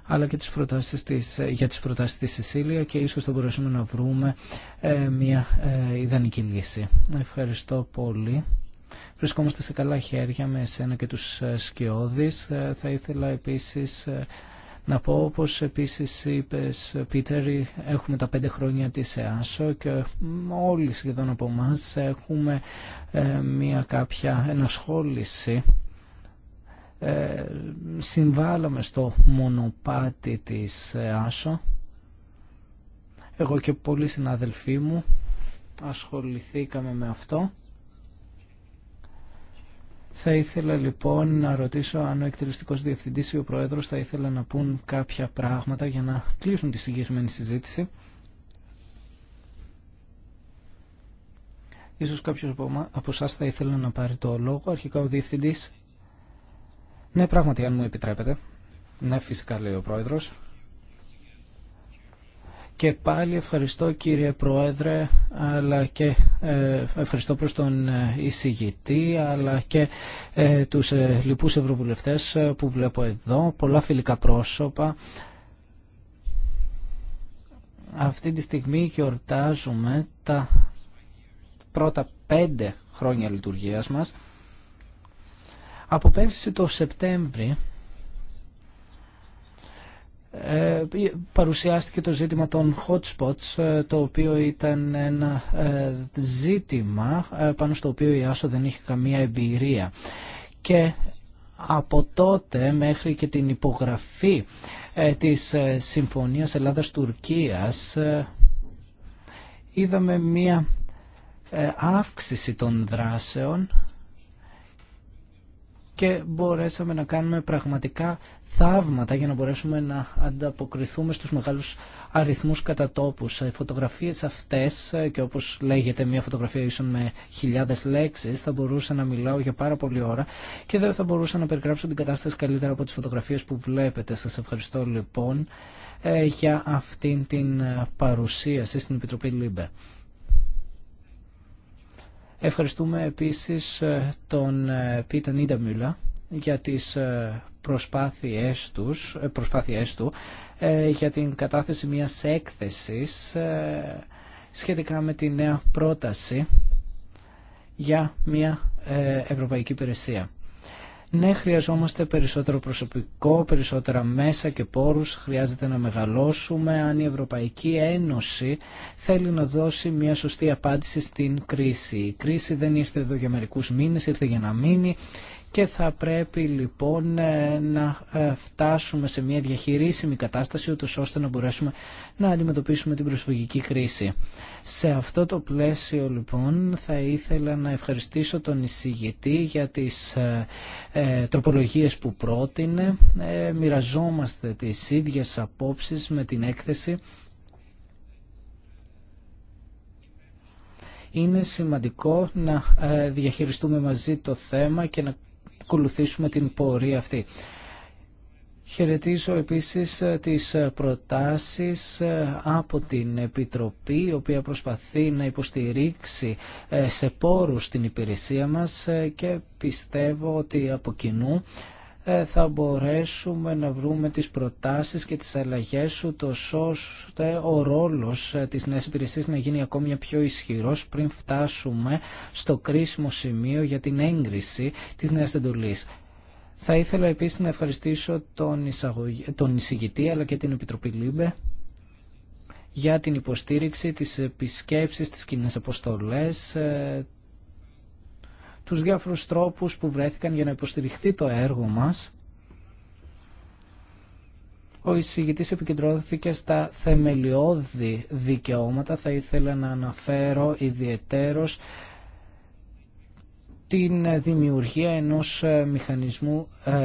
αλλά και τις προτάσεις της, για τις προτάσεις της Σεσίλια και ίσως θα μπορέσουμε να βρούμε μια ιδανική λύση. Ευχαριστώ πολύ. Βρισκόμαστε σε καλά χέρια με εσένα και τους ε, σκιώδεις. Ε, θα ήθελα επίσης ε, να πω όπως επίσης είπες Πίτερ, έχουμε τα πέντε χρόνια της ΕΑΣΟ και όλοι σχεδόν από εμά έχουμε μια κάποια ενασχόληση ε, συμβάλλαμε στο μονοπάτι της ΕΑΣΟ εγώ και πολλοί συναδελφοί μου ασχοληθήκαμε με αυτό θα ήθελα λοιπόν να ρωτήσω αν ο εκτελεστικός διευθυντής ή ο πρόεδρος θα ήθελα να πούν κάποια πράγματα για να κλείσουν τη συγκεκριμένη συζήτηση. Ίσως κάποιος από, εσά θα ήθελα να πάρει το λόγο. Αρχικά ο διευθυντής. Ναι, πράγματι, αν μου επιτρέπετε. Ναι, φυσικά λέει ο πρόεδρος. Και πάλι ευχαριστώ κύριε Πρόεδρε, αλλά και ε, ευχαριστώ προς τον ε, εισηγητή, αλλά και ε, τους λοιπούς ευρωβουλευτές που βλέπω εδώ, πολλά φιλικά πρόσωπα. Αυτή τη στιγμή γιορτάζουμε τα πρώτα πέντε χρόνια λειτουργίας μας. Από πέρσι το Σεπτέμβρη ε, παρουσιάστηκε το ζήτημα των hot spots, ε, το οποίο ήταν ένα ε, ζήτημα πάνω στο οποίο η Άσο δεν είχε καμία εμπειρία. Και από τότε μέχρι και την υπογραφή της Συμφωνίας Ελλάδας-Τουρκίας είδαμε μία αύξηση των δράσεων και μπορέσαμε να κάνουμε πραγματικά θαύματα για να μπορέσουμε να ανταποκριθούμε στους μεγάλους αριθμούς κατατόπους. Οι φωτογραφίες αυτές και όπως λέγεται μια φωτογραφία ίσον με χιλιάδες λέξεις θα μπορούσα να μιλάω για πάρα πολλή ώρα και δεν θα μπορούσα να περιγράψω την κατάσταση καλύτερα από τις φωτογραφίες που βλέπετε. Σας ευχαριστώ λοιπόν ε, για αυτήν την παρουσίαση στην Επιτροπή ΛΥΜΠΕ. Ευχαριστούμε επίσης ε, τον ε, Πίτα Νίντα για τις ε, προσπάθειές, τους, προσπάθειές του για την κατάθεση μιας έκθεσης σχετικά με τη νέα πρόταση για μια ευρωπαϊκή υπηρεσία. Ναι, χρειαζόμαστε περισσότερο προσωπικό, περισσότερα μέσα και πόρους, χρειάζεται να μεγαλώσουμε αν η Ευρωπαϊκή Ένωση θέλει να δώσει μια σωστή απάντηση στην κρίση. Η κρίση δεν ήρθε εδώ για μερικούς μήνες, ήρθε για να μείνει και θα πρέπει λοιπόν ε, να ε, φτάσουμε σε μια διαχειρίσιμη κατάσταση ώστε να μπορέσουμε να αντιμετωπίσουμε την προσωπική κρίση. Σε αυτό το πλαίσιο λοιπόν θα ήθελα να ευχαριστήσω τον εισηγητή για τις ε, ε, τροπολογίες που πρότεινε. Ε, μοιραζόμαστε τις ίδιες απόψεις με την έκθεση. Είναι σημαντικό να ε, διαχειριστούμε μαζί το θέμα και να ακολουθήσουμε την πορεία αυτή. Χαιρετίζω επίσης ε, τις ε, προτάσεις ε, από την Επιτροπή, η οποία προσπαθεί να υποστηρίξει σε πόρους την υπηρεσία μας και πιστεύω ότι από κοινού θα μπορέσουμε να βρούμε τις προτάσεις και τις αλλαγές σου ώστε ο ρόλος της νέας υπηρεσίας να γίνει ακόμη πιο ισχυρός πριν φτάσουμε στο κρίσιμο σημείο για την έγκριση της νέας εντολής. Θα ήθελα επίσης να ευχαριστήσω τον, τον εισηγητή αλλά και την Επιτροπή Λίμπε για την υποστήριξη της επισκέψης, της κοινέ αποστολές, ε, τους διάφορους τρόπους που βρέθηκαν για να υποστηριχθεί το έργο μας. Ο εισηγητής επικεντρώθηκε στα θεμελιώδη δικαιώματα. Θα ήθελα να αναφέρω ιδιαιτέρως την δημιουργία ενός ε, μηχανισμού ε,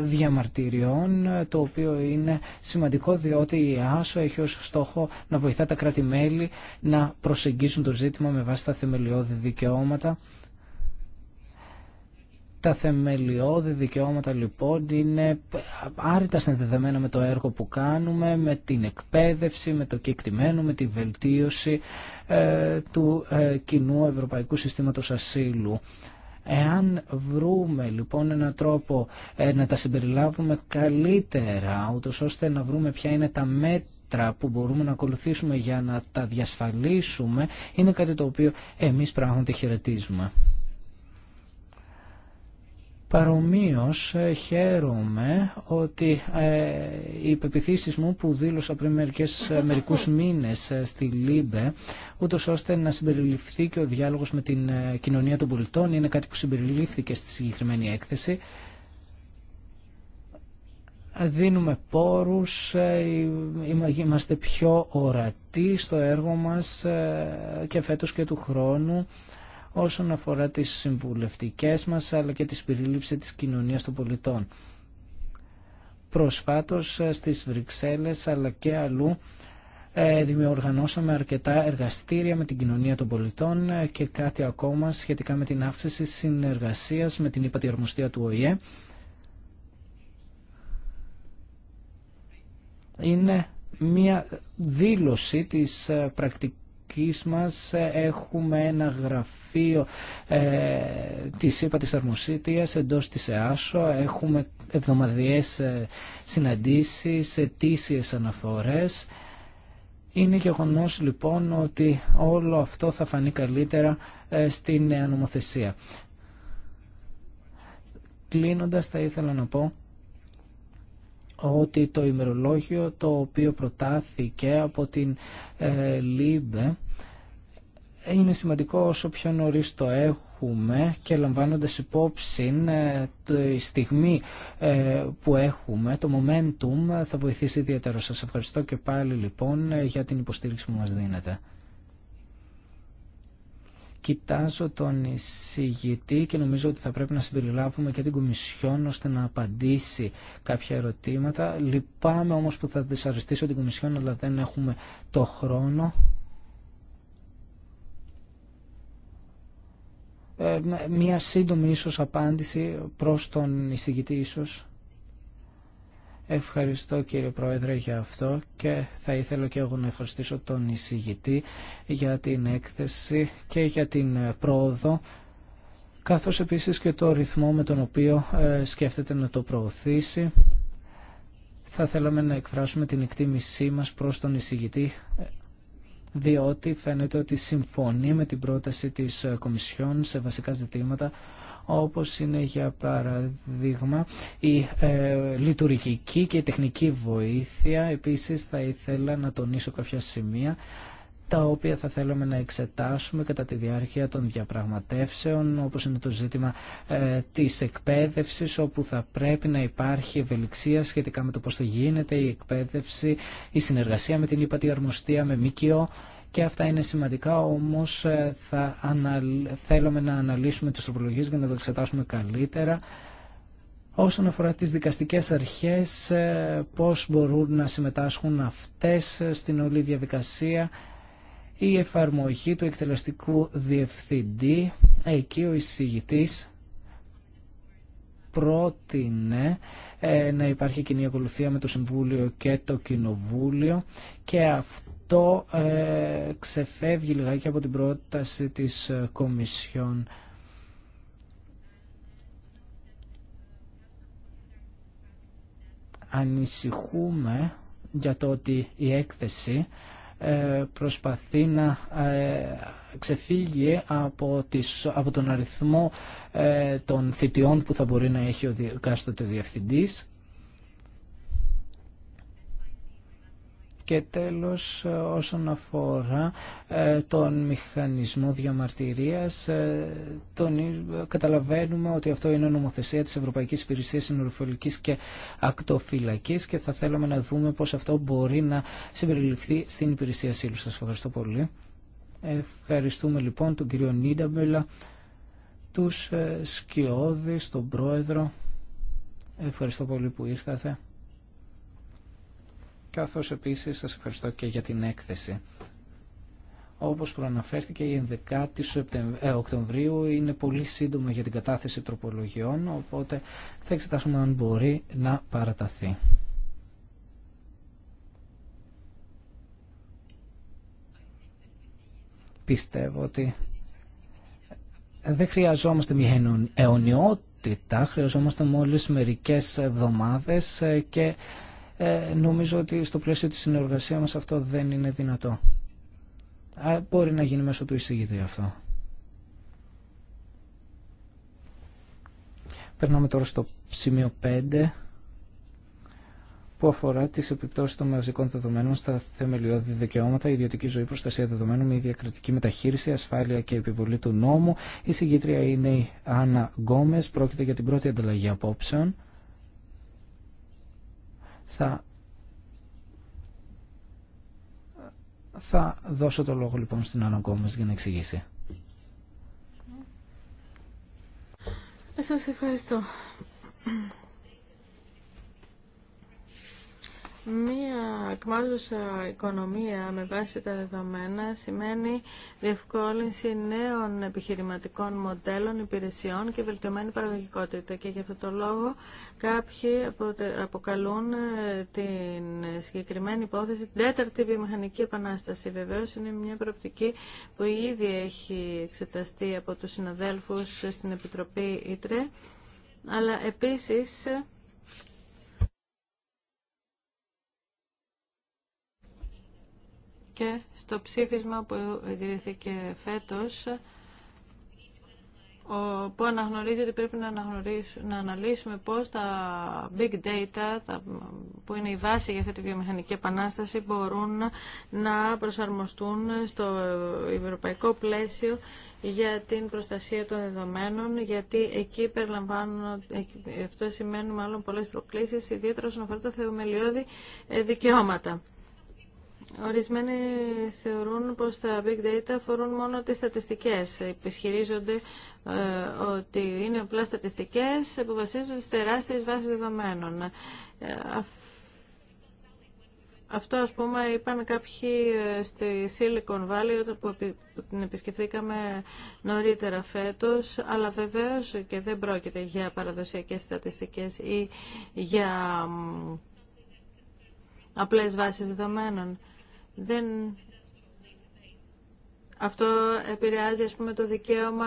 διαμαρτυριών το οποίο είναι σημαντικό διότι η ΑΣΟ έχει ως στόχο να βοηθά τα κράτη-μέλη να προσεγγίσουν το ζήτημα με βάση τα θεμελιώδη δικαιώματα. Τα θεμελιώδη δικαιώματα λοιπόν είναι άρρητα συνδεδεμένα με το έργο που κάνουμε, με την εκπαίδευση, με το κεκτημένο, με τη βελτίωση ε, του κοινού ευρωπαϊκού συστήματος ασύλου. Εάν βρούμε λοιπόν έναν τρόπο ε, να τα συμπεριλάβουμε καλύτερα, ούτως ώστε να βρούμε ποια είναι τα μέτρα που μπορούμε να ακολουθήσουμε για να τα διασφαλίσουμε είναι κάτι το οποίο εμείς πράγματι χαιρετίζουμε. Παρομοίως ε, χαίρομαι ότι ε, οι υπεπιθύσεις μου που δήλωσα πριν μερικές, ε, μερικούς μήνες στη ΛΥΜΠΕ ούτως ώστε να συμπεριληφθεί και ο διάλογος με την κοινωνία των πολιτών είναι κάτι που συμπεριλήφθηκε στη συγκεκριμένη έκθεση δίνουμε πόρους, είμαστε πιο ορατοί στο έργο μας και φέτος και του χρόνου όσον αφορά τις συμβουλευτικές μας αλλά και τη περίληψη της κοινωνίας των πολιτών. Προσφάτως ε, στις Βρυξέλλες αλλά και αλλού ε, δημιουργανώσαμε αρκετά εργαστήρια με την κοινωνία των πολιτών ε, και κάτι ακόμα σχετικά με την αύξηση συνεργασίας με την υπατιαρμοστία του ΟΗΕ. Είναι μία δήλωση της πρακτικής ε, έχουμε ένα γραφείο ε, της ΥΠΑ της Αρμοσίτιας εντός της ΕΑΣΟ. Έχουμε εβδομαδιαίες ε, συναντήσεις, ετήσιες αναφορές. Είναι γεγονό λοιπόν ότι όλο αυτό θα φανεί καλύτερα ε, στην νέα νομοθεσία. Κλείνοντας θα ήθελα να πω ότι το ημερολόγιο το οποίο προτάθηκε από την ε, ΛΥΜΠΕ είναι σημαντικό όσο πιο νωρί το έχουμε και λαμβάνοντας υπόψη ε, τη στιγμή ε, που έχουμε, το momentum θα βοηθήσει ιδιαίτερα. Σας ευχαριστώ και πάλι λοιπόν ε, για την υποστήριξη που μας δίνετε. Κοιτάζω τον εισηγητή και νομίζω ότι θα πρέπει να συμπεριλάβουμε και την Κομισιόν ώστε να απαντήσει κάποια ερωτήματα. Λυπάμαι όμως που θα δυσαρεστήσω την Κομισιόν αλλά δεν έχουμε το χρόνο. Ε, μία σύντομη ίσως απάντηση προς τον εισηγητή ίσως. Ευχαριστώ κύριε Πρόεδρε για αυτό και θα ήθελα και εγώ να ευχαριστήσω τον εισηγητή για την έκθεση και για την πρόοδο καθώς επίσης και το ρυθμό με τον οποίο ε, σκέφτεται να το προωθήσει. Θα θέλαμε να εκφράσουμε την εκτίμησή μας προς τον εισηγητή ε, διότι φαίνεται ότι συμφωνεί με την πρόταση της ε, Κομισιόν σε βασικά ζητήματα όπως είναι για παραδείγμα η ε, λειτουργική και η τεχνική βοήθεια. Επίσης θα ήθελα να τονίσω κάποια σημεία τα οποία θα θέλαμε να εξετάσουμε κατά τη διάρκεια των διαπραγματεύσεων, όπως είναι το ζήτημα ε, της εκπαίδευσης, όπου θα πρέπει να υπάρχει ευελιξία σχετικά με το πώς θα γίνεται η εκπαίδευση, η συνεργασία με την ύπατη αρμοστία, με ΜΚΟ, και αυτά είναι σημαντικά, όμως ε, θα θέλουμε να αναλύσουμε τις τροπολογίες για να το εξετάσουμε καλύτερα. Όσον αφορά τις δικαστικές αρχές, ε, πώς μπορούν να συμμετάσχουν αυτές ε, στην όλη διαδικασία, η εφαρμογή του εκτελεστικού διευθυντή, εκεί ο εισηγητής πρότεινε ε, να υπάρχει κοινή ακολουθία με το Συμβούλιο και το Κοινοβούλιο και αυτό ε, ξεφεύγει λιγάκι από την πρόταση της ε, Κομισιόν. Ανησυχούμε για το ότι η έκθεση ε, προσπαθεί να ε, ξεφύγει από, τις, από τον αριθμό ε, των θητιών που θα μπορεί να έχει ο κάστοτε διευθυντής Και τέλος ε, όσον αφορά ε, τον μηχανισμό διαμαρτυρίας ε, τον, καταλαβαίνουμε ότι αυτό είναι νομοθεσία της Ευρωπαϊκής Υπηρεσίας Συνοριφολικής και Ακτοφυλακής και θα θέλαμε να δούμε πώς αυτό μπορεί να συμπεριληφθεί στην υπηρεσία σύλλου. Σας ευχαριστώ πολύ. Ευχαριστούμε λοιπόν τον κύριο Νίνταμπελα, τους Σκιώδης, τον Πρόεδρο. Ευχαριστώ πολύ που ήρθατε καθώς επίσης σας ευχαριστώ και για την έκθεση. Όπως προαναφέρθηκε η 11η ε, Οκτωβρίου είναι πολύ σύντομα για την κατάθεση τροπολογιών, οπότε θα εξετάσουμε αν μπορεί να παραταθεί. Πιστεύω ότι δεν χρειαζόμαστε μια αιωνιότητα, χρειαζόμαστε μόλις μερικές εβδομάδες ε, και ε, νομίζω ότι στο πλαίσιο της συνεργασίας μας αυτό δεν είναι δυνατό. Α, μπορεί να γίνει μέσω του εισηγητή αυτό. Περνάμε τώρα στο σημείο 5 που αφορά τι επιπτώσει των μαζικών δεδομένων στα θεμελιώδη δικαιώματα, ιδιωτική ζωή, προστασία δεδομένων, με διακριτική μεταχείριση, ασφάλεια και επιβολή του νόμου. Η συγκήτρια είναι η Άννα Γκόμες. Πρόκειται για την πρώτη ανταλλαγή απόψεων. Θα, θα δώσω το λόγο λοιπόν στην Άννα μας για να εξηγήσει. Σας ευχαριστώ. Μία εκμάζουσα οικονομία με βάση τα δεδομένα σημαίνει διευκόλυνση νέων επιχειρηματικών μοντέλων, υπηρεσιών και βελτιωμένη παραγωγικότητα. Και για αυτό το λόγο κάποιοι αποκαλούν ε, την συγκεκριμένη υπόθεση τέταρτη βιομηχανική επανάσταση. Βεβαίω είναι μια προοπτική που ήδη έχει εξεταστεί από τους συναδέλφους στην Επιτροπή Ήτρε, αλλά επίσης και στο ψήφισμα που εγκρίθηκε φέτος που αναγνωρίζει ότι πρέπει να, να αναλύσουμε πώς τα big data, τα, που είναι η βάση για αυτή τη βιομηχανική επανάσταση, μπορούν να προσαρμοστούν στο ευρωπαϊκό πλαίσιο για την προστασία των δεδομένων, γιατί εκεί περιλαμβάνουν, αυτό σημαίνει μάλλον πολλές προκλήσεις, ιδιαίτερα όσον αφορά τα θεομελιώδη ε, δικαιώματα. Ορισμένοι θεωρούν πως τα big data αφορούν μόνο τις στατιστικές. Επισχυρίζονται ε, ότι είναι απλά στατιστικές που βασίζονται στις τεράστιες βάσεις δεδομένων. Ε, αυτό ας πούμε είπαν κάποιοι ε, στη Silicon Valley όταν που την επισκεφθήκαμε νωρίτερα φέτος, αλλά βεβαίως και δεν πρόκειται για παραδοσιακές στατιστικές ή για απλές βάσεις δεδομένων δεν αυτό επηρεάζει ας πούμε, το δικαίωμα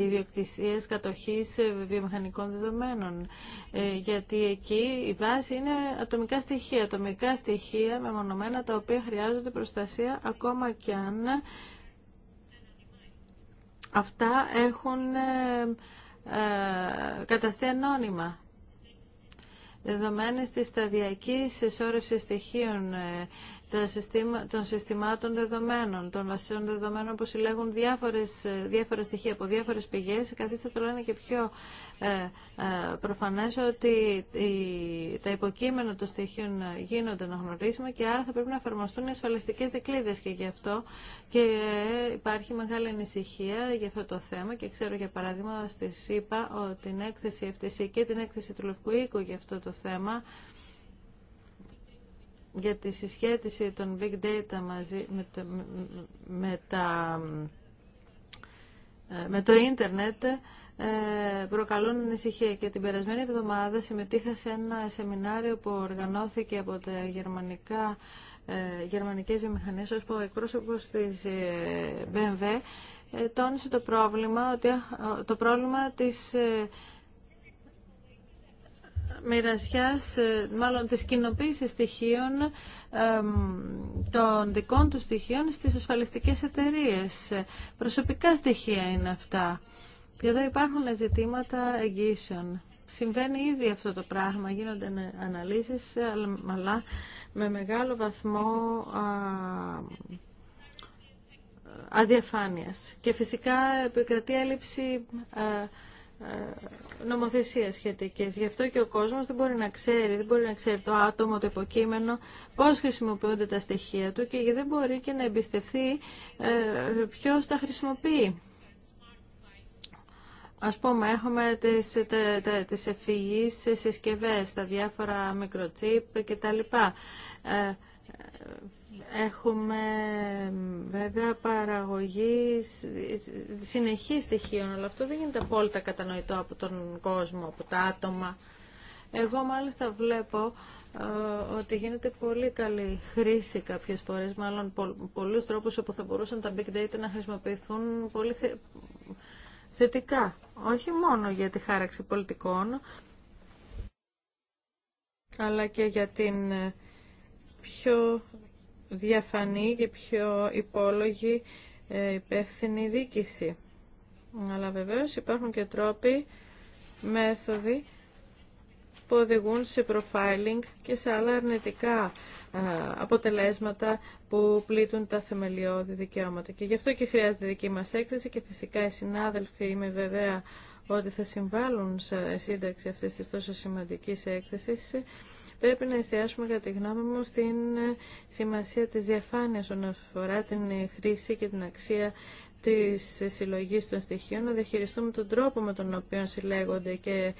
ιδιοκτησίας κατοχής ε, βιομηχανικών δεδομένων. Ε, γιατί εκεί η βάση είναι ατομικά στοιχεία, ατομικά στοιχεία μεμονωμένα τα οποία χρειάζονται προστασία ακόμα και αν αυτά έχουν ε, καταστεί ανώνυμα. Δεδομένες της σταδιακής εσώρευσης στοιχείων των συστημάτων δεδομένων, των βασίων δεδομένων που συλλέγουν διάφορες, ε, διάφορα στοιχεία από διάφορες πηγές, καθίσταται λένε και πιο ε, ε, προφανές ότι η, τα υποκείμενα των στοιχείων γίνονται να γνωρίσουμε και άρα θα πρέπει να εφαρμοστούν οι ασφαλιστικές δικλείδες και γι' αυτό και ε, υπάρχει μεγάλη ανησυχία για αυτό το θέμα και ξέρω για παράδειγμα στη ΣΥΠΑ ότι την έκθεση FTC και την έκθεση του Λευκού Οίκου για αυτό το θέμα για τη συσχέτιση των big data μαζί με, το, τα, ε, με το ίντερνετ ε, προκαλούν ανησυχία και την περασμένη εβδομάδα συμμετείχα σε ένα σεμινάριο που οργανώθηκε από τα γερμανικά ε, γερμανικές βιομηχανίες ως εκπρόσωπος της BMW τόνισε το πρόβλημα, ότι, το πρόβλημα της μοιρασιάς, ε, μάλλον της κοινοποίησης στοιχείων, των δικών του στοιχείων στις ασφαλιστικές εταιρείες. Προσωπικά στοιχεία είναι αυτά. Και εδώ υπάρχουν ζητήματα εγγύσεων. Συμβαίνει ήδη αυτό το πράγμα, γίνονται αναλύσεις, αλλά με μεγάλο βαθμό αδιαφάνειας. Και φυσικά επικρατεί έλλειψη ε, νομοθεσία σχετικές. Γι' αυτό και ο κόσμος δεν μπορεί να ξέρει, δεν μπορεί να ξέρει το άτομο, το υποκείμενο, πώς χρησιμοποιούνται τα στοιχεία του και δεν μπορεί και να εμπιστευτεί ε, ποιος τα χρησιμοποιεί. Ας πούμε, έχουμε τις, τα, τα, τις συσκευές, τα διάφορα μικροτσίπ και τα λοιπά. Ε, Έχουμε βέβαια παραγωγή συνεχή στοιχείων, αλλά αυτό δεν γίνεται απόλυτα κατανοητό από τον κόσμο, από τα άτομα. Εγώ μάλιστα βλέπω ε, ότι γίνεται πολύ καλή χρήση κάποιες φορές, μάλλον πο, πολλούς τρόπους όπου θα μπορούσαν τα big data να χρησιμοποιηθούν πολύ θετικά. Όχι μόνο για τη χάραξη πολιτικών, αλλά και για την ε, πιο διαφανή και πιο υπόλογη ε, υπεύθυνη δίκηση. Αλλά βεβαίως υπάρχουν και τρόποι, μέθοδοι που οδηγούν σε profiling και σε άλλα αρνητικά ε, αποτελέσματα που πλήττουν τα θεμελιώδη δικαιώματα. Και γι' αυτό και χρειάζεται δική μας έκθεση και φυσικά οι συνάδελφοι είμαι βεβαία ότι θα συμβάλλουν σε σύνταξη αυτής της τόσο σημαντικής έκθεσης Πρέπει να εστιάσουμε κατά τη γνώμη μου στην ε, σημασία της διαφάνειας όσον αφορά την χρήση και την αξία της συλλογής των στοιχείων, να διαχειριστούμε τον τρόπο με τον οποίο συλλέγονται και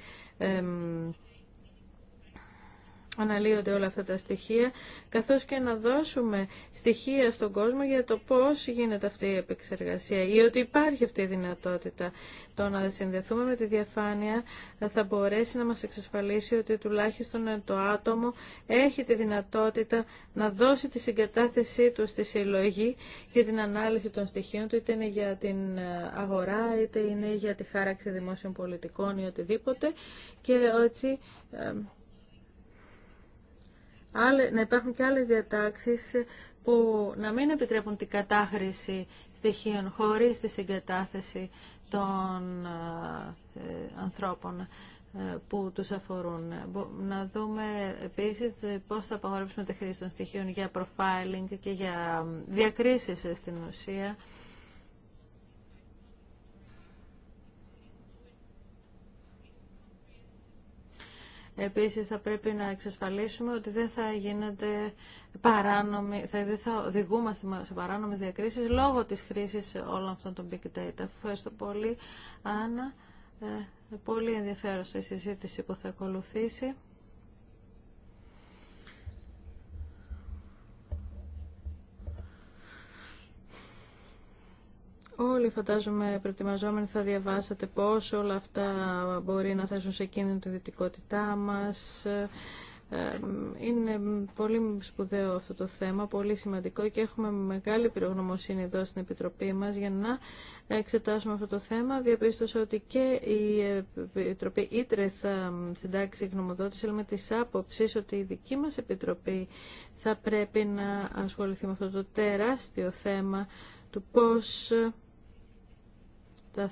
αναλύονται όλα αυτά τα στοιχεία, καθώς και να δώσουμε στοιχεία στον κόσμο για το πώς γίνεται αυτή η επεξεργασία ή ότι υπάρχει αυτή η δυνατότητα. Το να συνδεθούμε με τη διαφάνεια θα μπορέσει να μας εξασφαλίσει ότι τουλάχιστον το άτομο έχει τη δυνατότητα να δώσει τη συγκατάθεσή του στη συλλογή για την ανάλυση των στοιχείων του, είτε είναι για την αγορά, είτε είναι για τη χάραξη δημόσιων πολιτικών ή οτιδήποτε και έτσι να υπάρχουν και άλλες διατάξεις που να μην επιτρέπουν την κατάχρηση στοιχείων χωρίς τη συγκατάθεση των ε, ανθρώπων ε, που τους αφορούν. Να δούμε επίσης πώς θα απαγορεύσουμε τη χρήση των στοιχείων για profiling και για διακρίσεις στην ουσία Επίσης θα πρέπει να εξασφαλίσουμε ότι δεν θα γίνονται θα, δεν θα οδηγούμαστε σε παράνομες διακρίσεις λόγω της χρήσης όλων αυτών των big data. Ευχαριστώ πολύ, Άννα. Ε, πολύ ενδιαφέρουσα η συζήτηση που θα ακολουθήσει. Όλοι φαντάζομαι προετοιμαζόμενοι θα διαβάσατε πώς όλα αυτά μπορεί να θέσουν σε κίνδυνο τη δυτικότητά μας. Ε, είναι πολύ σπουδαίο αυτό το θέμα, πολύ σημαντικό και έχουμε μεγάλη πυρογνωμοσύνη εδώ στην Επιτροπή μας για να εξετάσουμε αυτό το θέμα. Διαπίστωσα ότι και η Επιτροπή Ήτρε θα συντάξει γνωμοδότηση, αλλά με τις άποψεις ότι η δική μας Επιτροπή θα πρέπει να ασχοληθεί με αυτό το τεράστιο θέμα του πώς τα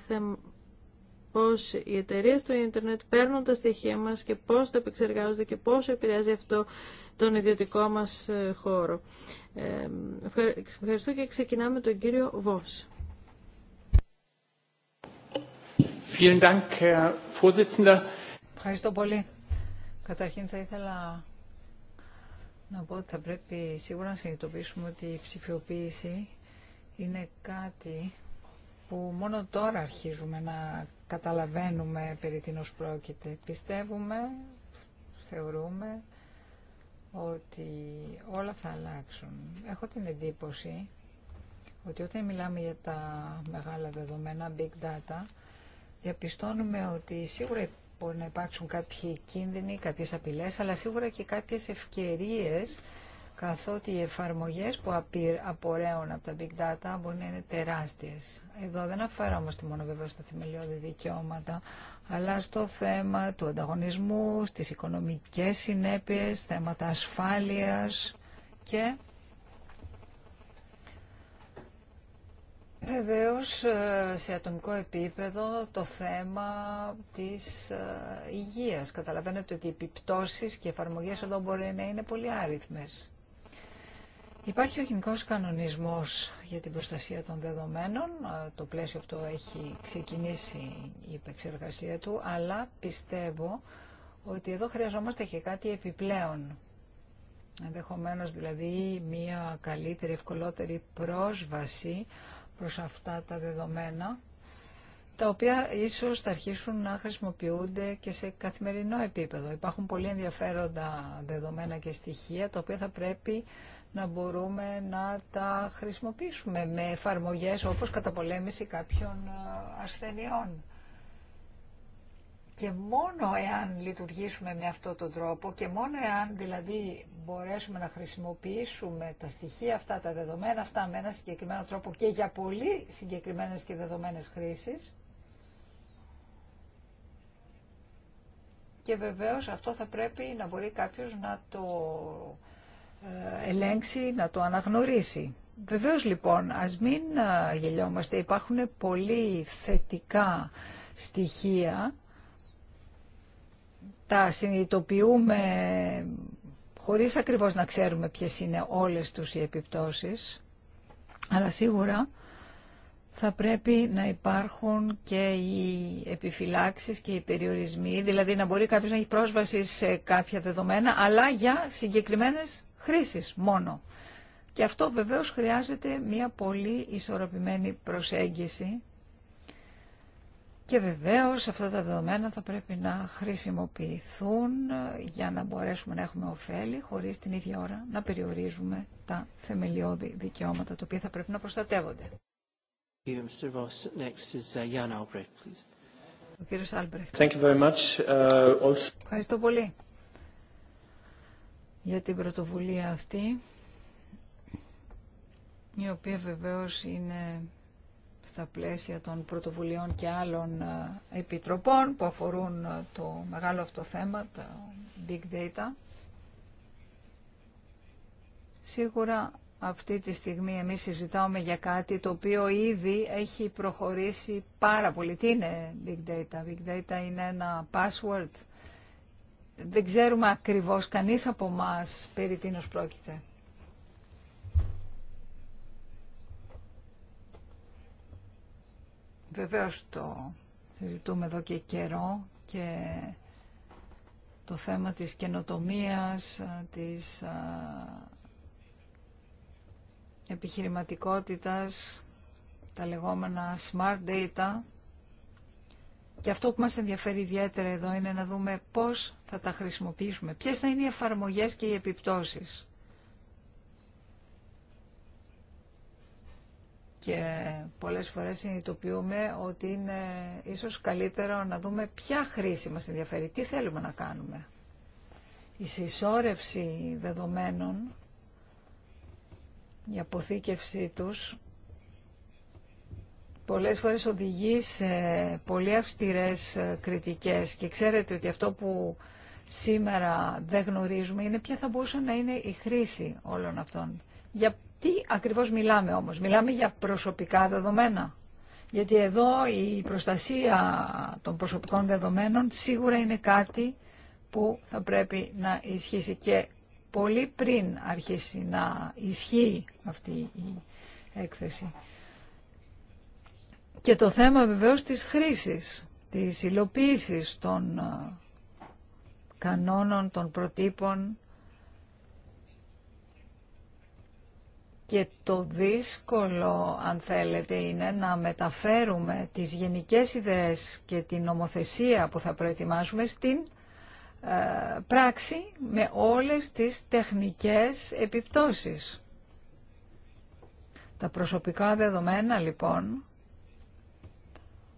πως οι εταιρείε του ίντερνετ παίρνουν τα στοιχεία μας και πώς τα επεξεργάζονται και πώς επηρεάζει αυτό τον ιδιωτικό μας ε, χώρο. ευχαριστώ και ξεκινάμε τον κύριο Βος. Ευχαριστώ πολύ. Καταρχήν θα ήθελα να πω ότι θα πρέπει σίγουρα να συνειδητοποιήσουμε ότι η ψηφιοποίηση είναι κάτι που μόνο τώρα αρχίζουμε να καταλαβαίνουμε περί τίνος πρόκειται. Πιστεύουμε, θεωρούμε ότι όλα θα αλλάξουν. Έχω την εντύπωση ότι όταν μιλάμε για τα μεγάλα δεδομένα, big data, διαπιστώνουμε ότι σίγουρα μπορεί να υπάρξουν κάποιοι κίνδυνοι, κάποιες απειλές, αλλά σίγουρα και κάποιες ευκαιρίες καθότι οι εφαρμογές που απορρέουν από τα big data μπορεί να είναι τεράστιες. Εδώ δεν αφαιρόμαστε μόνο βέβαια στα θεμελιώδη δικαιώματα, αλλά στο θέμα του ανταγωνισμού, στις οικονομικές συνέπειες, θέματα ασφάλειας και Βεβαίως ε, σε ατομικό επίπεδο το θέμα της ε, υγείας. Καταλαβαίνετε ότι οι επιπτώσεις και οι εφαρμογές εδώ μπορεί να είναι πολύ άριθμες. Υπάρχει ο Γενικό κανονισμός για την προστασία των δεδομένων. Το πλαίσιο αυτό έχει ξεκινήσει η επεξεργασία του, αλλά πιστεύω ότι εδώ χρειαζόμαστε και κάτι επιπλέον. Ενδεχομένως δηλαδή μια καλύτερη, ευκολότερη πρόσβαση προς αυτά τα δεδομένα, τα οποία ίσως θα αρχίσουν να χρησιμοποιούνται και σε καθημερινό επίπεδο. Υπάρχουν πολύ ενδιαφέροντα δεδομένα και στοιχεία, τα οποία θα πρέπει να μπορούμε να τα χρησιμοποιήσουμε με εφαρμογές όπως καταπολέμηση κάποιων ε, ασθενειών. Και μόνο εάν λειτουργήσουμε με αυτό τον τρόπο και μόνο εάν δηλαδή μπορέσουμε να χρησιμοποιήσουμε τα στοιχεία αυτά, τα δεδομένα αυτά με ένα συγκεκριμένο τρόπο και για πολύ συγκεκριμένες και δεδομένες χρήσεις, Και βεβαίως αυτό θα πρέπει να μπορεί κάποιος να το ε, ελέγξει, να το αναγνωρίσει. Βεβαίως λοιπόν, ας μην ε, γελιόμαστε, υπάρχουν πολύ θετικά στοιχεία, τα συνειδητοποιούμε χωρίς ακριβώς να ξέρουμε ποιες είναι όλες τους οι επιπτώσεις, αλλά σίγουρα θα πρέπει να υπάρχουν και οι επιφυλάξεις και οι περιορισμοί, δηλαδή να μπορεί κάποιος να έχει πρόσβαση σε κάποια δεδομένα, αλλά για συγκεκριμένες χρήσης μόνο. Και αυτό βεβαίως χρειάζεται μια πολύ ισορροπημένη προσέγγιση και βεβαίως αυτά τα δεδομένα θα πρέπει να χρησιμοποιηθούν για να μπορέσουμε να έχουμε ωφέλη χωρίς την ίδια ώρα να περιορίζουμε τα θεμελιώδη δικαιώματα τα οποία θα πρέπει να προστατεύονται. Uh, Ο κύριος Άλμπρεχτ. Uh, Ευχαριστώ πολύ για την πρωτοβουλία αυτή, η οποία βεβαίως είναι στα πλαίσια των πρωτοβουλειών και άλλων ε, επιτροπών που αφορούν ε, το μεγάλο αυτό θέμα, τα big data. Σίγουρα αυτή τη στιγμή εμείς συζητάμε για κάτι το οποίο ήδη έχει προχωρήσει πάρα πολύ. Τι είναι big data? Big data είναι ένα password δεν ξέρουμε ακριβώς κανείς από μας περί τίνος πρόκειται. Βεβαίως το συζητούμε εδώ και καιρό και το θέμα της καινοτομίας, της επιχειρηματικότητας, τα λεγόμενα smart data. Και αυτό που μας ενδιαφέρει ιδιαίτερα εδώ είναι να δούμε πώς θα τα χρησιμοποιήσουμε, ποιες θα είναι οι εφαρμογές και οι επιπτώσεις. Και πολλές φορές συνειδητοποιούμε ότι είναι ίσως καλύτερο να δούμε ποια χρήση μας ενδιαφέρει, τι θέλουμε να κάνουμε. Η συσσόρευση δεδομένων, η αποθήκευσή τους, πολλές φορές οδηγεί σε πολύ αυστηρές ε, κριτικές και ξέρετε ότι αυτό που σήμερα δεν γνωρίζουμε είναι ποια θα μπορούσε να είναι η χρήση όλων αυτών. Για τι ακριβώς μιλάμε όμως. Μιλάμε για προσωπικά δεδομένα. Γιατί εδώ η προστασία των προσωπικών δεδομένων σίγουρα είναι κάτι που θα πρέπει να ισχύσει και πολύ πριν αρχίσει να ισχύει αυτή η έκθεση. Και το θέμα βεβαίως της χρήσης, της υλοποίησης των κανόνων, των προτύπων και το δύσκολο, αν θέλετε, είναι να μεταφέρουμε τις γενικές ιδέες και την νομοθεσία που θα προετοιμάσουμε στην ε, πράξη με όλες τις τεχνικές επιπτώσεις. Τα προσωπικά δεδομένα, λοιπόν,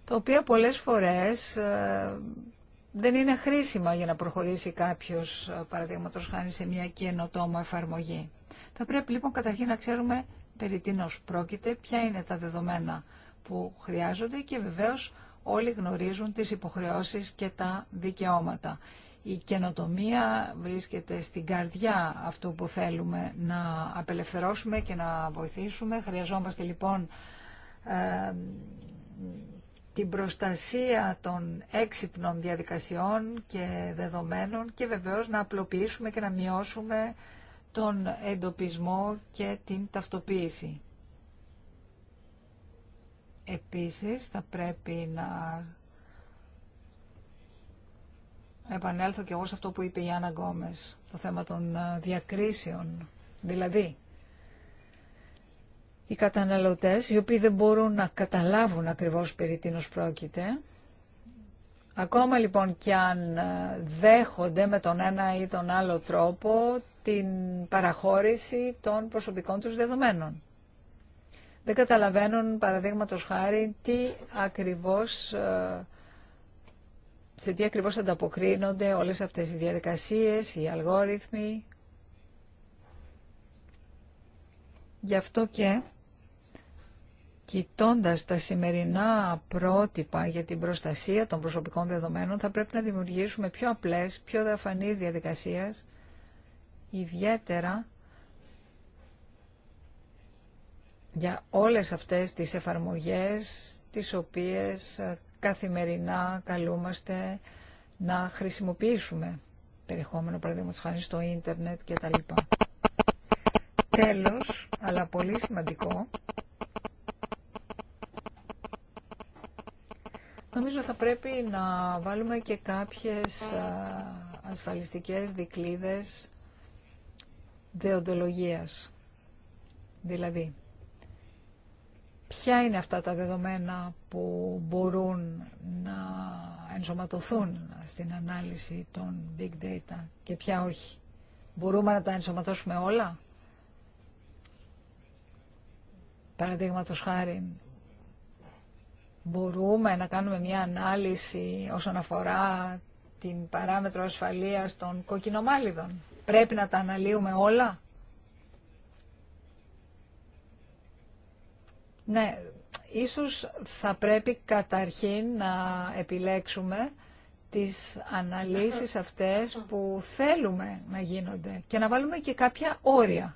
τα οποία πολλές φορές... Ε, δεν είναι χρήσιμα για να προχωρήσει κάποιος, ε, παραδείγματο χάνει σε μια καινοτόμα εφαρμογή. Θα πρέπει λοιπόν καταρχήν να ξέρουμε περί πρόκειται, ποια είναι τα δεδομένα που χρειάζονται και βεβαίως όλοι γνωρίζουν τις υποχρεώσεις και τα δικαιώματα. Η καινοτομία βρίσκεται στην καρδιά αυτού που θέλουμε να απελευθερώσουμε και να βοηθήσουμε. Χρειαζόμαστε λοιπόν ε, την προστασία των έξυπνων διαδικασιών και δεδομένων και βεβαίως να απλοποιήσουμε και να μειώσουμε τον εντοπισμό και την ταυτοποίηση. Επίσης θα πρέπει να επανέλθω και εγώ σε αυτό που είπε η Άννα Γκόμες, το θέμα των ε, διακρίσεων. Δηλαδή, οι καταναλωτές, οι οποίοι δεν μπορούν να καταλάβουν ακριβώς περί τίνος πρόκειται. Ακόμα λοιπόν και αν ε, δέχονται με τον ένα ή τον άλλο τρόπο την παραχώρηση των προσωπικών τους δεδομένων. Δεν καταλαβαίνουν, παραδείγματος χάρη, τι ακριβώς, ε, σε τι ακριβώς ανταποκρίνονται όλες αυτές οι διαδικασίες, οι αλγόριθμοι. Γι' αυτό και κοιτώντας τα σημερινά πρότυπα για την προστασία των προσωπικών δεδομένων, θα πρέπει να δημιουργήσουμε πιο απλές, πιο διαφανείς διαδικασίες, ιδιαίτερα για όλες αυτές τις εφαρμογές, τις οποίες ε, καθημερινά καλούμαστε να χρησιμοποιήσουμε περιεχόμενο, παραδείγματος χάρη στο ίντερνετ κτλ. Τέλος, αλλά πολύ σημαντικό, Νομίζω θα πρέπει να βάλουμε και κάποιες ασφαλιστικές δικλίδες δεοντολογίας. Δηλαδή, ποια είναι αυτά τα δεδομένα που μπορούν να ενσωματωθούν στην ανάλυση των big data και ποια όχι. Μπορούμε να τα ενσωματώσουμε όλα. Παραδείγματο χάρη μπορούμε να κάνουμε μια ανάλυση όσον αφορά την παράμετρο ασφαλείας των κοκκινομάλιδων. Πρέπει να τα αναλύουμε όλα. Ναι, ίσως θα πρέπει καταρχήν να επιλέξουμε τις αναλύσεις αυτές που θέλουμε να γίνονται και να βάλουμε και κάποια όρια.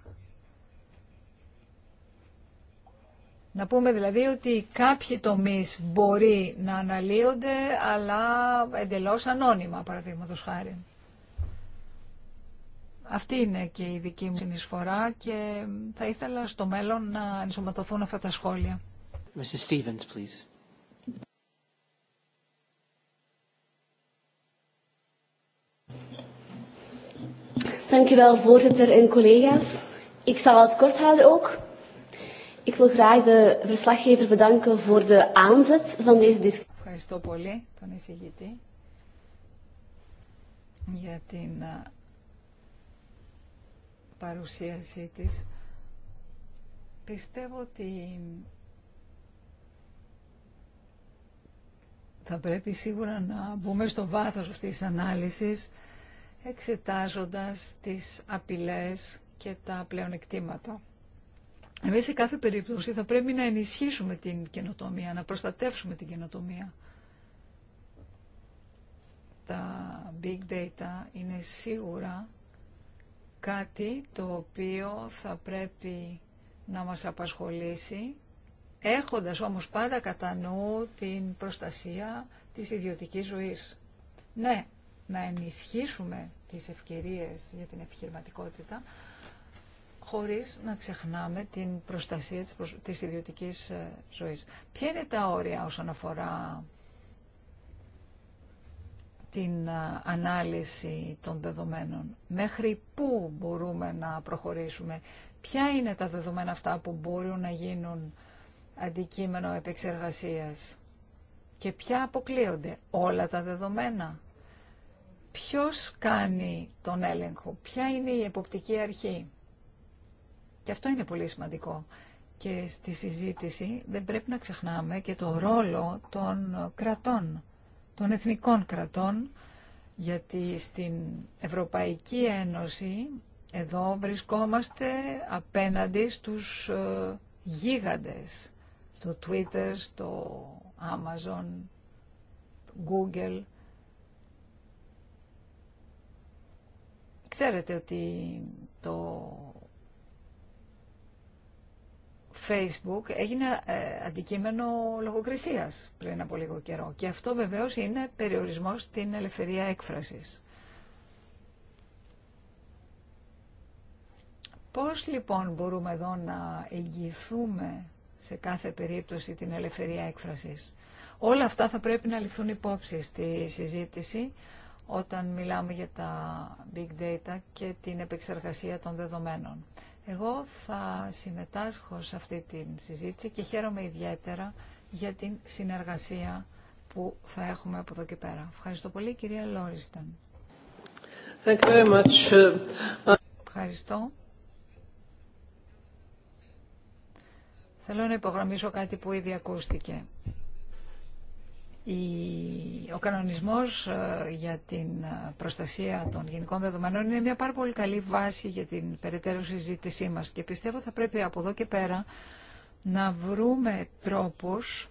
Να πούμε δηλαδή ότι κάποιοι τομείς μπορεί να αναλύονται, αλλά εντελώς ανώνυμα, παραδείγματο χάρη. Αυτή είναι και η δική μου συνεισφορά και θα ήθελα στο μέλλον να ενσωματωθούν αυτά τα σχόλια. Mrs. Stevens, please. Dankjewel, voorzitter en collega's. Ik zal het kort houden ook. Ik wil graag de verslaggever bedanken voor de Ευχαριστώ πολύ τον εισηγητή για την παρουσίασή της. Πιστεύω ότι θα πρέπει σίγουρα να μπούμε στο βάθος αυτής της ανάλυσης εξετάζοντας τις απειλές και τα πλεονεκτήματα. Εμείς σε κάθε περίπτωση θα πρέπει να ενισχύσουμε την καινοτομία, να προστατεύσουμε την καινοτομία. Τα big data είναι σίγουρα κάτι το οποίο θα πρέπει να μας απασχολήσει, έχοντας όμως πάντα κατά νου την προστασία της ιδιωτικής ζωής. Ναι, να ενισχύσουμε τις ευκαιρίες για την επιχειρηματικότητα, χωρίς να ξεχνάμε την προστασία της, προσ... της ιδιωτικής ε, ζωής. Ποια είναι τα όρια όσον αφορά την ε, ανάλυση των δεδομένων. Μέχρι πού μπορούμε να προχωρήσουμε. Ποια είναι τα δεδομένα αυτά που μπορούν να γίνουν αντικείμενο επεξεργασίας. Και ποια αποκλείονται. Όλα τα δεδομένα. Ποιος κάνει τον έλεγχο. Ποια είναι η εποπτική αρχή. Και αυτό είναι πολύ σημαντικό. Και στη συζήτηση δεν πρέπει να ξεχνάμε και το ρόλο των κρατών, των εθνικών κρατών, γιατί στην Ευρωπαϊκή Ένωση εδώ βρισκόμαστε απέναντι στους ε, γίγαντες, στο Twitter, στο Amazon, Google. Ξέρετε ότι το Facebook έγινε ε, αντικείμενο λογοκρισίας πριν από λίγο καιρό και αυτό βεβαίως είναι περιορισμός στην ελευθερία έκφρασης. Πώς λοιπόν μπορούμε εδώ να εγγυηθούμε σε κάθε περίπτωση την ελευθερία έκφρασης. Όλα αυτά θα πρέπει να ληφθούν υπόψη στη συζήτηση όταν μιλάμε για τα big data και την επεξεργασία των δεδομένων. Εγώ θα συμμετάσχω σε αυτή τη συζήτηση και χαίρομαι ιδιαίτερα για την συνεργασία που θα έχουμε από εδώ και πέρα. Ευχαριστώ πολύ, κυρία Λόρισταν. Thank you Ευχαριστώ. Θέλω να υπογραμμίσω κάτι που ήδη ακούστηκε. Ο κανονισμός ε, για την ε, προστασία των γενικών δεδομένων είναι μια πάρα πολύ καλή βάση για την περαιτέρω συζήτησή μας και πιστεύω θα πρέπει από εδώ και πέρα να βρούμε τρόπους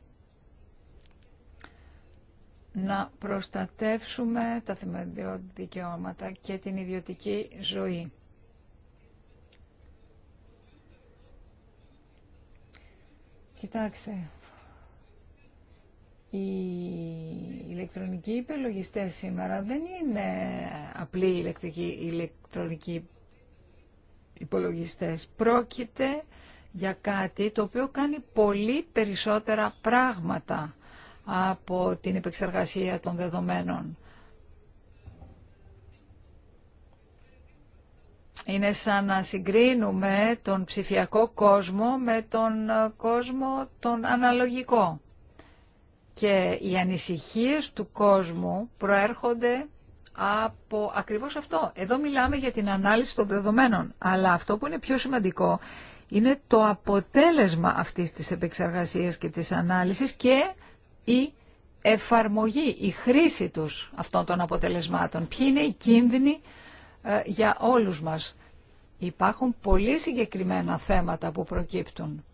να προστατεύσουμε τα θεμελιώδη δικαιώματα και την ιδιωτική ζωή. Κοιτάξτε, οι ηλεκτρονικοί υπολογιστέ σήμερα δεν είναι απλοί ηλεκτρικοί, ηλεκτρονικοί υπολογιστές. Πρόκειται για κάτι το οποίο κάνει πολύ περισσότερα πράγματα από την επεξεργασία των δεδομένων. Είναι σαν να συγκρίνουμε τον ψηφιακό κόσμο με τον ε, κόσμο τον αναλογικό. Και οι ανησυχίες του κόσμου προέρχονται από ακριβώς αυτό. Εδώ μιλάμε για την ανάλυση των δεδομένων, αλλά αυτό που είναι πιο σημαντικό είναι το αποτέλεσμα αυτής της επεξεργασίας και της ανάλυσης και η εφαρμογή, η χρήση τους αυτών των αποτελεσμάτων. Ποιοι είναι οι κίνδυνοι ε, για όλους μας. Υπάρχουν πολύ συγκεκριμένα θέματα που προκύπτουν.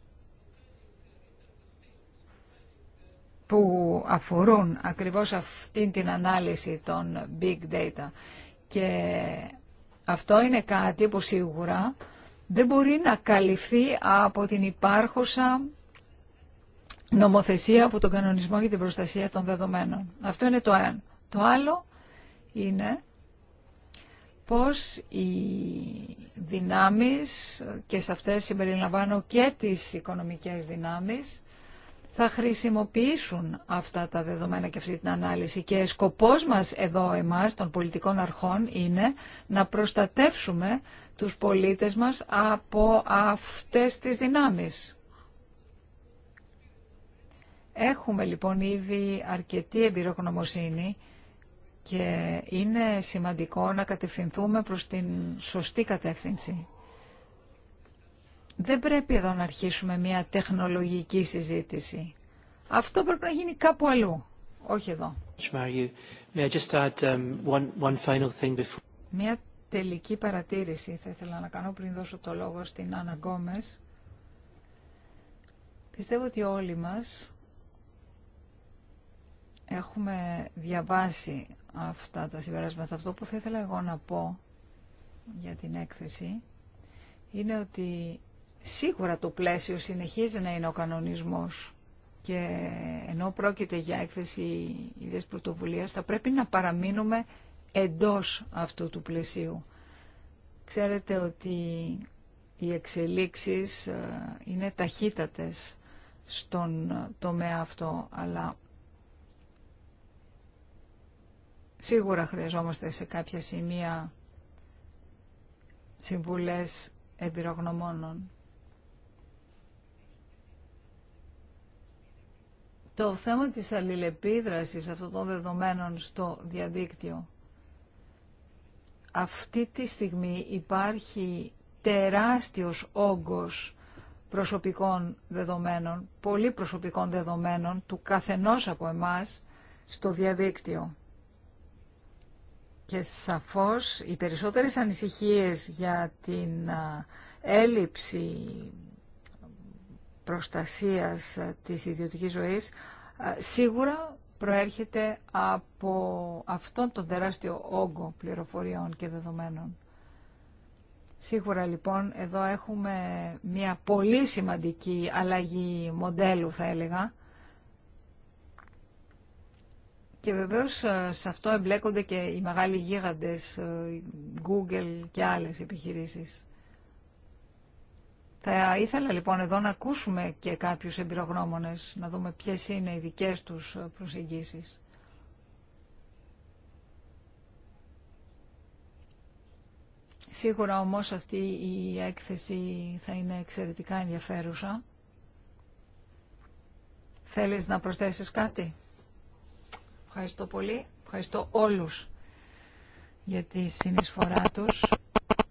που αφορούν ακριβώς αυτήν την ανάλυση των big data. Και αυτό είναι κάτι που σίγουρα δεν μπορεί να καλυφθεί από την υπάρχουσα νομοθεσία από τον κανονισμό για την προστασία των δεδομένων. Αυτό είναι το ένα. Το άλλο είναι πώς οι δυνάμεις, και σε αυτές συμπεριλαμβάνω και τις οικονομικές δυνάμεις, θα χρησιμοποιήσουν αυτά τα δεδομένα και αυτή την ανάλυση. Και σκοπός μας εδώ εμάς των πολιτικών αρχών είναι να προστατεύσουμε τους πολίτες μας από αυτές τις δυνάμεις. Έχουμε λοιπόν ήδη αρκετή εμπειρογνωμοσύνη και είναι σημαντικό να κατευθυνθούμε προς την σωστή κατεύθυνση. Δεν πρέπει εδώ να αρχίσουμε μια τεχνολογική συζήτηση. Αυτό πρέπει να γίνει κάπου αλλού, όχι εδώ. Μια τελική παρατήρηση θα ήθελα να κάνω πριν δώσω το λόγο στην Άννα Γκόμες. Πιστεύω ότι όλοι μας έχουμε διαβάσει αυτά τα συμπεράσματα. Αυτό που θα ήθελα εγώ να πω για την έκθεση είναι ότι Σίγουρα το πλαίσιο συνεχίζει να είναι ο κανονισμός και ενώ πρόκειται για έκθεση ιδέες πρωτοβουλίας θα πρέπει να παραμείνουμε εντός αυτού του πλαισίου. Ξέρετε ότι οι εξελίξεις ε, είναι ταχύτατες στον τομέα αυτό, αλλά σίγουρα χρειαζόμαστε σε κάποια σημεία συμβουλές εμπειρογνωμόνων. το θέμα της αλληλεπίδρασης αυτών των δεδομένων στο διαδίκτυο. Αυτή τη στιγμή υπάρχει τεράστιος όγκος προσωπικών δεδομένων, πολύ προσωπικών δεδομένων του καθενός από εμάς στο διαδίκτυο. Και σαφώς οι περισσότερες ανησυχίες για την έλλειψη προστασίας της ιδιωτικής ζωής ε, σίγουρα προέρχεται από αυτόν τον τεράστιο όγκο πληροφοριών και δεδομένων. Σίγουρα λοιπόν εδώ έχουμε μια πολύ σημαντική αλλαγή μοντέλου θα έλεγα και βεβαίως ε, σε αυτό εμπλέκονται και οι μεγάλοι γίγαντες ε, Google και άλλες επιχειρήσεις. Θα ήθελα λοιπόν εδώ να ακούσουμε και κάποιους εμπειρογνώμονες, να δούμε ποιες είναι οι δικές τους προσεγγίσεις. Σίγουρα όμως αυτή η έκθεση θα είναι εξαιρετικά ενδιαφέρουσα. Θέλεις να προσθέσεις κάτι? Ευχαριστώ πολύ. Ευχαριστώ όλους για τη συνεισφορά τους.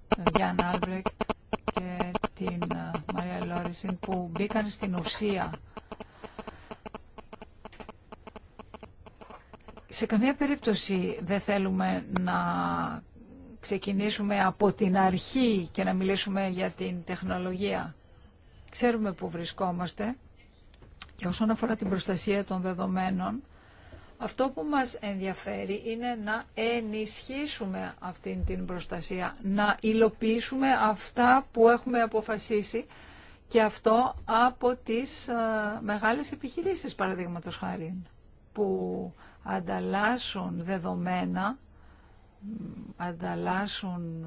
Τον Γιάννα και την ε, Μαρία Λόρισιν που μπήκαν στην ουσία. Σε καμία περίπτωση δεν θέλουμε να ξεκινήσουμε από την αρχή και να μιλήσουμε για την τεχνολογία. Ξέρουμε που βρισκόμαστε και όσον αφορά την προστασία των δεδομένων, αυτό που μας ενδιαφέρει είναι να ενισχύσουμε αυτή την προστασία, να υλοποιήσουμε αυτά που έχουμε αποφασίσει και αυτό από τις ε, μεγάλες επιχειρήσεις, παραδείγματο χάρη, που ανταλλάσσουν δεδομένα, ανταλλάσσουν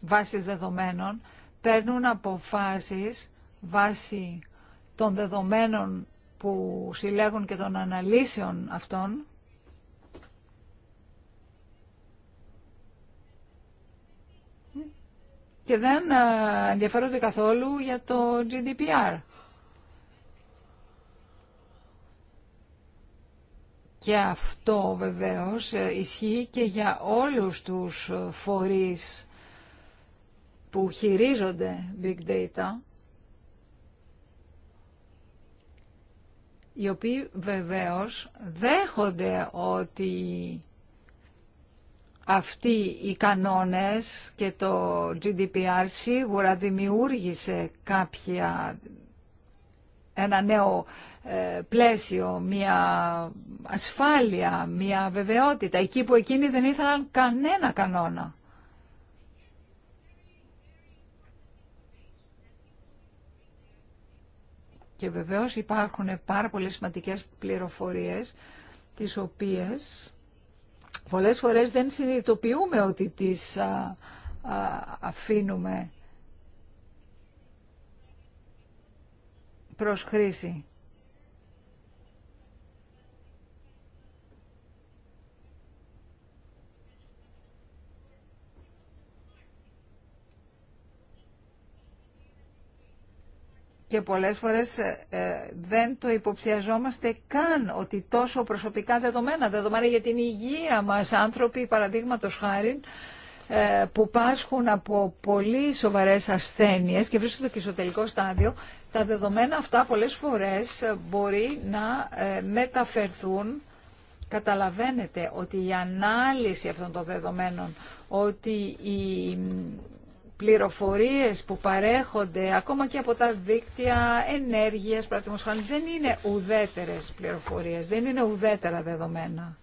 βάσεις δεδομένων, παίρνουν αποφάσεις βάσει των δεδομένων που συλλέγουν και των αναλύσεων αυτών και δεν ε, ενδιαφέρονται καθόλου για το GDPR. Και αυτό βεβαίως ε, ισχύει και για όλους τους φορείς που χειρίζονται big data οι οποίοι βεβαίως δέχονται ότι αυτοί οι κανόνες και το GDPR σίγουρα δημιούργησε κάποια, ένα νέο ε, πλαίσιο, μια ασφάλεια, μια βεβαιότητα, εκεί που εκείνοι δεν ήθελαν κανένα κανόνα. Και βεβαίως υπάρχουν πάρα πολύ σημαντικές πληροφορίες, τις οποίες πολλές φορές δεν συνειδητοποιούμε ότι τις αφήνουμε προς χρήση. και πολλές φορές ε, ε, δεν το υποψιαζόμαστε καν ότι τόσο προσωπικά δεδομένα, δεδομένα για την υγεία μας, άνθρωποι παραδείγματος χάρη, ε, που πάσχουν από πολύ σοβαρές ασθένειες και βρίσκονται και στο τελικό στάδιο, τα δεδομένα αυτά πολλές φορές μπορεί να μεταφερθούν. Καταλαβαίνετε ότι η ανάλυση αυτών των δεδομένων, ότι η πληροφορίες που παρέχονται ακόμα και από τα δίκτυα ενέργειας, πράγματι, δεν είναι ουδέτερες πληροφορίες, δεν είναι ουδέτερα δεδομένα.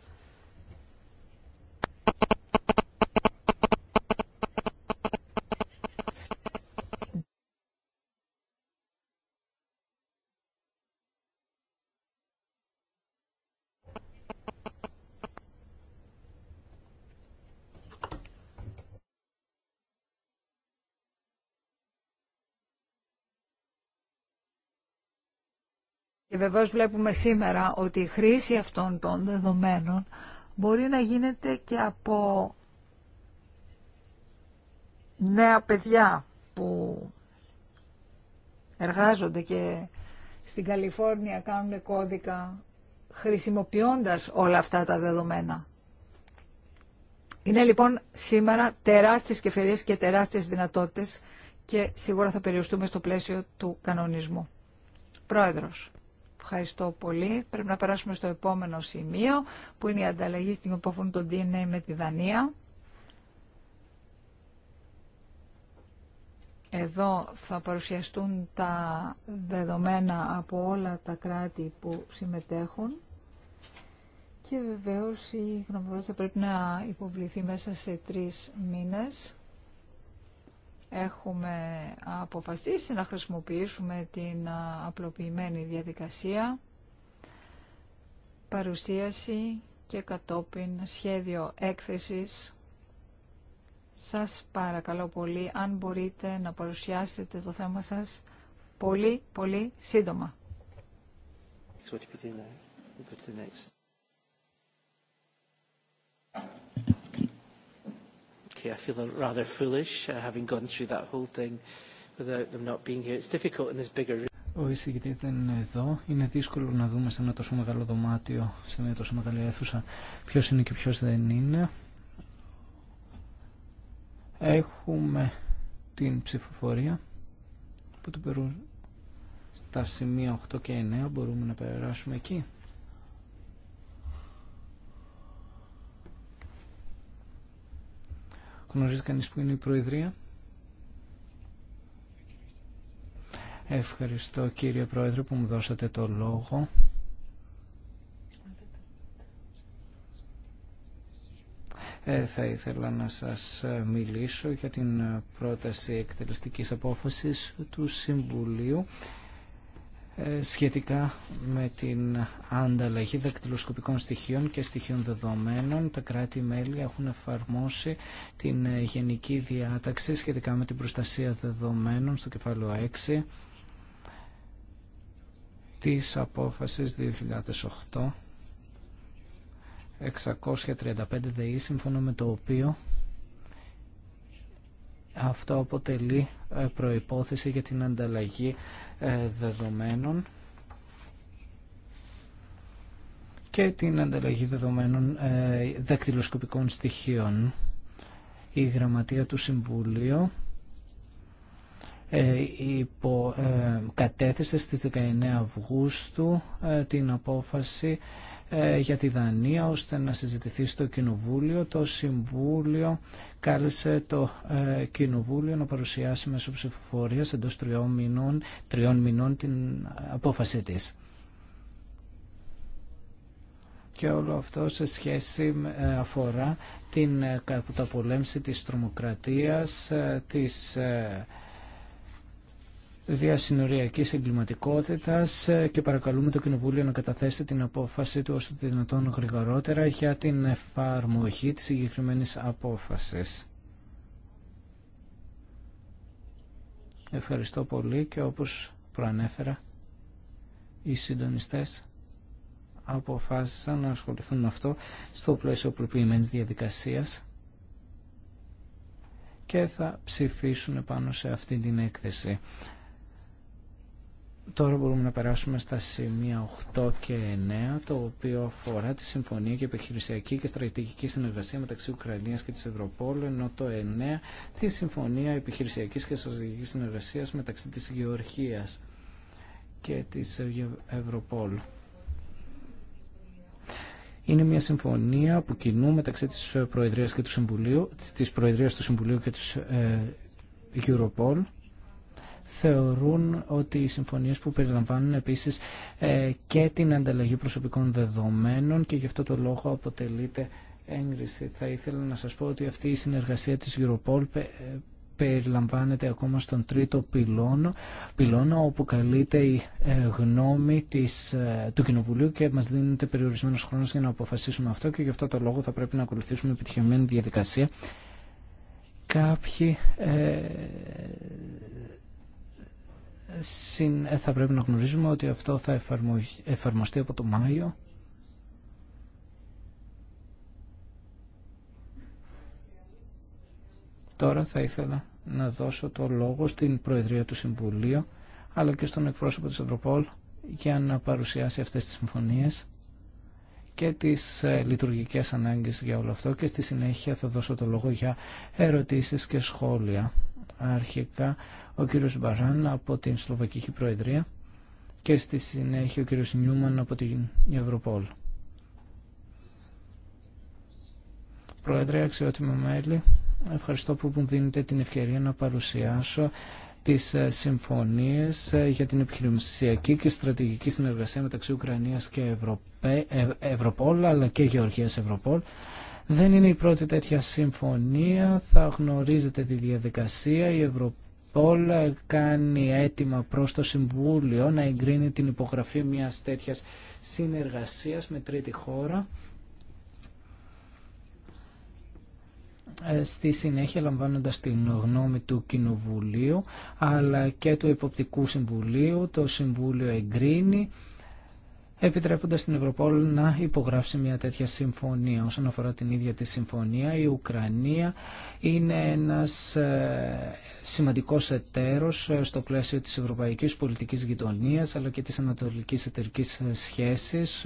Και βεβαίως βλέπουμε σήμερα ότι η χρήση αυτών των δεδομένων μπορεί να γίνεται και από νέα παιδιά που εργάζονται και στην Καλιφόρνια κάνουν κώδικα χρησιμοποιώντας όλα αυτά τα δεδομένα. Είναι λοιπόν σήμερα τεράστιες κεφαιρίες και τεράστιες δυνατότητες και σίγουρα θα περιοριστούμε στο πλαίσιο του κανονισμού. Πρόεδρος. Ευχαριστώ πολύ. Πρέπει να περάσουμε στο επόμενο σημείο, που είναι η ανταλλαγή στην υπόφωνη των DNA με τη Δανία. Εδώ θα παρουσιαστούν τα δεδομένα από όλα τα κράτη που συμμετέχουν και βεβαίως η γνωμοδότηση πρέπει να υποβληθεί μέσα σε τρεις μήνες. Έχουμε αποφασίσει να χρησιμοποιήσουμε την απλοποιημένη διαδικασία παρουσίαση και κατόπιν σχέδιο έκθεσης. Σας παρακαλώ πολύ αν μπορείτε να παρουσιάσετε το θέμα σας πολύ πολύ σύντομα okay, I feel rather foolish uh, having gone through that whole thing without them not being here. It's difficult in this bigger room. Ο εισηγητή δεν είναι εδώ. Είναι δύσκολο να δούμε σε ένα τόσο μεγάλο δωμάτιο, σε μια τόσο μεγάλη αίθουσα, ποιο είναι και ποιο δεν είναι. Έχουμε την ψηφοφορία που του περούν στα σημεία 8 και 9. Μπορούμε να περάσουμε εκεί. Γνωρίζει κανείς που είναι η Προεδρία. Ευχαριστώ κύριε Πρόεδρε που μου δώσατε το λόγο. Ε, θα ήθελα να σας ε, μιλήσω για την ε, πρόταση εκτελεστικής απόφασης του Συμβουλίου ε, σχετικά με την ανταλλαγή δακτυλοσκοπικών στοιχείων και στοιχείων δεδομένων. Τα κράτη-μέλη έχουν εφαρμόσει την ε, γενική διάταξη σχετικά με την προστασία δεδομένων στο κεφάλαιο 6 της απόφασης 2008 635 ΔΕΗ σύμφωνα με το οποίο αυτό αποτελεί ε, προϋπόθεση για την ανταλλαγή ε, δεδομένων και την ανταλλαγή δεδομένων ε, δακτυλοσκοπικών στοιχείων. Η Γραμματεία του Συμβουλίου υπο, κατέθεσε στις 19 Αυγούστου την απόφαση ε, για τη Δανία ώστε να συζητηθεί στο Κοινοβούλιο. Το Συμβούλιο κάλεσε το ε, Κοινοβούλιο να παρουσιάσει μέσω ψηφοφορίας εντός τριών μηνών, την απόφαση της. Και όλο αυτό σε σχέση ε, αφορά την καταπολέμηση της τρομοκρατίας, της διασυνοριακής εγκληματικότητας και παρακαλούμε το Κοινοβούλιο να καταθέσει την απόφαση του όσο δυνατόν γρηγορότερα για την εφαρμογή της συγκεκριμένη απόφασης. Ευχαριστώ πολύ και όπως προανέφερα οι συντονιστές αποφάσισαν να ασχοληθούν με αυτό στο πλαίσιο προποιημένης διαδικασίας και θα ψηφίσουν πάνω σε αυτή την έκθεση. Τώρα μπορούμε να περάσουμε στα σημεία 8 και 9, το οποίο αφορά τη συμφωνία και επιχειρησιακή και στρατηγική συνεργασία μεταξύ Ουκρανίας και της Ευρωπόλου, ενώ το 9 τη συμφωνία επιχειρησιακής και στρατηγικής συνεργασίας μεταξύ της Γεωργίας και της Ευρωπόλου. Είναι μια συμφωνία που κινού μεταξύ της Προεδρίας, και του, Συμβουλίου, της Προεδρίας του Συμβουλίου και της ε, θεωρούν ότι οι συμφωνίες που περιλαμβάνουν επίσης ε, και την ανταλλαγή προσωπικών δεδομένων και γι' αυτό το λόγο αποτελείται έγκριση. Θα ήθελα να σας πω ότι αυτή η συνεργασία της Europol ε, περιλαμβάνεται ακόμα στον τρίτο πυλώνο, πυλώνο όπου καλείται η ε, γνώμη της, του Κοινοβουλίου και μας δίνεται περιορισμένος χρόνος για να αποφασίσουμε αυτό και γι' αυτό το λόγο θα πρέπει να ακολουθήσουμε επιτυχημένη διαδικασία. Κάποιοι ε, θα πρέπει να γνωρίζουμε ότι αυτό θα εφαρμοστεί από το Μάιο. Τώρα θα ήθελα να δώσω το λόγο στην Προεδρία του Συμβουλίου αλλά και στον εκπρόσωπο της Ευρωπόλ για να παρουσιάσει αυτές τις συμφωνίες και τις ε, λειτουργικές ανάγκες για όλο αυτό και στη συνέχεια θα δώσω το λόγο για ερωτήσεις και σχόλια αρχικά ο κύριος Μπαράν από την Σλοβακική Προεδρία και στη συνέχεια ο κύριος Νιούμαν από την Ευρωπόλ. Πρόεδρε, αξιότιμο μέλη, ευχαριστώ που μου δίνετε την ευκαιρία να παρουσιάσω τις ε, συμφωνίες ε, για την επιχειρησιακή και στρατηγική συνεργασία μεταξύ Ουκρανίας και ε, Ευρωπόλ, αλλά και Γεωργίας Ευρωπόλ. Δεν είναι η πρώτη τέτοια συμφωνία, θα γνωρίζετε τη διαδικασία. Η Ευρωπόλ κάνει αίτημα προς το Συμβούλιο να εγκρίνει την υπογραφή μιας τέτοιας συνεργασίας με τρίτη χώρα. Ε, στη συνέχεια λαμβάνοντας την γνώμη του Κοινοβουλίου αλλά και του Υποπτικού Συμβουλίου το Συμβούλιο εγκρίνει επιτρέποντας την Ευρωπόλ να υπογράψει μια τέτοια συμφωνία. Όσον αφορά την ίδια τη συμφωνία, η Ουκρανία είναι ένας ε, σημαντικός εταίρος ε, στο πλαίσιο της ευρωπαϊκής πολιτικής γειτονίας αλλά και της ανατολικής εταιρικής ε, σχέσης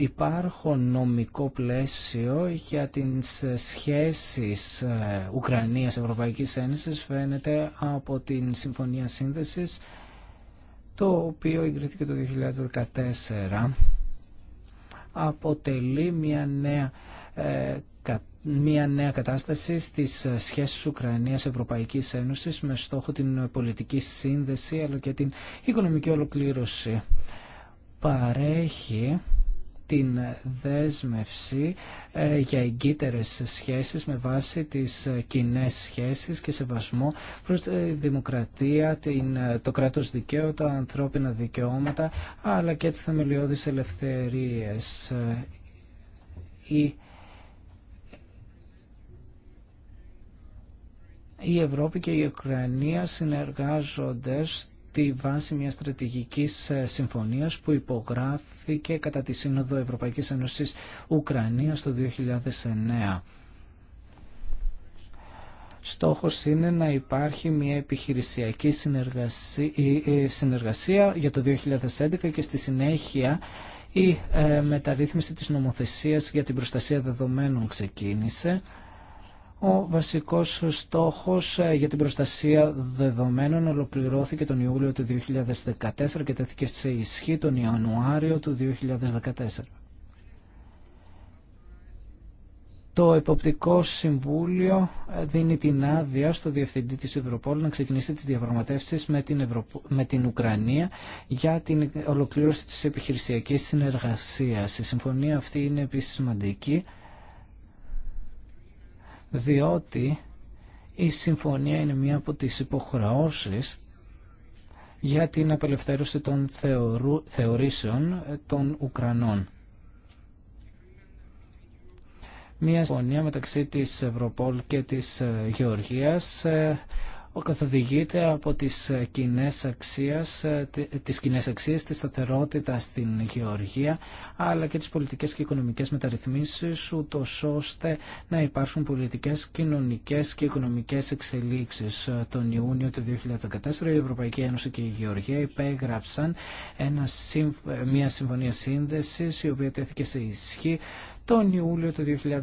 υπάρχουν νομικό πλαίσιο για τις σχέσεις ε, Ουκρανίας-Ευρωπαϊκής Ένωσης φαίνεται από την Συμφωνία Σύνδεσης το οποίο εγκρίθηκε το 2014 αποτελεί μια νέα, ε, μια νέα κατάσταση στις σχέσεις Ουκρανίας-Ευρωπαϊκής Ένωσης με στόχο την πολιτική σύνδεση αλλά και την οικονομική ολοκλήρωση. Παρέχει την δέσμευση ε, για εγκύτερες σχέσεις με βάση τις ε, κοινέ σχέσεις και σεβασμό προς ε, τη δημοκρατία, το κράτος δικαίου, τα ανθρώπινα δικαιώματα αλλά και τις θεμελιώδεις ελευθερίες. Η η Ευρώπη και η Ουκρανία συνεργάζονται τη βάση μιας στρατηγικής ε, συμφωνίας που υπογράφηκε κατά τη Σύνοδο Ευρωπαϊκής Ένωσης Ουκρανίας το 2009. Στόχος είναι να υπάρχει μια επιχειρησιακή συνεργασία για το 2011 και στη συνέχεια η ε, μεταρρύθμιση της νομοθεσίας για την προστασία δεδομένων ξεκίνησε ο βασικός στόχος ε, για την προστασία δεδομένων ολοκληρώθηκε τον Ιούλιο του 2014 και τέθηκε σε ισχύ τον Ιανουάριο του 2014. Το Εποπτικό Συμβούλιο ε, δίνει την άδεια στο Διευθυντή της Ευρωπόλου να ξεκινήσει τις διαπραγματεύσεις με την, με την Ουκρανία για την ολοκλήρωση της επιχειρησιακής συνεργασίας. Η συμφωνία αυτή είναι επίσης σημαντική διότι η συμφωνία είναι μία από τις υποχρεώσεις για την απελευθέρωση των θεωρου... θεωρήσεων των Ουκρανών. Μία συμφωνία μεταξύ της Ευρωπόλ και της ε, Γεωργίας ε, καθοδηγείται από τις κοινέ αξίες, τις κοινές αξίες, τη σταθερότητα στην Γεωργία, αλλά και τις πολιτικές και οικονομικές μεταρρυθμίσεις, ούτω ώστε να υπάρξουν πολιτικές, κοινωνικές και οικονομικές εξελίξεις. Τον Ιούνιο του 2014 η Ευρωπαϊκή Ένωση και η Γεωργία υπέγραψαν μια συμφωνία σύνδεσης η οποία τέθηκε σε ισχύ τον Ιούλιο του 2016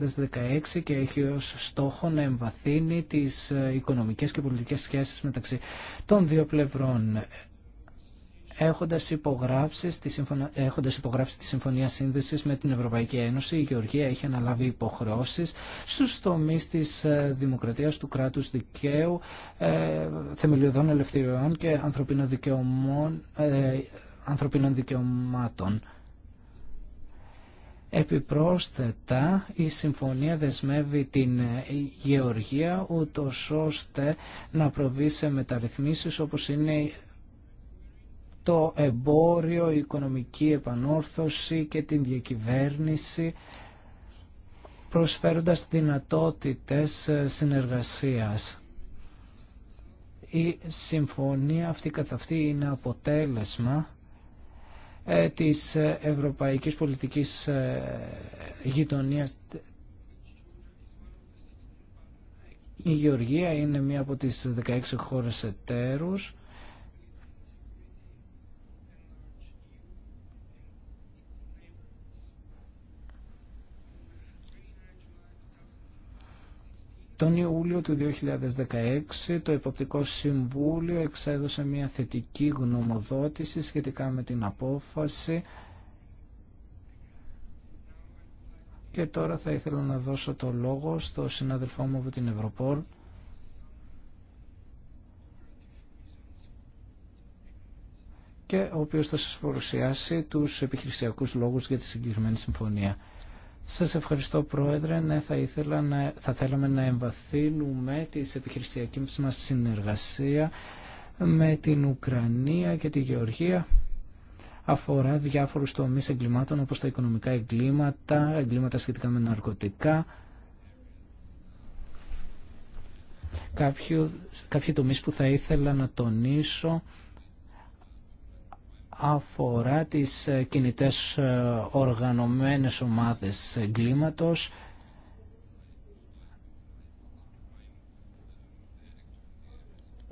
και έχει ως στόχο να εμβαθύνει τις ε, οικονομικές και πολιτικές σχέσεις μεταξύ των δύο πλευρών έχοντας υπογράψει, έχοντας τη Συμφωνία Σύνδεσης με την Ευρωπαϊκή Ένωση, η Γεωργία έχει αναλάβει υποχρεώσεις στους τομείς της ε, δημοκρατίας, του κράτους δικαίου, ε, θεμελιωδών ελευθεριών και ανθρωπίνων δικαιωμάτων. Επιπρόσθετα, η συμφωνία δεσμεύει την γεωργία ούτως ώστε να προβεί σε μεταρρυθμίσεις όπως είναι το εμπόριο, η οικονομική επανόρθωση και την διακυβέρνηση προσφέροντας δυνατότητες συνεργασίας. Η συμφωνία αυτή καθ' αυτή είναι αποτέλεσμα ε, της ευρωπαϊκής πολιτικής ε, γειτονίας. Η Γεωργία είναι μία από τις 16 χώρες εταίρους Τον Ιούλιο του 2016 το Εποπτικό Συμβούλιο εξέδωσε μια θετική γνωμοδότηση σχετικά με την απόφαση και τώρα θα ήθελα να δώσω το λόγο στο συνάδελφό μου από την Ευρωπόλ και ο οποίος θα σας παρουσιάσει τους επιχειρησιακούς λόγους για τη συγκεκριμένη συμφωνία. Σας ευχαριστώ Πρόεδρε. Ναι, θα, ήθελα να, θα θέλαμε να εμβαθύνουμε τη επιχειρησιακή μας συνεργασία με την Ουκρανία και τη Γεωργία αφορά διάφορους τομείς εγκλημάτων όπως τα οικονομικά εγκλήματα, εγκλήματα σχετικά με ναρκωτικά, κάποιοι, κάποιοι τομείς που θα ήθελα να τονίσω αφορά τις ε, κινητές ε, οργανωμένες ομάδες εγκλήματος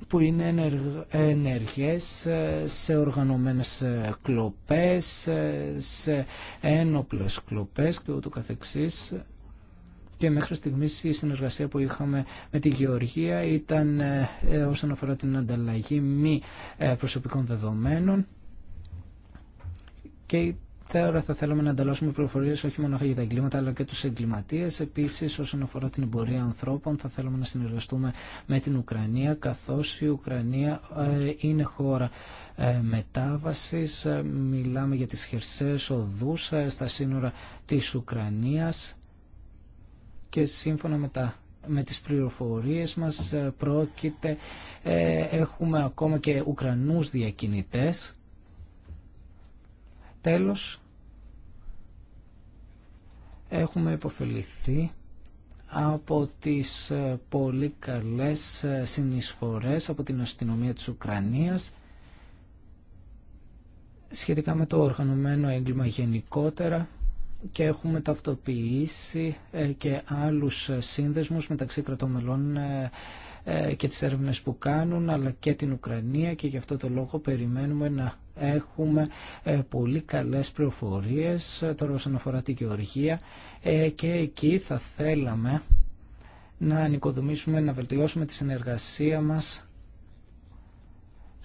που είναι ενεργές ε, σε οργανωμένες κλοπές, σε ένοπλες κλοπές και ούτω καθεξής. Και μέχρι στιγμής η συνεργασία που είχαμε με τη Γεωργία ήταν όσον αφορά την ανταλλαγή μη προσωπικών δεδομένων και τώρα θα θέλουμε να ανταλλάσσουμε πληροφορίε όχι μόνο για τα εγκλήματα αλλά και του εγκληματίε, Επίσης όσον αφορά την εμπορία ανθρώπων θα θέλουμε να συνεργαστούμε με την Ουκρανία καθώς η Ουκρανία ε, είναι χώρα ε, μετάβασης. Ε, μιλάμε για τις χερσαίες οδούς στα σύνορα της Ουκρανίας και σύμφωνα με τα με τις πληροφορίες μας πρόκειται, έχουμε ακόμα και Ουκρανούς διακινητές Τέλος, έχουμε υποφεληθεί από τις ε, πολύ καλές ε, συνεισφορές από την αστυνομία της Ουκρανίας σχετικά με το οργανωμένο έγκλημα γενικότερα και έχουμε ταυτοποιήσει ε, και άλλους σύνδεσμους μεταξύ κρατομελών και τις έρευνες που κάνουν αλλά και την Ουκρανία και γι' αυτό το λόγο περιμένουμε να έχουμε ε, πολύ καλές πληροφορίες ε, τώρα όσον αφορά τη γεωργία ε, και εκεί θα θέλαμε να νοικοδομήσουμε, να βελτιώσουμε τη συνεργασία μας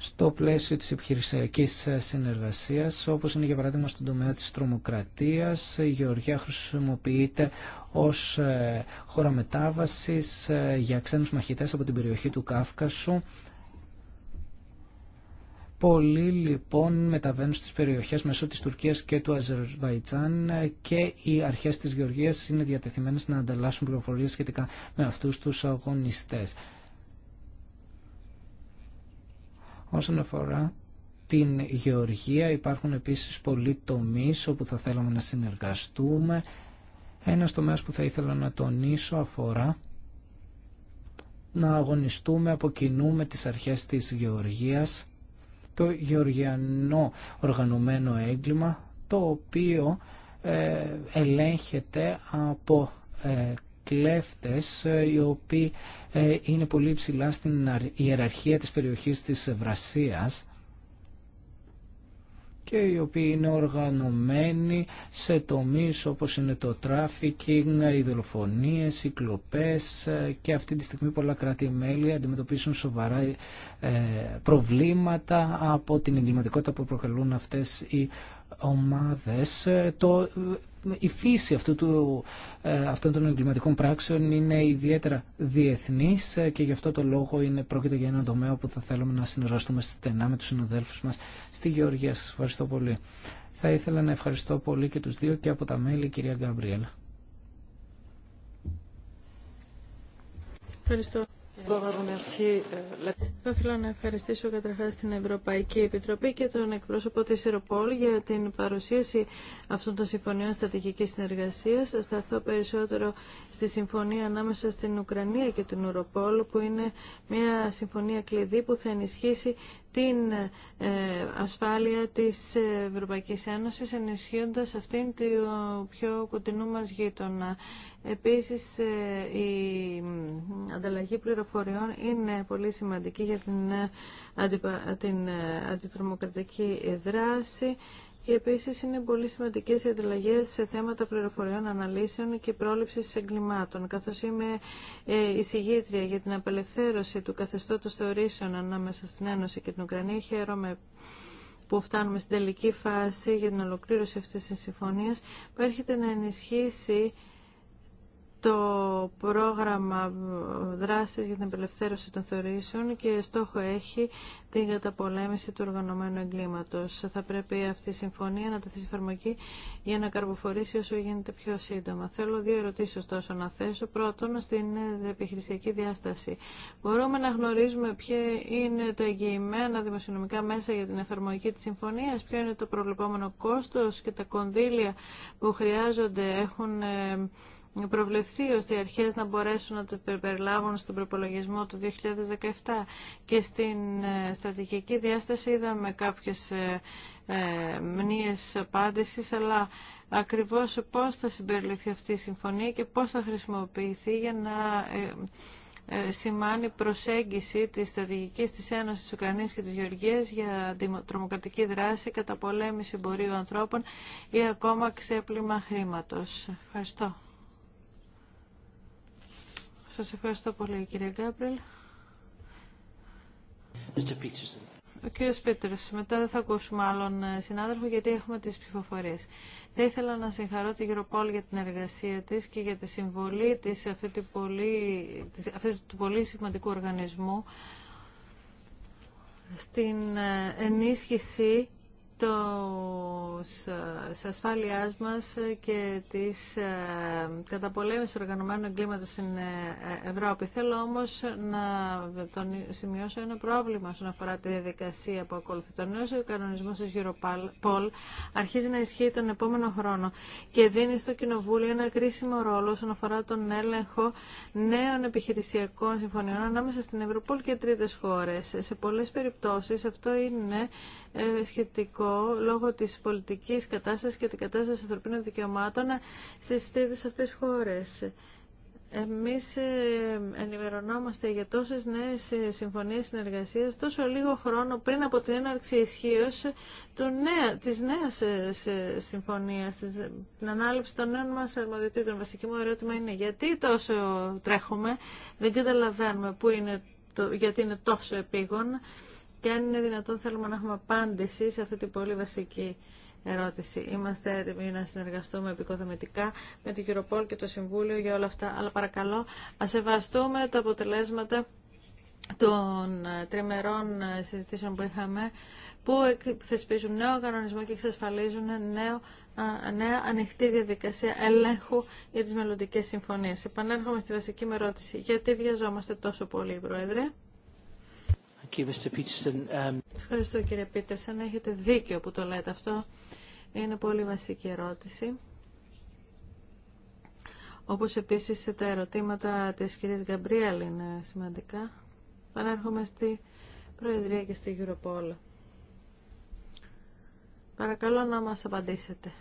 στο πλαίσιο της επιχειρησιακής συνεργασίας, όπως είναι για παράδειγμα στον τομέα της τρομοκρατίας. Η Γεωργία χρησιμοποιείται ως χώρα μετάβασης για ξένους μαχητές από την περιοχή του Κάφκασου Πολλοί λοιπόν μεταβαίνουν στις περιοχές μέσω της Τουρκίας και του Αζερβαϊτζάν και οι αρχές της Γεωργίας είναι διατεθειμένες να ανταλλάσσουν πληροφορίες σχετικά με αυτούς τους αγωνιστές. Όσον αφορά την Γεωργία υπάρχουν επίσης πολλοί τομείς όπου θα θέλαμε να συνεργαστούμε. Ένας τομέα που θα ήθελα να τονίσω αφορά να αγωνιστούμε από κοινού με τις αρχές της Γεωργίας το γεωργιανό οργανωμένο έγκλημα το οποίο ε, ελέγχεται από ε, κλέφτες ε, οι οποίοι είναι πολύ ψηλά στην ιεραρχία της περιοχής της Βρασίας και οι οποίοι είναι οργανωμένοι σε τομείς όπως είναι το τράφικινγκ, οι δολοφονίες, οι κλοπές ε, και αυτή τη στιγμή πολλά κράτη-μέλη αντιμετωπίσουν σοβαρά ε, προβλήματα από την εγκληματικότητα που προκαλούν αυτές οι ομάδες, ε, το, ε, η φύση αυτού του, ε, αυτών των εγκληματικών πράξεων είναι ιδιαίτερα διεθνής και γι' αυτό το λόγο είναι, πρόκειται για έναν τομέα που θα θέλουμε να συνεργαστούμε στενά με τους συναδέλφους μας στη Γεωργία. Σας ευχαριστώ πολύ. Θα ήθελα να ευχαριστώ πολύ και τους δύο και από τα μέλη κυρία Γκάμπριελ. Ευχαριστώ. Ε, θα ήθελα να ευχαριστήσω καταρχάς την Ευρωπαϊκή Επιτροπή και τον εκπρόσωπο της Ευρωπόλ για την παρουσίαση αυτών των συμφωνιών στρατηγικής συνεργασίας. Θα σταθώ περισσότερο στη συμφωνία ανάμεσα στην Ουκρανία και την Ευρωπόλ που είναι μια συμφωνία κλειδί που θα ενισχύσει την ε, ασφάλεια της Ευρωπαϊκής Ένωσης ενισχύοντας αυτήν την πιο κοντινού μας γείτονα. Επίσης ε, η ανταλλαγή πληροφοριών είναι πολύ σημαντική για την, ε, την αντιτρομοκρατική δράση και επίσης είναι πολύ σημαντικές οι ανταλλαγές σε θέματα πληροφοριών, αναλύσεων και πρόληψης εγκλημάτων. Καθώς είμαι ε, εισηγήτρια για την απελευθέρωση του καθεστώτος θεωρήσεων ανάμεσα στην Ένωση και την Ουκρανία, χαίρομαι που φτάνουμε στην τελική φάση για την ολοκλήρωση αυτή τη συμφωνίας, που έρχεται να ενισχύσει το πρόγραμμα δράσης για την απελευθέρωση των θεωρήσεων και στόχο έχει την καταπολέμηση του οργανωμένου εγκλήματος. Θα πρέπει αυτή η συμφωνία να τεθεί σε εφαρμογή για να καρποφορήσει όσο γίνεται πιο σύντομα. Θέλω δύο ερωτήσεις ωστόσο να θέσω. Πρώτον, στην επιχειρησιακή διάσταση. Μπορούμε να γνωρίζουμε ποια είναι τα εγγυημένα δημοσιονομικά μέσα για την εφαρμογή της συμφωνίας, ποιο είναι το προβλεπόμενο κόστος και τα κονδύλια που χρειάζονται έχουν ε, προβλεφθεί ώστε οι αρχές να μπορέσουν να το περιλάβουν στον προπολογισμό του 2017 και στην ε, στρατηγική διάσταση είδαμε κάποιες ε, ε, μνήες απάντησης αλλά ακριβώς πώς θα συμπεριληφθεί αυτή η συμφωνία και πώς θα χρησιμοποιηθεί για να σημάνει προσέγγιση της στρατηγικής της Ένωσης της Ουκρανίας και της Γεωργίας για τρομοκρατική δράση, κατά πολέμηση εμπορίου ανθρώπων ή ακόμα ξέπλυμα χρήματος. Ευχαριστώ. Σας ευχαριστώ πολύ κύριε Γκάμπριλ. Ο κύριο Πίτρο, μετά δεν θα ακούσουμε άλλον ε, συνάδελφο γιατί έχουμε τι ψηφοφορίε. Θα ήθελα να συγχαρώ την Γεροπόλ για την εργασία τη και για τη συμβολή τη αυτή του πολύ σημαντικού οργανισμού στην ε, ενίσχυση της ε, ασφάλειάς μας και της ε, καταπολέμησης οργανωμένου εγκλήματος στην ε, Ευρώπη. Θέλω όμως να τον σημειώσω ένα πρόβλημα όσον αφορά τη διαδικασία που ακολουθεί. Το νέο κανονισμό της Europol αρχίζει να ισχύει τον επόμενο χρόνο και δίνει στο Κοινοβούλιο ένα κρίσιμο ρόλο όσον αφορά τον έλεγχο νέων επιχειρησιακών συμφωνιών ανάμεσα στην Ευρωπόλ και τρίτες χώρες. Σε πολλές περιπτώσεις αυτό είναι ε, σχετικό λόγω της πολιτικής κατάστασης και την κατάσταση ανθρωπίνων δικαιωμάτων στις τρίτες αυτές χώρες. Εμείς ε, ενημερωνόμαστε για τόσες νέες ε, συμφωνίες συνεργασίας τόσο λίγο χρόνο πριν από την έναρξη ισχύω νέα, της νέας συμφωνίας, της, την ανάληψη των νέων μας αρμοδιοτήτων. Βασική μου ερώτημα είναι γιατί τόσο τρέχουμε, δεν καταλαβαίνουμε που είναι, το, γιατί είναι τόσο επίγον και αν είναι δυνατόν θέλουμε να έχουμε απάντηση σε αυτή την πολύ βασική ερώτηση. Είμαστε έτοιμοι να συνεργαστούμε επικοδομητικά με την Europol και το Συμβούλιο για όλα αυτά, αλλά παρακαλώ Α σεβαστούμε τα αποτελέσματα των τριμερών συζητήσεων που είχαμε που θεσπίζουν νέο κανονισμό και εξασφαλίζουν νέο, νέα ανοιχτή διαδικασία ελέγχου για τις μελλοντικές συμφωνίες. Επανέρχομαι στη βασική με ερώτηση. Γιατί βιαζόμαστε τόσο πολύ, Πρόεδρε. Um, Ευχαριστώ κύριε Πίτερσον. Έχετε δίκιο που το λέτε αυτό. Είναι πολύ βασική ερώτηση. Όπως επίσης τα ερωτήματα της κυρίας Γκαμπρίαλ είναι σημαντικά. Πανέρχομαι στη Προεδρία και στη Γιουροπόλα. Παρακαλώ να μας απαντήσετε.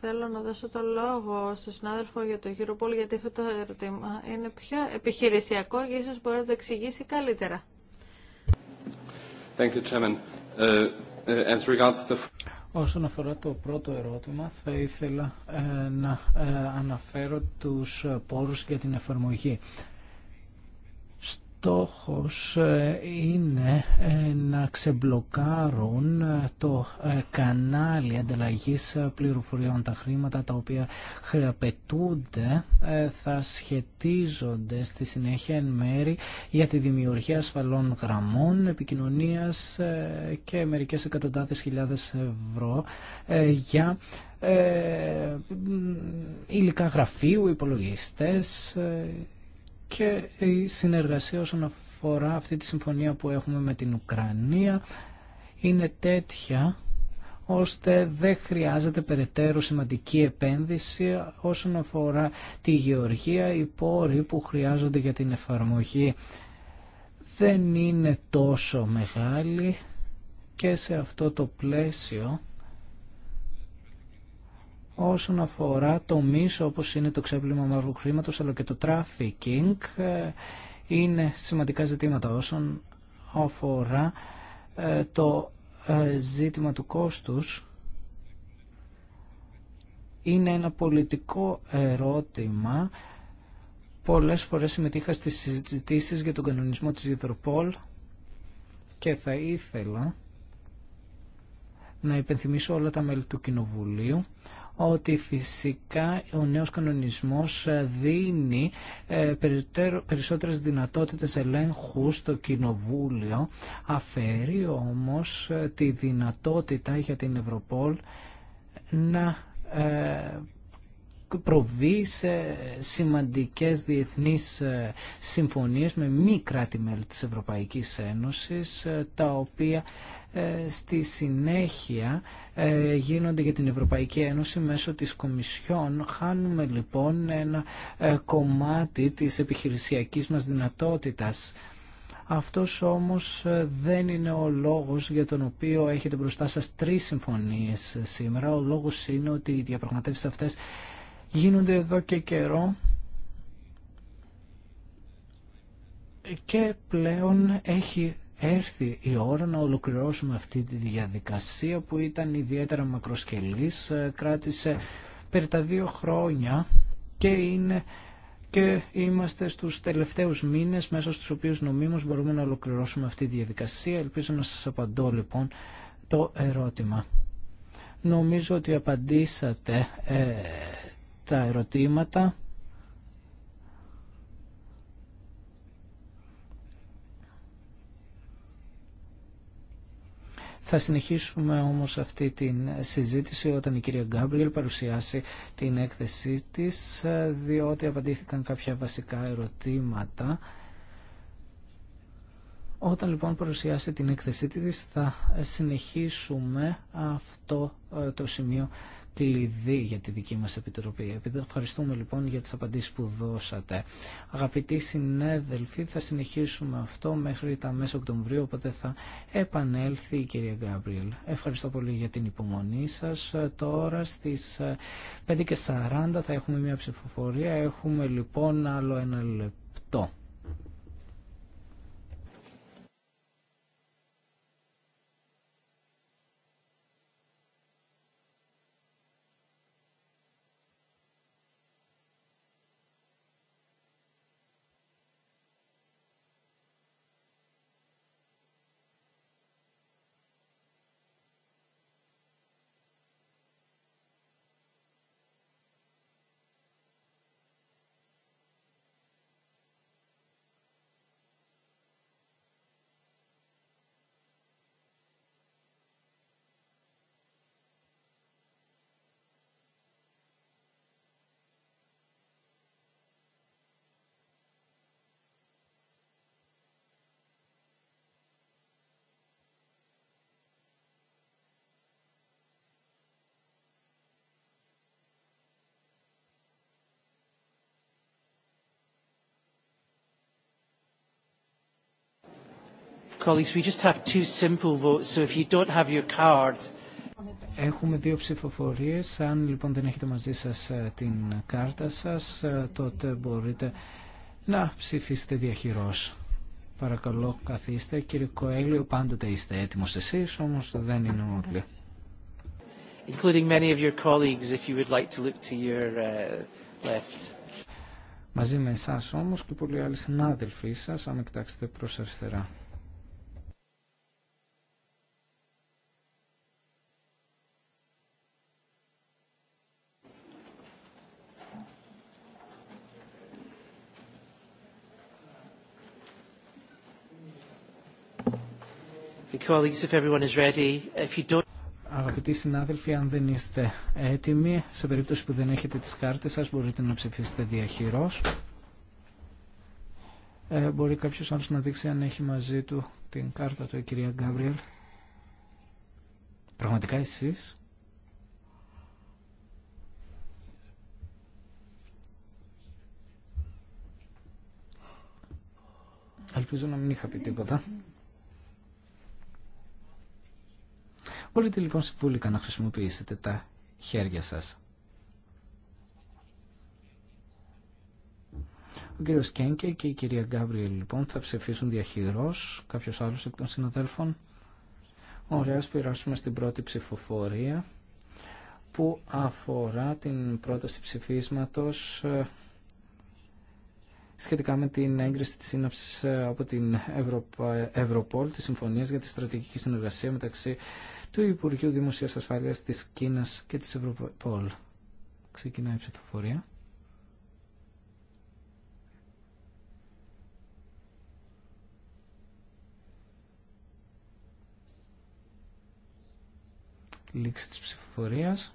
Θέλω να δώσω το λόγο στον συνάδελφο για το Europol, γιατί αυτό το ερώτημα είναι πιο επιχειρησιακό και ίσως μπορεί να το εξηγήσει καλύτερα. Thank you, Chairman. Ε, ε, as the... Όσον αφορά το πρώτο ερώτημα, θα ήθελα ε, να αναφέρω τους πόρους για την εφαρμογή στόχος ε, είναι ε, να ξεμπλοκάρουν ε, το κανάλι ανταλλαγής πληροφοριών. Τα χρήματα τα οποία χρεαπαιτούνται θα σχετίζονται στη συνέχεια εν μέρη για τη δημιουργία ασφαλών γραμμών επικοινωνίας και μερικές εκατοντάδες χιλιάδες ευρώ για υλικά γραφείου, υπολογιστές και η συνεργασία όσον αφορά αυτή τη συμφωνία που έχουμε με την Ουκρανία είναι τέτοια ώστε δεν χρειάζεται περαιτέρω σημαντική επένδυση όσον αφορά τη γεωργία, οι πόροι που χρειάζονται για την εφαρμογή δεν είναι τόσο μεγάλη και σε αυτό το πλαίσιο όσον αφορά το μίσο όπως είναι το ξέπλυμα μαύρου χρήματος αλλά και το trafficking ε, είναι σημαντικά ζητήματα όσον αφορά ε, το ε, ζήτημα του κόστους είναι ένα πολιτικό ερώτημα πολλές φορές συμμετείχα στις συζητήσεις για τον κανονισμό της Ιδροπόλ και θα ήθελα να υπενθυμίσω όλα τα μέλη του Κοινοβουλίου ότι φυσικά ο νέος κανονισμός δίνει ε, περισσότερες δυνατότητες ελέγχου στο Κοινοβούλιο, αφαιρεί όμως ε, τη δυνατότητα για την Ευρωπόλ να ε, προβεί σε σημαντικές διεθνείς ε, συμφωνίες με μη κράτη-μέλη της Ευρωπαϊκής Ένωσης, ε, τα οποία ε, στη συνέχεια γίνονται για την Ευρωπαϊκή Ένωση μέσω της Κομισιόν. Χάνουμε λοιπόν ένα κομμάτι της επιχειρησιακής μας δυνατότητας. Αυτός όμως δεν είναι ο λόγος για τον οποίο έχετε μπροστά σας τρεις συμφωνίες σήμερα. Ο λόγος είναι ότι οι διαπραγματεύσεις αυτές γίνονται εδώ και καιρό και πλέον έχει έρθει η ώρα να ολοκληρώσουμε αυτή τη διαδικασία που ήταν ιδιαίτερα μακροσκελής, ε, κράτησε περί τα δύο χρόνια και είναι και είμαστε στους τελευταίους μήνες μέσα στους οποίους νομίμως μπορούμε να ολοκληρώσουμε αυτή τη διαδικασία. Ελπίζω να σας απαντώ λοιπόν το ερώτημα. Νομίζω ότι απαντήσατε ε, τα ερωτήματα. Θα συνεχίσουμε όμως αυτή τη συζήτηση όταν η κυρία Γκάμπριελ παρουσιάσει την έκθεσή της, διότι απαντήθηκαν κάποια βασικά ερωτήματα. Όταν λοιπόν παρουσιάσει την έκθεσή της θα συνεχίσουμε αυτό ε, το σημείο κλειδί για τη δική μας Επιτροπή. Επειδή Ευχαριστούμε λοιπόν για τις απαντήσεις που δώσατε. Αγαπητοί συνέδελφοι, θα συνεχίσουμε αυτό μέχρι τα μέσα Οκτωβρίου, οπότε θα επανέλθει η κυρία Γκάμπριελ. Ευχαριστώ πολύ για την υπομονή σας. Τώρα στις 5.40 ε, θα έχουμε μια ψηφοφορία. Έχουμε λοιπόν άλλο ένα λεπτό. colleagues, we just have two simple votes, so if you don't have your card... Έχουμε δύο ψηφοφορίες. Αν λοιπόν δεν έχετε μαζί σας ε, την κάρτα σας, ε, τότε μπορείτε να ψηφίσετε διαχειρός. Παρακαλώ καθίστε. Κύριε Κοέλιο, πάντοτε είστε έτοιμος εσείς, όμως δεν είναι όλοι. Including many of your colleagues, if you would like to look to your uh, left. Μαζί με εσάς όμως και πολλοί άλλοι συνάδελφοί σας, αν κοιτάξετε προς αριστερά. Αγαπητοί συνάδελφοι, αν δεν είστε έτοιμοι, σε περίπτωση που δεν έχετε τις κάρτες σας, μπορείτε να ψηφίσετε διαχειρός. Ε, μπορεί κάποιος άλλος να δείξει αν έχει μαζί του την κάρτα του, η κυρία Γκάμπριελ. Πραγματικά εσείς. Ελπίζω να μην είχα πει τίποτα. Μπορείτε λοιπόν συμβούλικα να χρησιμοποιήσετε τα χέρια σας. Ο κύριο Κένκε και η κυρία Γκάμπριελ λοιπόν θα ψηφίσουν διαχειρός. Κάποιος άλλος εκ των συναδέλφων. Ωραία, ας περάσουμε στην πρώτη ψηφοφορία που αφορά την πρόταση ψηφίσματος ε, σχετικά με την έγκριση της σύναψης ε, από την Ευρωπόλ της Συμφωνίας για τη Στρατηγική Συνεργασία μεταξύ του Υπουργείου Δημοσίας Ασφάλειας της Κίνας και της Ευρωπόλ. Ξεκινάει η ψηφοφορία. Λήξη της ψηφοφορίας.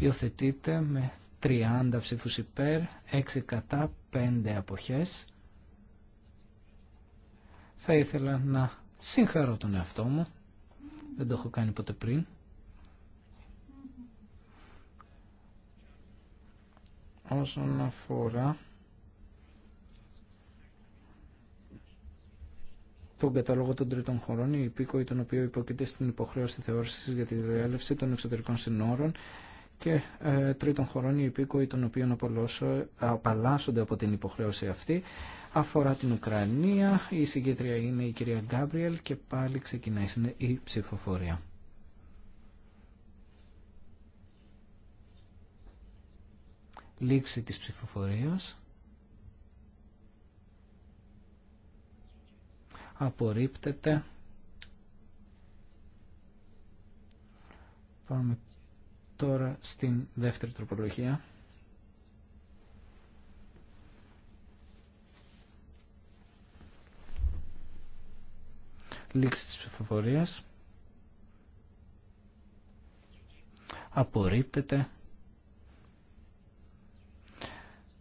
Υιοθετείται με 30 ψήφους υπέρ, 6 κατά, 5 αποχές. Θα ήθελα να συγχαρώ τον εαυτό μου. Δεν το έχω κάνει ποτέ πριν. Όσον αφορά τον κατάλογο των τρίτων χωρών, η υπήκοη των οποίων υπόκειται στην υποχρέωση θεώρησης για τη διέλευση των εξωτερικών συνόρων, και ε, τρίτον χωρών οι υπήκοοι των οποίων απαλλάσσονται από την υποχρέωση αυτή. Αφορά την Ουκρανία, η συγκέντρια είναι η κυρία Γκάμπριελ και πάλι ξεκινάει η ψηφοφορία. Λήξη της ψηφοφορίας. Απορρίπτεται. Πάμε Τώρα στην δεύτερη τροπολογία. Λήξη της ψηφοφορίας. Απορρίπτεται.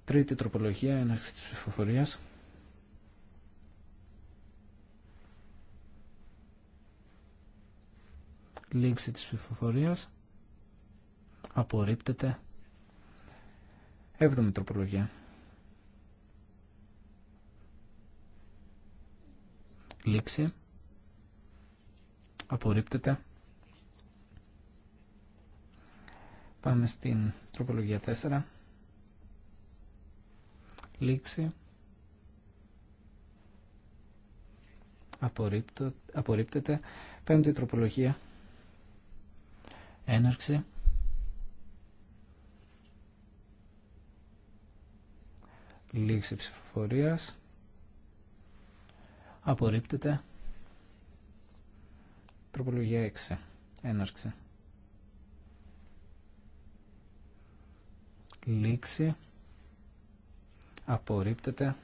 Τρίτη τροπολογία, έναρξη της ψηφοφορίας. Λήξη της ψηφοφορίας απορριπτεται Έβδομη τροπολογία. Λήξη. Απορρίπτεται. Πάμε στην τροπολογία 4. Λήξη. Απορρίπτεται. Πέμπτη τροπολογία. Έναρξη. Λύση ψηφοφορίας. Απορρίπτεται. Τροπολογία 6. Έναρξη. Λήξη. Απορρίπτεται.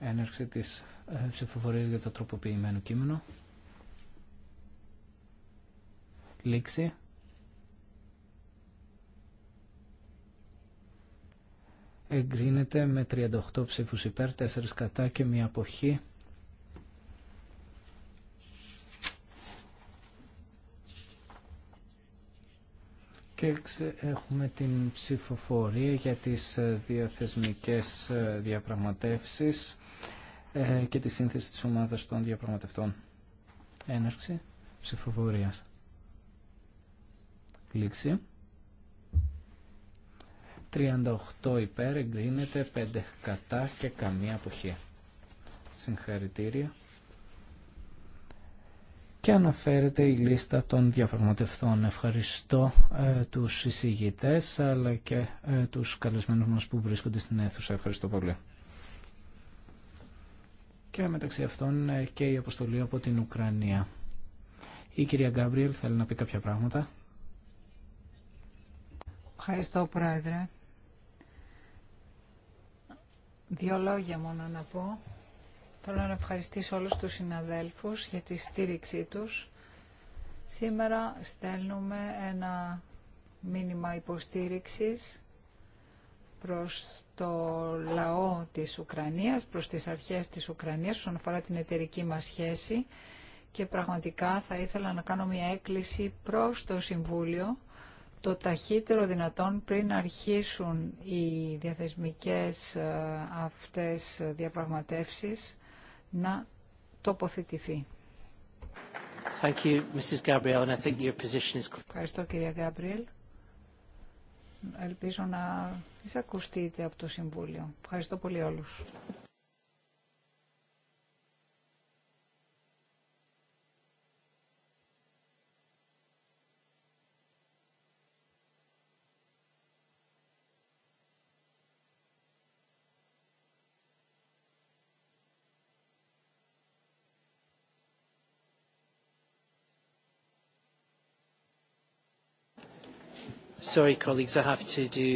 Έναρξη της ε, ψηφοφορίας για το τροποποιημένο κείμενο. Λήξη. εγκρίνεται με 38 ψήφους υπέρ, 4 κατά και μία αποχή. Και έχουμε την ψηφοφορία για τις ε, διαθεσμικές ε, διαπραγματεύσεις ε, και τη σύνθεση της ομάδας των διαπραγματευτών. Έναρξη ψηφοφορίας. Λήξη. 38 υπέρ εγκρίνεται 5 κατά και καμία αποχή. Συγχαρητήρια. Και αναφέρεται η λίστα των διαπραγματευτών. Ευχαριστώ ε, τους εισηγητές αλλά και ε, τους καλεσμένους μας που βρίσκονται στην αίθουσα. Ευχαριστώ πολύ. Και μεταξύ αυτών ε, και η αποστολή από την Ουκρανία. Η κυρία Γκάμπριελ θέλει να πει κάποια πράγματα. Ευχαριστώ, Πρόεδρε. Δύο λόγια μόνο να πω. Θέλω να ευχαριστήσω όλους τους συναδέλφους για τη στήριξή τους. Σήμερα στέλνουμε ένα μήνυμα υποστήριξης προς το λαό της Ουκρανίας, προς τις αρχές της Ουκρανίας, όσον αφορά την εταιρική μας σχέση και πραγματικά θα ήθελα να κάνω μια έκκληση προς το Συμβούλιο το ταχύτερο δυνατόν πριν αρχίσουν οι διαθεσμικές ε, αυτές διαπραγματεύσεις να τοποθετηθεί. Thank Ευχαριστώ κυρία Γκάμπριελ. Ελπίζω να εισακουστείτε από το Συμβούλιο. Ευχαριστώ πολύ όλους. Sorry, colleagues, I have to do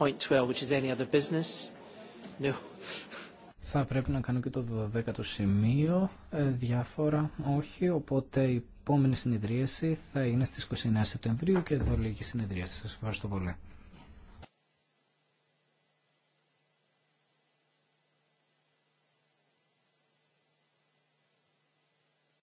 point 12, which is any other business. No. Θα πρέπει να κάνω και το 12ο σημείο, ε, διάφορα όχι, οπότε η επόμενη συνεδρίαση θα είναι στις 29 Σεπτεμβρίου και εδώ λίγη συνεδρίαση. Σας ευχαριστώ πολύ.